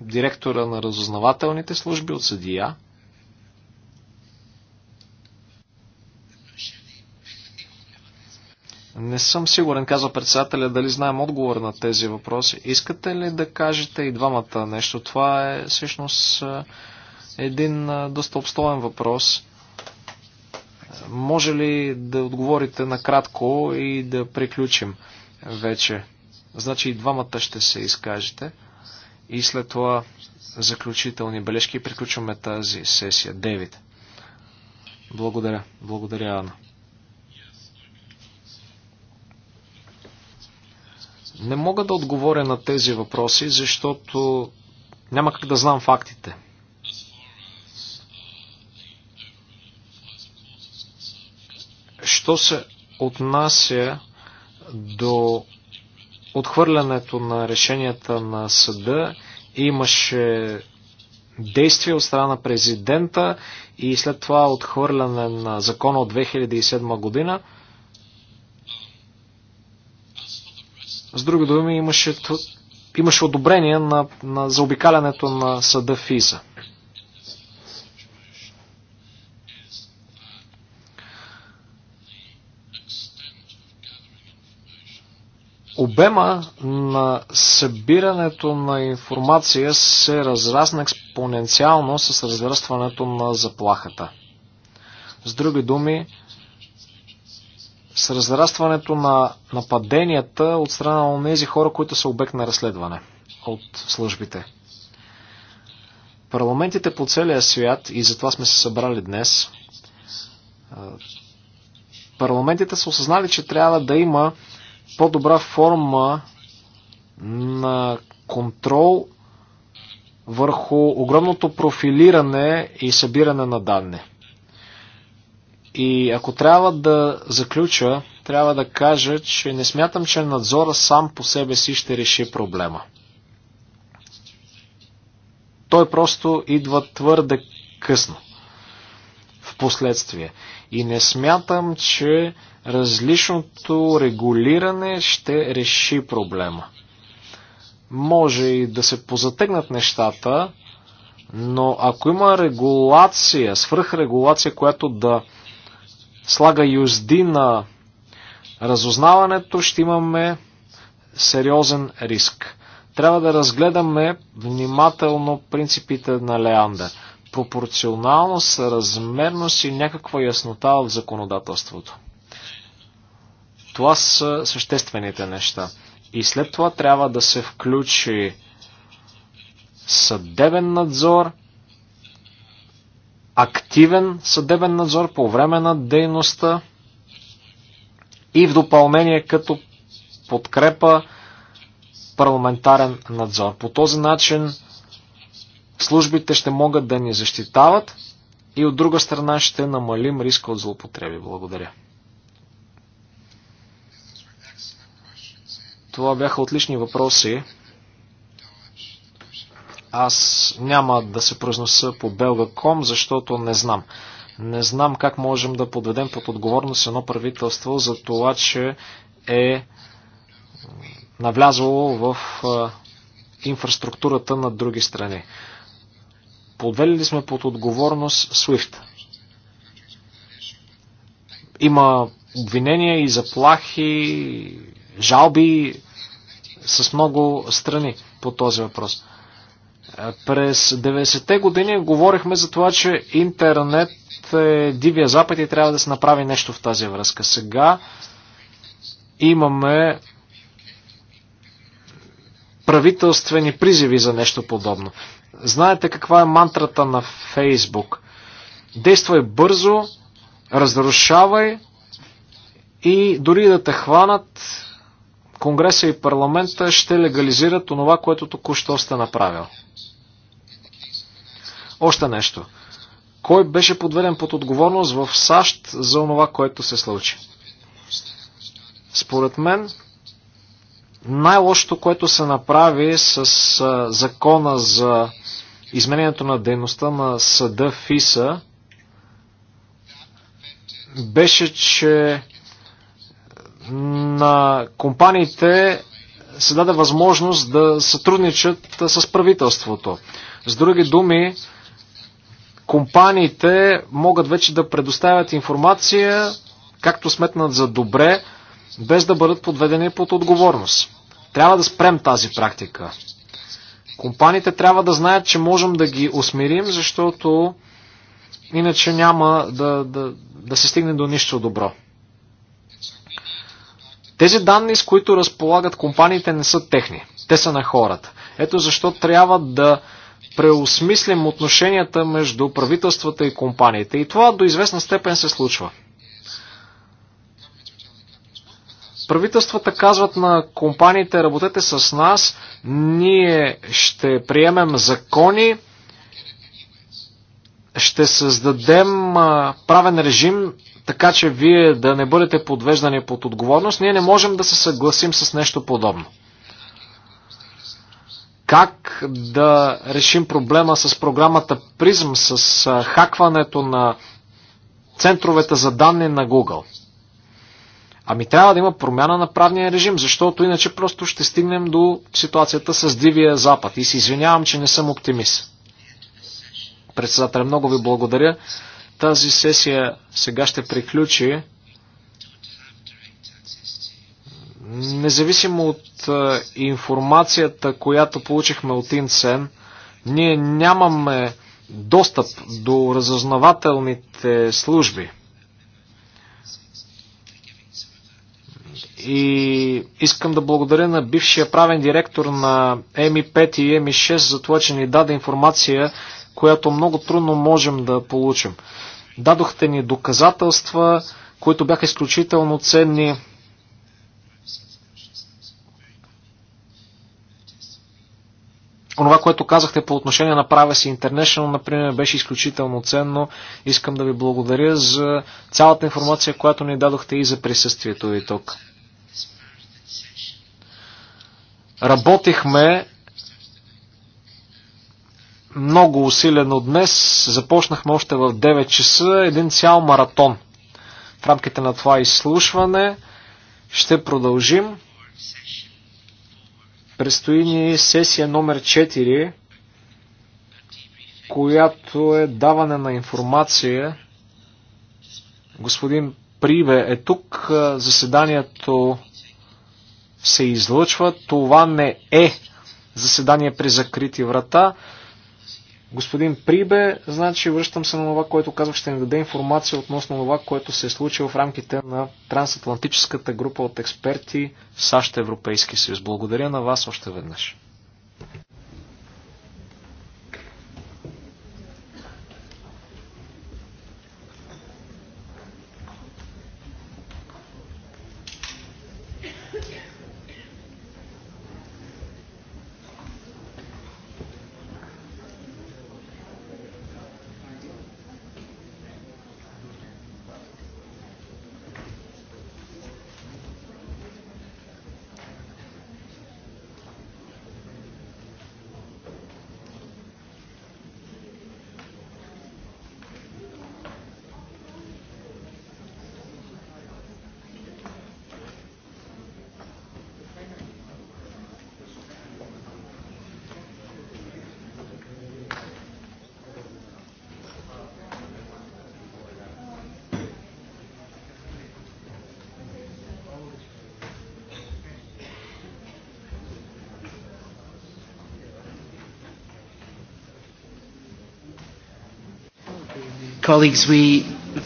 директора на разузнавателните служби, от съдия – Не съм сигурен, каза председателя, дали знаем отговор на тези въпроси. Искате ли да кажете и двамата нещо? Това е всъщност е, един е, доста обстоен въпрос. Може ли да отговорите накратко и да приключим вече? Значи и двамата ще се изкажете. И след това заключителни бележки приключваме тази сесия. Девид. Благодаря. Благодаря, Ана. Не мога да отговоря на тези въпроси, защото няма как да знам фактите. Що се отнася до отхвърлянето на решенията на съда, имаше действие от страна на президента и след това отхвърляне на закона от 2007 година – С други думи, имаше, имаше одобрение на, на заобикалянето на съда Физа. Обема на събирането на информация се разрасна експоненциално с разрастването на заплахата. С други думи, с разрастването на нападенията от страна на тези хора, които са обект на разследване от службите. Парламентите по целия свят, и затова сме се събрали днес, парламентите са осъзнали, че трябва да има по-добра форма на контрол върху огромното профилиране и събиране на данни. И ако трябва да заключа, трябва да кажа, че не смятам, че надзора сам по себе си ще реши проблема. Той просто идва твърде късно в последствие. И не смятам, че различното регулиране ще реши проблема. Може и да се позатегнат нещата, но ако има регулация, свръхрегулация, която да слага юзди на разузнаването, ще имаме сериозен риск. Трябва да разгледаме внимателно принципите на Леанда. Пропорционалност, размерност и някаква яснота в законодателството. Това са съществените неща. И след това трябва да се включи съдебен надзор – активен съдебен надзор по време на дейността и в допълнение като подкрепа парламентарен надзор. По този начин службите ще могат да ни защитават и от друга страна ще намалим риска от злоупотреби. Благодаря. Това бяха отлични въпроси. Аз няма да се произнеса по Белгаком, защото не знам. Не знам как можем да подведем под отговорност едно правителство за това, че е навлязало в инфраструктурата на други страни. Подвели сме под отговорност SWIFT. Има обвинения и заплахи, жалби с много страни по този въпрос. През 90-те години говорихме за това, че интернет е дивия запад и трябва да се направи нещо в тази връзка. Сега имаме правителствени призиви за нещо подобно. Знаете каква е мантрата на Фейсбук? Действай бързо, разрушавай и дори да те хванат, Конгреса и парламента ще легализират онова, което току-що сте направил. Още нещо. Кой беше подведен под отговорност в САЩ за това, което се случи? Според мен, най-лошото, което се направи с а, закона за изменението на дейността на съда ФИСА, беше, че на компаниите се даде възможност да сътрудничат с правителството. С други думи, компаниите могат вече да предоставят информация, както сметнат за добре, без да бъдат подведени под отговорност. Трябва да спрем тази практика. Компаниите трябва да знаят, че можем да ги усмирим, защото иначе няма да, да, да се стигне до нищо добро. Тези данни, с които разполагат компаниите, не са техни. Те са на хората. Ето защо трябва да преосмислим отношенията между правителствата и компаниите. И това до известна степен се случва. Правителствата казват на компаниите, работете с нас, ние ще приемем закони, ще създадем правен режим, така че вие да не бъдете подвеждани под отговорност. Ние не можем да се съгласим с нещо подобно как да решим проблема с програмата Призм, с хакването на центровете за данни на Google. Ами трябва да има промяна на правния режим, защото иначе просто ще стигнем до ситуацията с Дивия Запад. И се извинявам, че не съм оптимист. Председателя, много ви благодаря. Тази сесия сега ще приключи. Независимо от е, информацията, която получихме от Инцен, ние нямаме достъп до разузнавателните служби. И искам да благодаря на бившия правен директор на ЕМИ-5 и ЕМИ-6 за това, че ни даде информация, която много трудно можем да получим. Дадохте ни доказателства, които бяха изключително ценни. Онова, което казахте по отношение на Праве си International, например, беше изключително ценно. Искам да ви благодаря за цялата информация, която ни дадохте и за присъствието ви тук. Работихме много усилено днес. Започнахме още в 9 часа един цял маратон. В рамките на това изслушване ще продължим. Предстои ни сесия номер 4, която е даване на информация. Господин Прибе е тук. Заседанието се излъчва. Това не е заседание при закрити врата. Господин Прибе, значи връщам се на това, което казах, ще ни даде информация относно това, което се е случило в рамките на трансатлантическата група от експерти в САЩ Европейски съюз. Благодаря на вас още веднъж.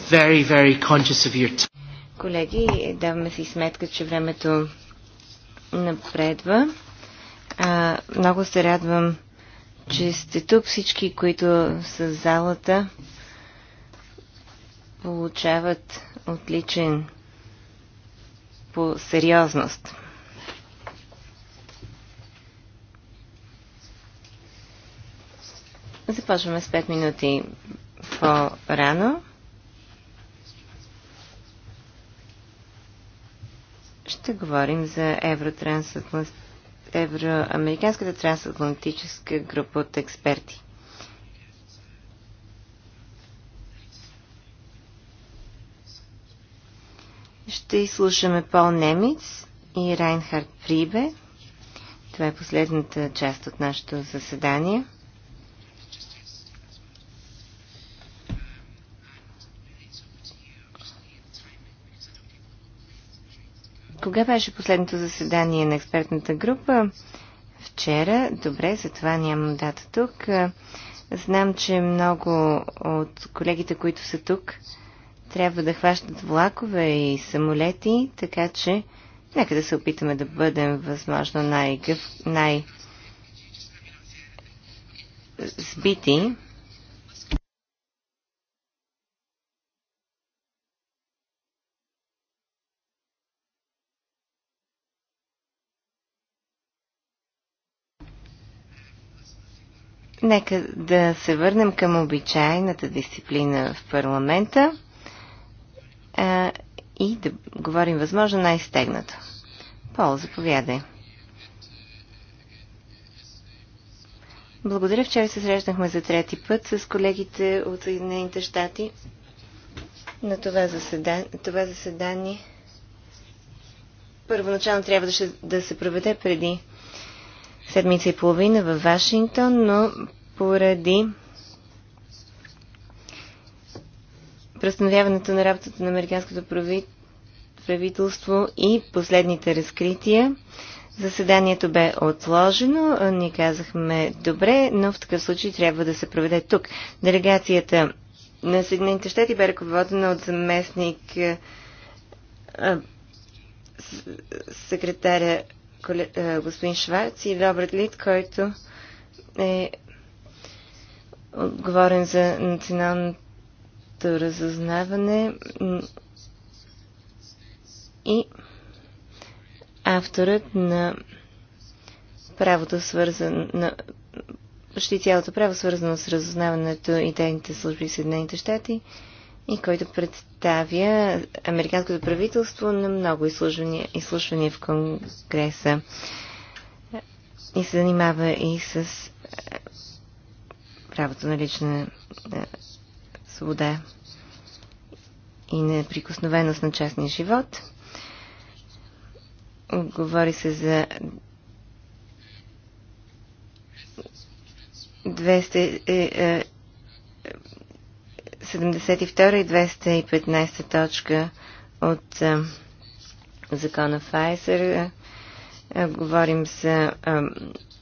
Very, very Колеги, даваме си сметка, че времето напредва. А, много се радвам, че сте тук всички, които са в залата получават отличен по сериозност. Започваме с 5 минути по-рано. Ще говорим за евроамериканската трансатлантическа група от експерти. Ще изслушаме Пол Немиц и Райнхард Фрибе. Това е последната част от нашето заседание. Кога беше последното заседание на експертната група? Вчера. Добре, затова нямам дата тук. Знам, че много от колегите, които са тук, трябва да хващат влакове и самолети, така че нека да се опитаме да бъдем възможно най-гъв, най-сбити. Нека да се върнем към обичайната дисциплина в парламента а, и да говорим възможно най-стегнато. Пол, заповядай. Благодаря. Вчера се срещнахме за трети път с колегите от Съединените щати на това, заседание, това заседание. Първоначално трябваше да, да се проведе преди седмица и половина в Вашингтон, но поради престановяването на работата на американското правителство и последните разкрития, Заседанието бе отложено. Ние казахме добре, но в такъв случай трябва да се проведе тук. Делегацията на Съединените щати бе ръководена от заместник секретаря е, господин Шварц и Робърт Лид, който е отговорен за националното разузнаване и авторът на правото свързано на почти цялото право свързано с разузнаването и тайните служби в Съединените щати и който представя американското правителство на много изслушвания, изслушвания в Конгреса и се занимава и с е, правото на лична е, свобода и неприкосновеност на частния живот. Говори се за 200, 72 и 215 точка от а, закона Файзер. Говорим за а,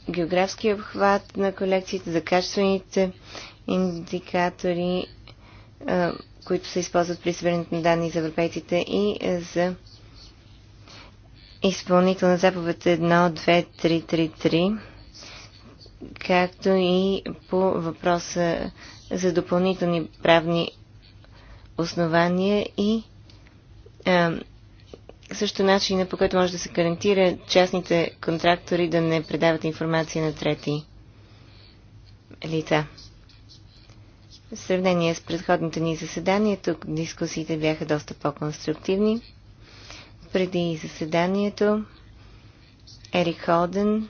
географски обхват на колекциите, за качествените индикатори, а, които се използват при събирането на данни за европейците и за изпълнителна заповед 12333, както и по въпроса за допълнителни правни основания и а, също начина по който може да се гарантира частните контрактори да не предават информация на трети лица. В сравнение с предходните ни заседания, тук дискусиите бяха доста по-конструктивни. Преди заседанието Ерик Холден,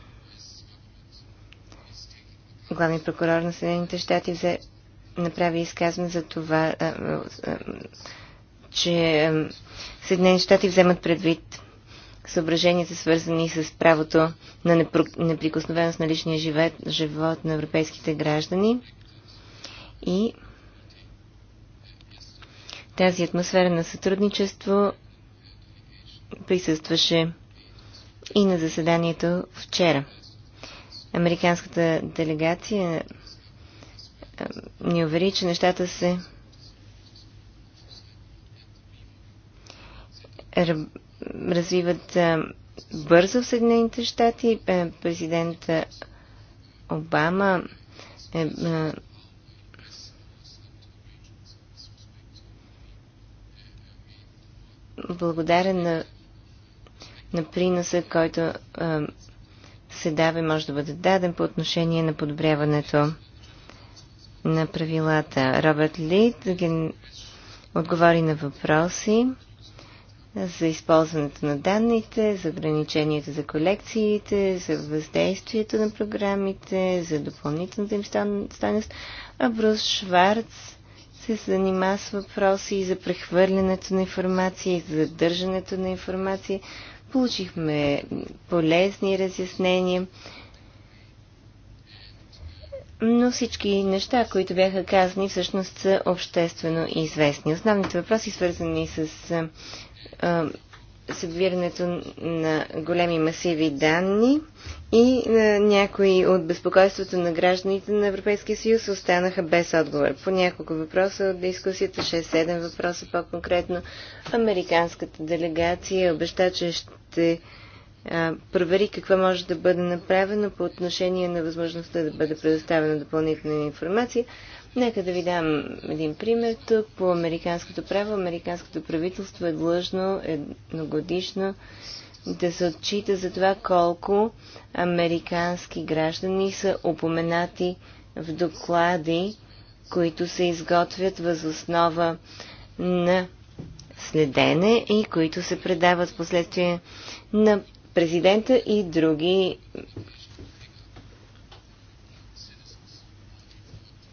главният прокурор на Съединените щати, взе направи изказване за това, че Съединените щати вземат предвид съображенията, свързани с правото на неприкосновеност на личния живот, живот на европейските граждани. И тази атмосфера на сътрудничество присъстваше и на заседанието вчера. Американската делегация ни увери, че нещата се развиват бързо в Съединените щати. Е, президент Обама е благодарен на, на приноса, който се дава и може да бъде даден по отношение на подобряването на правилата. Робърт Лид отговори на въпроси за използването на данните, за ограниченията за колекциите, за въздействието на програмите, за допълнителната им стойност, а Брус Шварц се занима с въпроси и за прехвърлянето на информация, и за задържането на информация. Получихме полезни разяснения но всички неща, които бяха казани, всъщност са обществено известни. Основните въпроси, свързани с събирането на големи масиви данни и на някои от безпокойството на гражданите на Европейския съюз останаха без отговор. По няколко въпроса от дискусията, 6-7 въпроса по-конкретно, американската делегация обеща, че ще провери какво може да бъде направено по отношение на възможността да бъде предоставена допълнителна информация. Нека да ви дам един пример. Тук по американското право, американското правителство е длъжно едногодишно да се отчита за това колко американски граждани са упоменати в доклади, които се изготвят възоснова на следене и които се предават в последствие на президента и други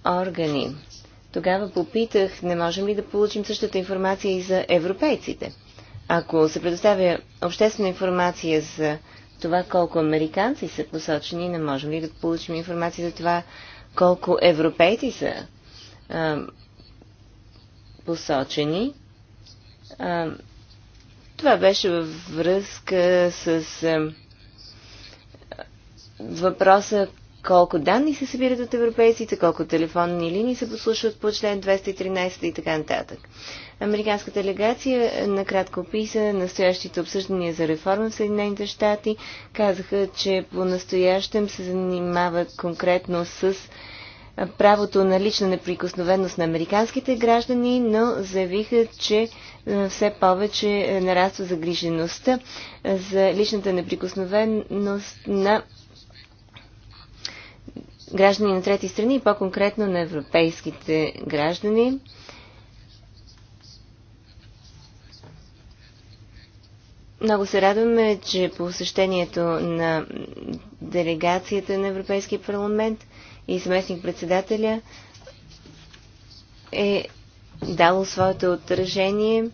органи. Тогава попитах, не можем ли да получим същата информация и за европейците. Ако се предоставя обществена информация за това колко американци са посочени, не можем ли да получим информация за това колко европейци са а, посочени? А, това беше във връзка с е, въпроса колко данни се събират от европейците, колко телефонни линии се послушват по член 213 и така нататък. Американската делегация е, накратко описа настоящите обсъждания за реформа в Съединените щати. Казаха, че по-настоящем се занимават конкретно с е, правото на лична неприкосновеност на американските граждани, но заявиха, че е, все повече нараства загрижеността е, за личната неприкосновеност на граждани на трети страни и по-конкретно на европейските граждани. Много се радваме, че по посещението на делегацията на Европейския парламент и заместник председателя е дало своето отражение,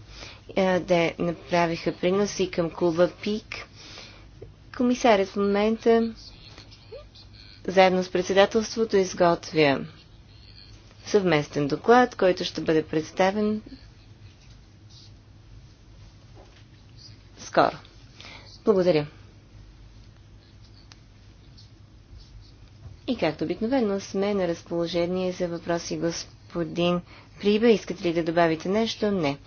да направиха приноси към клуба ПИК. Комисарят в момента заедно с председателството изготвя съвместен доклад, който ще бъде представен скоро. Благодаря. И както обикновено сме на разположение за въпроси господин Приба, искате ли да добавите нещо? Не.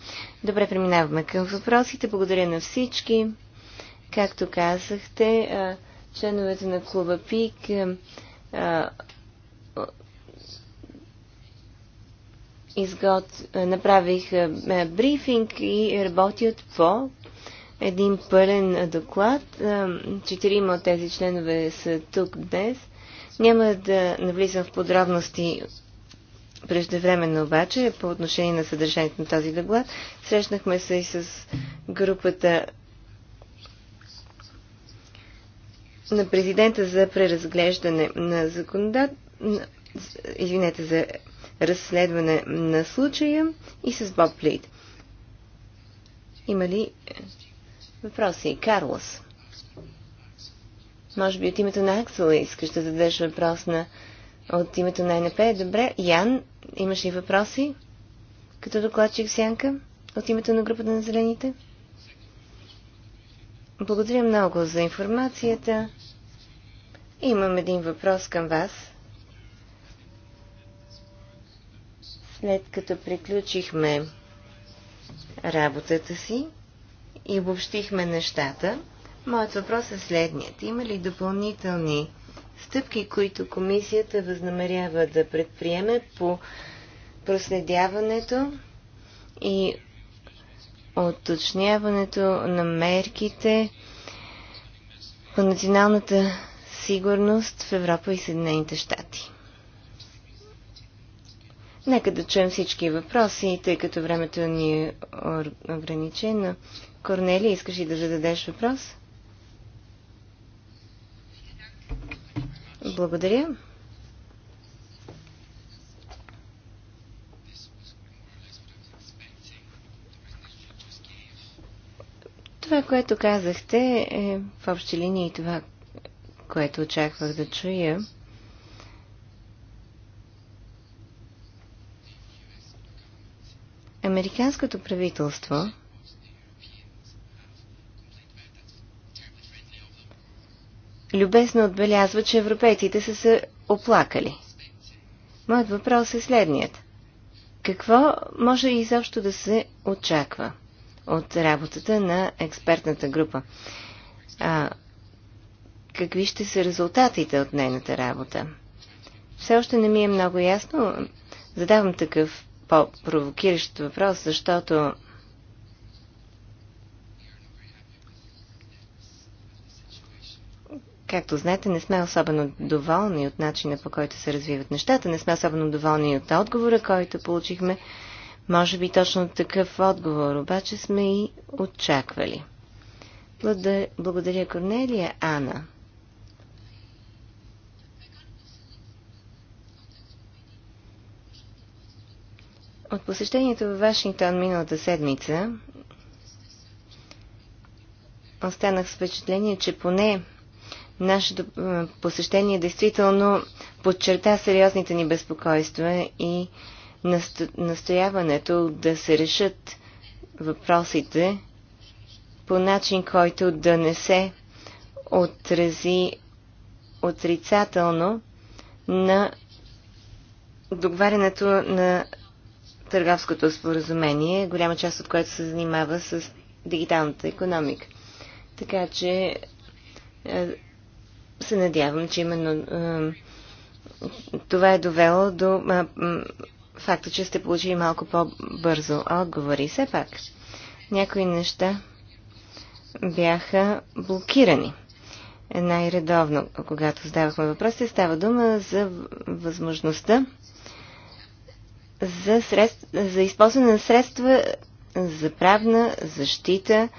Добре, преминаваме към въпросите. Благодаря на всички. Както казахте, членовете на клуба ПИК изгод, направих брифинг и работят по един пълен доклад. Четирима от тези членове са тук днес. Няма да навлизам в подробности Преждевременно обаче, по отношение на съдържанието на този доклад, срещнахме се и с групата на президента за преразглеждане на законодат... Извинете, за разследване на случая и с Боб Плит. Има ли въпроси? Карлос. Може би от името на Аксела искаш да зададеш въпрос на от името на НП. Добре, Ян, имаш ли въпроси като докладчик Сянка от името на групата на зелените? Благодаря много за информацията. Имам един въпрос към вас. След като приключихме работата си и обобщихме нещата, моят въпрос е следният. Има ли допълнителни стъпки, които комисията възнамерява да предприеме по проследяването и оточняването на мерките по националната сигурност в Европа и Съединените щати. Нека да чуем всички въпроси, тъй като времето ни е ограничено. Корнели, искаш ли да зададеш въпрос? Благодаря. Това, което казахте, е в общи линии това, което очаквах да чуя. Американското правителство любезно отбелязва, че европейците са се оплакали. Моят въпрос е следният. Какво може изобщо да се очаква от работата на експертната група? А, какви ще са резултатите от нейната работа? Все още не ми е много ясно. Задавам такъв по-провокиращ въпрос, защото Както знаете, не сме особено доволни от начина по който се развиват нещата, не сме особено доволни от отговора, който получихме. Може би точно такъв отговор, обаче сме и очаквали. Благодаря, Корнелия. Ана. От посещението в Вашингтон миналата седмица останах с впечатление, че поне Нашето посещение действително подчерта сериозните ни безпокойства и настояването да се решат въпросите по начин, който да не се отрази отрицателно на договарянето на търговското споразумение, голяма част от което се занимава с дигиталната економика. Така че се надявам, че именно това е довело до факта, че сте получили малко по-бързо отговори. Все пак, някои неща бяха блокирани. Най-редовно, когато задавахме въпроси, става дума за възможността за, средств, за използване на средства за правна защита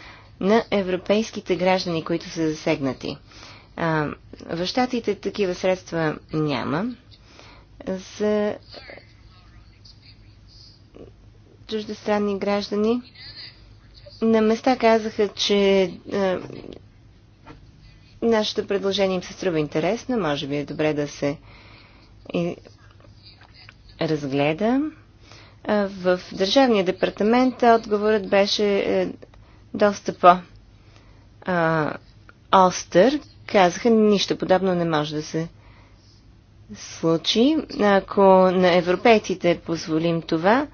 на европейските граждани, които са засегнати. В щатите такива средства няма. За чуждестранни граждани на места казаха, че нашето предложение им се струва интересно. Може би е добре да се и разгледа. В Държавния департамент отговорът беше е, доста по-остър казаха, нищо подобно не може да се случи. Ако на европейците позволим това,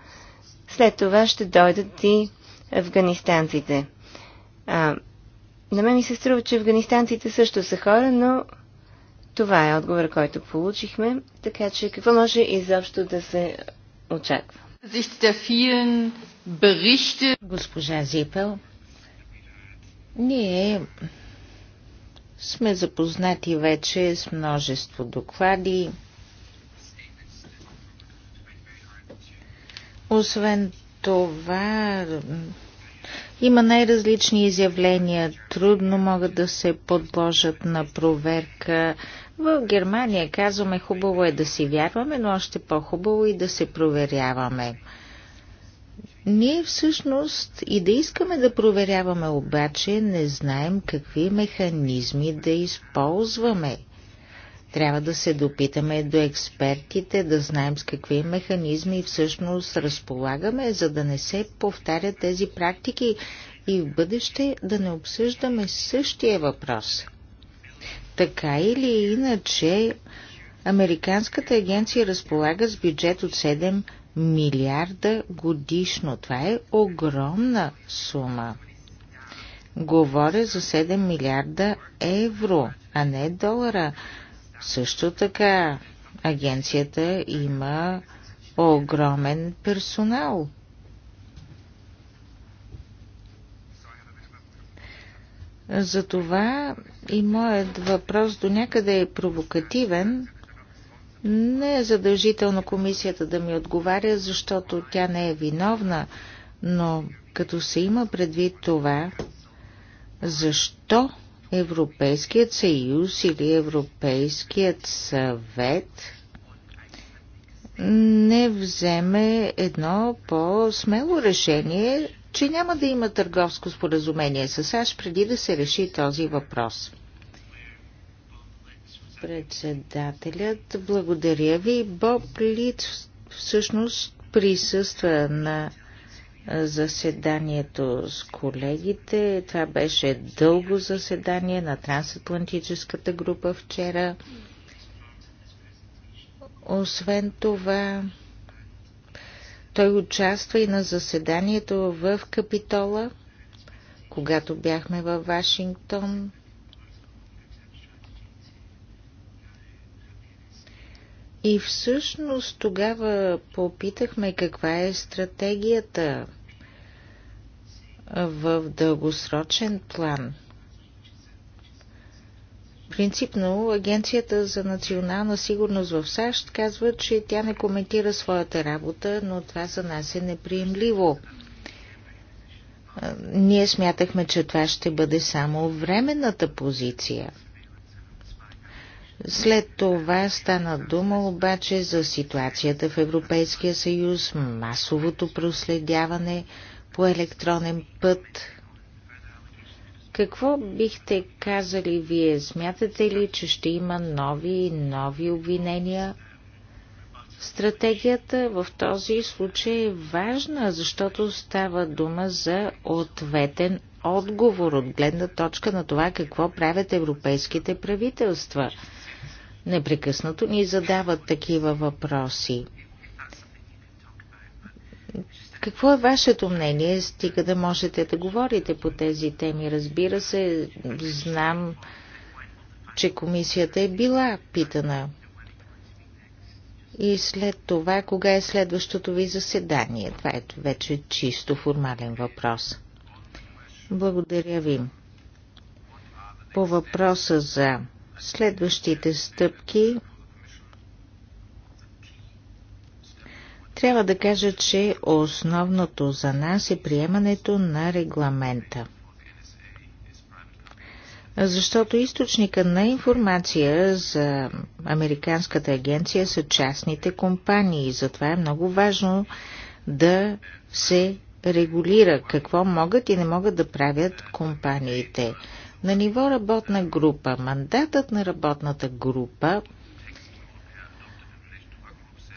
след това ще дойдат и афганистанците. А, на мен ми се струва, че афганистанците също са хора, но това е отговор, който получихме. Така че какво може изобщо да се очаква? Госпожа Зипел, ние сме запознати вече с множество доклади. Освен това, има най-различни изявления, трудно могат да се подложат на проверка. В Германия казваме хубаво е да си вярваме, но още по-хубаво и да се проверяваме. Ние всъщност и да искаме да проверяваме, обаче не знаем какви механизми да използваме. Трябва да се допитаме до експертите, да знаем с какви механизми всъщност разполагаме, за да не се повтарят тези практики и в бъдеще да не обсъждаме същия въпрос. Така или иначе, Американската агенция разполага с бюджет от 7 милиарда годишно. Това е огромна сума. Говоря за 7 милиарда евро, а не долара. Също така агенцията има огромен персонал. Затова и моят въпрос до някъде е провокативен, не е задължително комисията да ми отговаря, защото тя не е виновна, но като се има предвид това, защо Европейският съюз или Европейският съвет не вземе едно по-смело решение, че няма да има търговско споразумение с САЩ преди да се реши този въпрос. Председателят, благодаря ви. Боб Лиц всъщност присъства на заседанието с колегите. Това беше дълго заседание на трансатлантическата група вчера. Освен това, той участва и на заседанието в Капитола, когато бяхме във Вашингтон. И всъщност тогава попитахме каква е стратегията в дългосрочен план. Принципно Агенцията за национална сигурност в САЩ казва, че тя не коментира своята работа, но това за нас е неприемливо. Ние смятахме, че това ще бъде само временната позиция – след това стана дума обаче за ситуацията в Европейския съюз, масовото проследяване по електронен път. Какво бихте казали вие? Смятате ли, че ще има нови и нови обвинения? Стратегията в този случай е важна, защото става дума за ответен отговор от гледна точка на това какво правят европейските правителства – непрекъснато ни задават такива въпроси. Какво е вашето мнение? Стига да можете да говорите по тези теми. Разбира се, знам, че комисията е била питана. И след това, кога е следващото ви заседание? Това е вече чисто формален въпрос. Благодаря ви. По въпроса за Следващите стъпки трябва да кажа, че основното за нас е приемането на регламента. Защото източника на информация за Американската агенция са частните компании. Затова е много важно да се регулира какво могат и не могат да правят компаниите. На ниво работна група, мандатът на работната група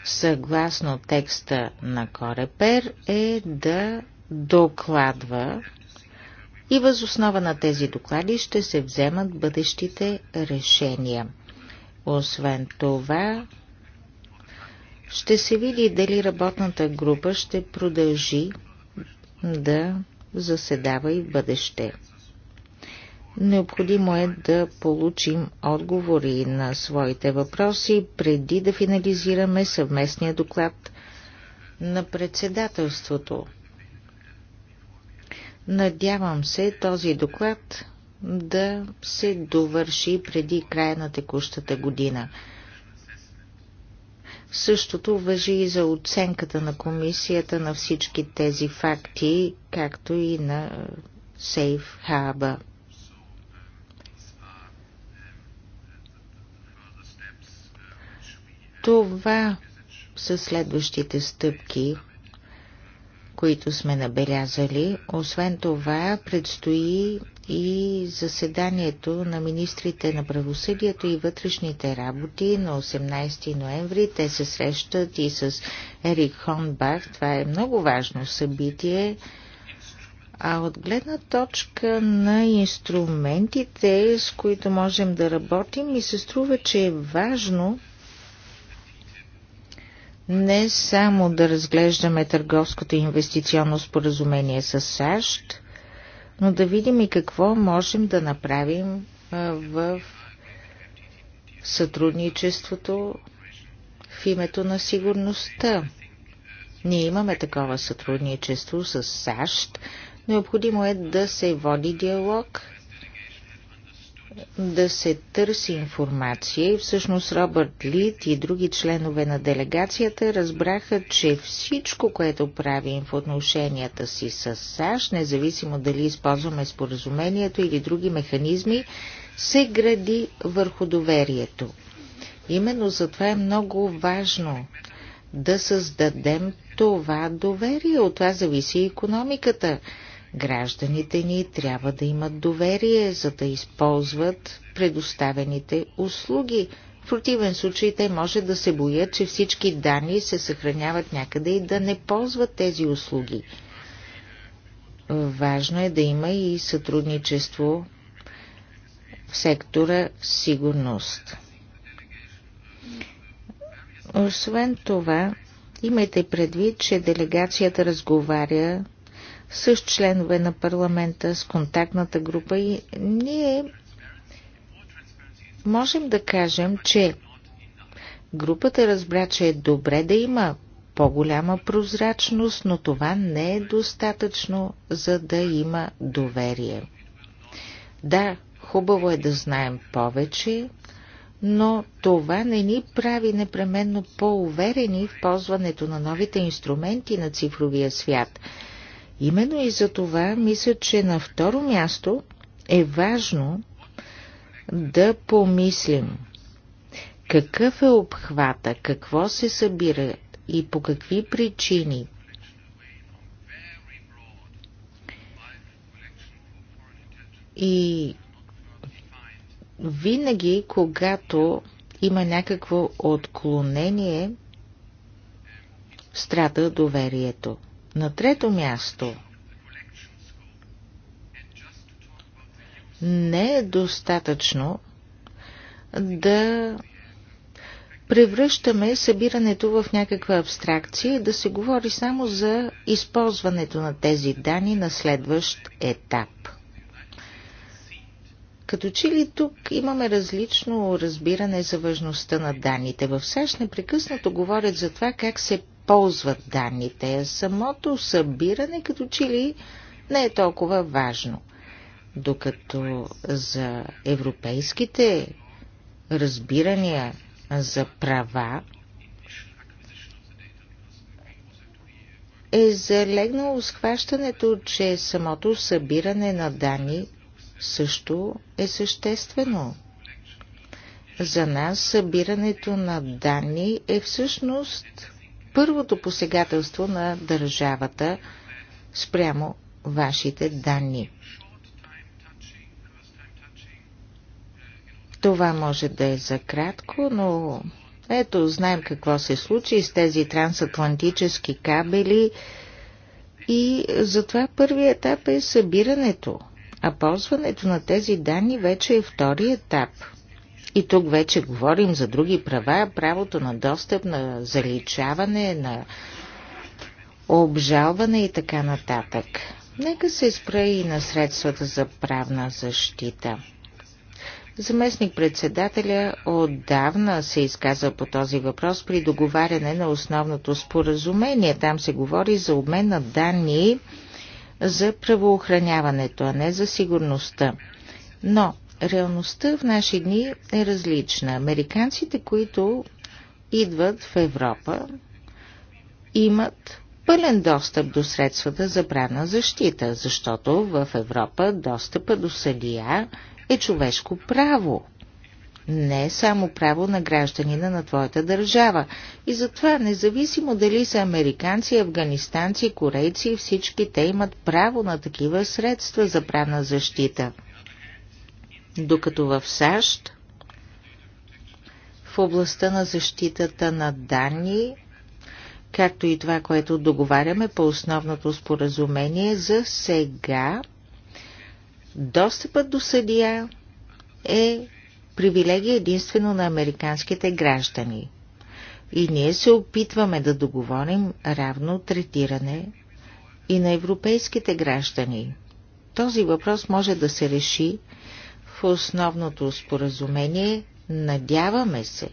съгласно текста на Корепер е да докладва и възоснова на тези доклади ще се вземат бъдещите решения. Освен това, ще се види дали работната група ще продължи да заседава и в бъдеще. Необходимо е да получим отговори на своите въпроси преди да финализираме съвместния доклад на председателството. Надявам се този доклад да се довърши преди края на текущата година. Същото въжи и за оценката на комисията на всички тези факти, както и на Сейф Harbor. Това са следващите стъпки, които сме набелязали. Освен това, предстои и заседанието на министрите на правосъдието и вътрешните работи на 18 ноември. Те се срещат и с Ерик Хонбах. Това е много важно събитие. А от гледна точка на инструментите, с които можем да работим, ми се струва, че е важно не само да разглеждаме търговското инвестиционно споразумение с САЩ, но да видим и какво можем да направим в сътрудничеството в името на сигурността. Ние имаме такова сътрудничество с САЩ. Необходимо е да се води диалог да се търси информация и всъщност Робърт Лид и други членове на делегацията разбраха, че всичко, което правим в отношенията си с САЩ, независимо дали използваме споразумението или други механизми, се гради върху доверието. Именно затова е много важно да създадем това доверие. От това зависи и економиката. Гражданите ни трябва да имат доверие, за да използват предоставените услуги. В противен случай те може да се боят, че всички данни се съхраняват някъде и да не ползват тези услуги. Важно е да има и сътрудничество в сектора сигурност. Освен това, имайте предвид, че делегацията разговаря с членове на парламента, с контактната група и ние можем да кажем, че групата разбра, че е добре да има по-голяма прозрачност, но това не е достатъчно, за да има доверие. Да, хубаво е да знаем повече, но това не ни прави непременно по-уверени в ползването на новите инструменти на цифровия свят – Именно и за това мисля, че на второ място е важно да помислим какъв е обхвата, какво се събира и по какви причини И винаги, когато има някакво отклонение, страда доверието. На трето място не е достатъчно да превръщаме събирането в някаква абстракция и да се говори само за използването на тези данни на следващ етап. Като че ли тук имаме различно разбиране за важността на данните. В САЩ непрекъснато говорят за това как се ползват данните. Самото събиране като че ли не е толкова важно. Докато за европейските разбирания за права е залегнало схващането, че самото събиране на данни също е съществено. За нас събирането на данни е всъщност първото посегателство на държавата спрямо вашите данни. Това може да е за кратко, но ето знаем какво се случи с тези трансатлантически кабели и затова първият етап е събирането, а ползването на тези данни вече е втори етап – и тук вече говорим за други права, правото на достъп, на заличаване, на обжалване и така нататък. Нека се спра и на средствата за правна защита. Заместник-председателя отдавна се изказа по този въпрос при договаряне на основното споразумение. Там се говори за обмен на данни за правоохраняването, а не за сигурността. Но реалността в наши дни е различна. Американците, които идват в Европа, имат пълен достъп до средствата за правна защита, защото в Европа достъпа до съдия е човешко право. Не е само право на гражданина на твоята държава. И затова, независимо дали са американци, афганистанци, корейци, всички те имат право на такива средства за правна защита – докато в САЩ в областта на защитата на данни, както и това, което договаряме по основното споразумение, за сега достъпът до съдия е привилегия единствено на американските граждани. И ние се опитваме да договорим равно третиране и на европейските граждани. Този въпрос може да се реши в основното споразумение. Надяваме се,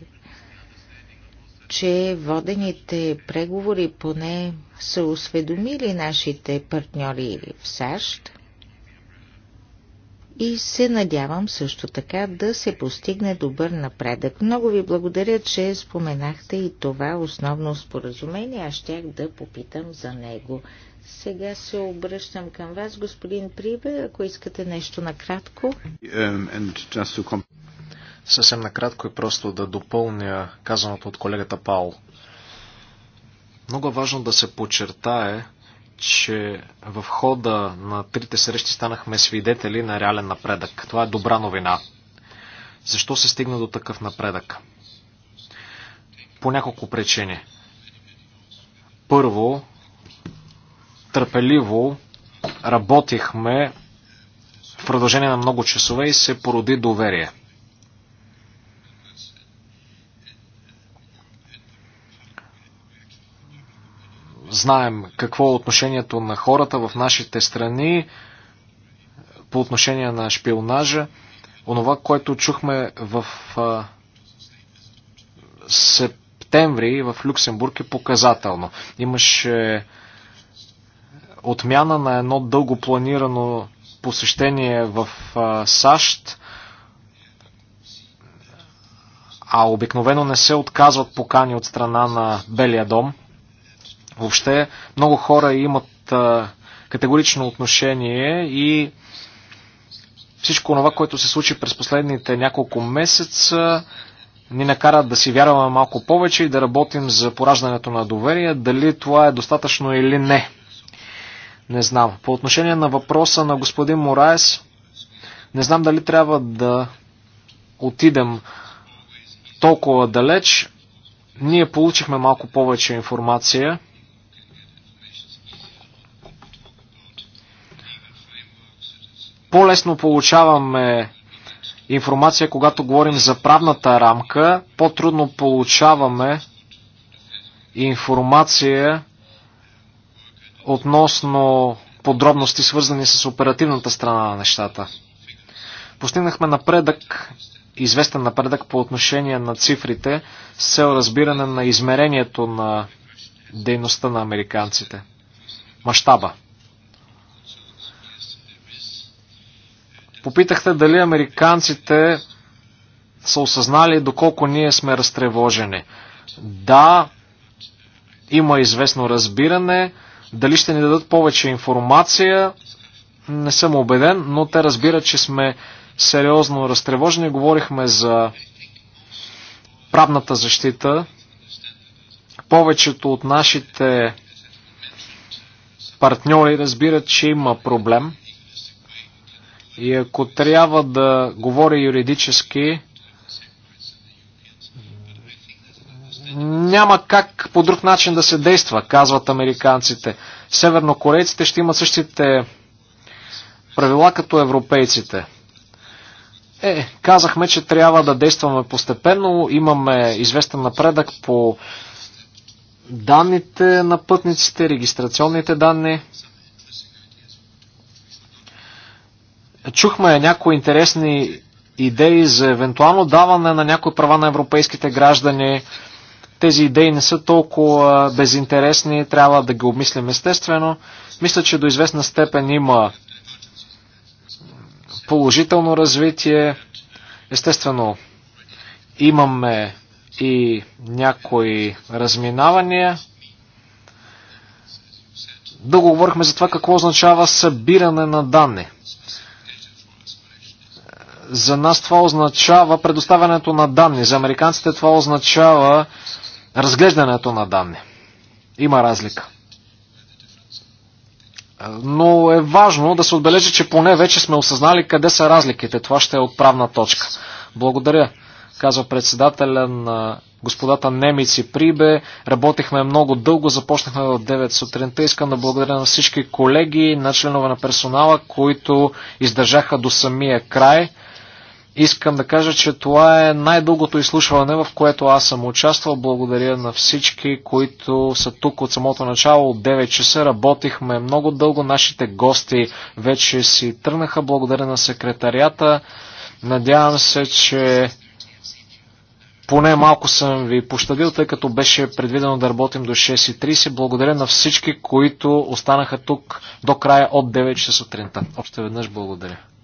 че водените преговори поне са осведомили нашите партньори в САЩ и се надявам също така да се постигне добър напредък. Много ви благодаря, че споменахте и това основно споразумение. Аз щях да попитам за него. Сега се обръщам към вас, господин Прибе, ако искате нещо накратко. Um, Съвсем накратко и е просто да допълня казаното от колегата Паул. Много е важно да се подчертае, че в хода на трите срещи станахме свидетели на реален напредък. Това е добра новина. Защо се стигна до такъв напредък? По няколко причини. Първо, търпеливо работихме в продължение на много часове и се породи доверие. Знаем какво е отношението на хората в нашите страни по отношение на шпионажа. Онова, което чухме в а, септември в Люксембург е показателно. Имаше отмяна на едно дълго планирано посещение в САЩ, а обикновено не се отказват покани от страна на Белия дом. Въобще много хора имат категорично отношение и всичко това, което се случи през последните няколко месеца, ни накарат да си вярваме малко повече и да работим за пораждането на доверие, дали това е достатъчно или не не знам. По отношение на въпроса на господин Мораес, не знам дали трябва да отидем толкова далеч. Ние получихме малко повече информация. По-лесно получаваме информация, когато говорим за правната рамка, по-трудно получаваме информация относно подробности, свързани с оперативната страна на нещата. Постигнахме напредък, известен напредък по отношение на цифрите с цел разбиране на измерението на дейността на американците. Мащаба. Попитахте дали американците са осъзнали доколко ние сме разтревожени. Да, има известно разбиране, дали ще ни дадат повече информация, не съм убеден, но те разбират, че сме сериозно разтревожени. Говорихме за правната защита. Повечето от нашите партньори разбират, че има проблем. И ако трябва да говоря юридически, няма как по друг начин да се действа, казват американците. Севернокорейците ще имат същите правила като европейците. Е, казахме, че трябва да действаме постепенно. Имаме известен напредък по данните на пътниците, регистрационните данни. Чухме някои интересни идеи за евентуално даване на някои права на европейските граждани. Тези идеи не са толкова безинтересни, трябва да ги обмислим естествено. Мисля, че до известна степен има положително развитие. Естествено, имаме и някои разминавания. Дълго говорихме за това какво означава събиране на данни. За нас това означава предоставянето на данни. За американците това означава разглеждането на данни. Има разлика. Е, но е важно да се отбележи, че поне вече сме осъзнали къде са разликите. Това ще е отправна точка. Благодаря, казва председателя на господата Немици Прибе. Работихме много дълго, започнахме в 9 сутринта. Искам да благодаря на всички колеги, на членове на персонала, които издържаха до самия край. Искам да кажа, че това е най-дългото изслушване, в което аз съм участвал. Благодаря на всички, които са тук от самото начало, от 9 часа. Работихме много дълго. Нашите гости вече си тръгнаха. Благодаря на секретарията. Надявам се, че поне малко съм ви пощадил, тъй като беше предвидено да работим до 6.30. Благодаря на всички, които останаха тук до края от 9 часа сутринта. Още веднъж благодаря.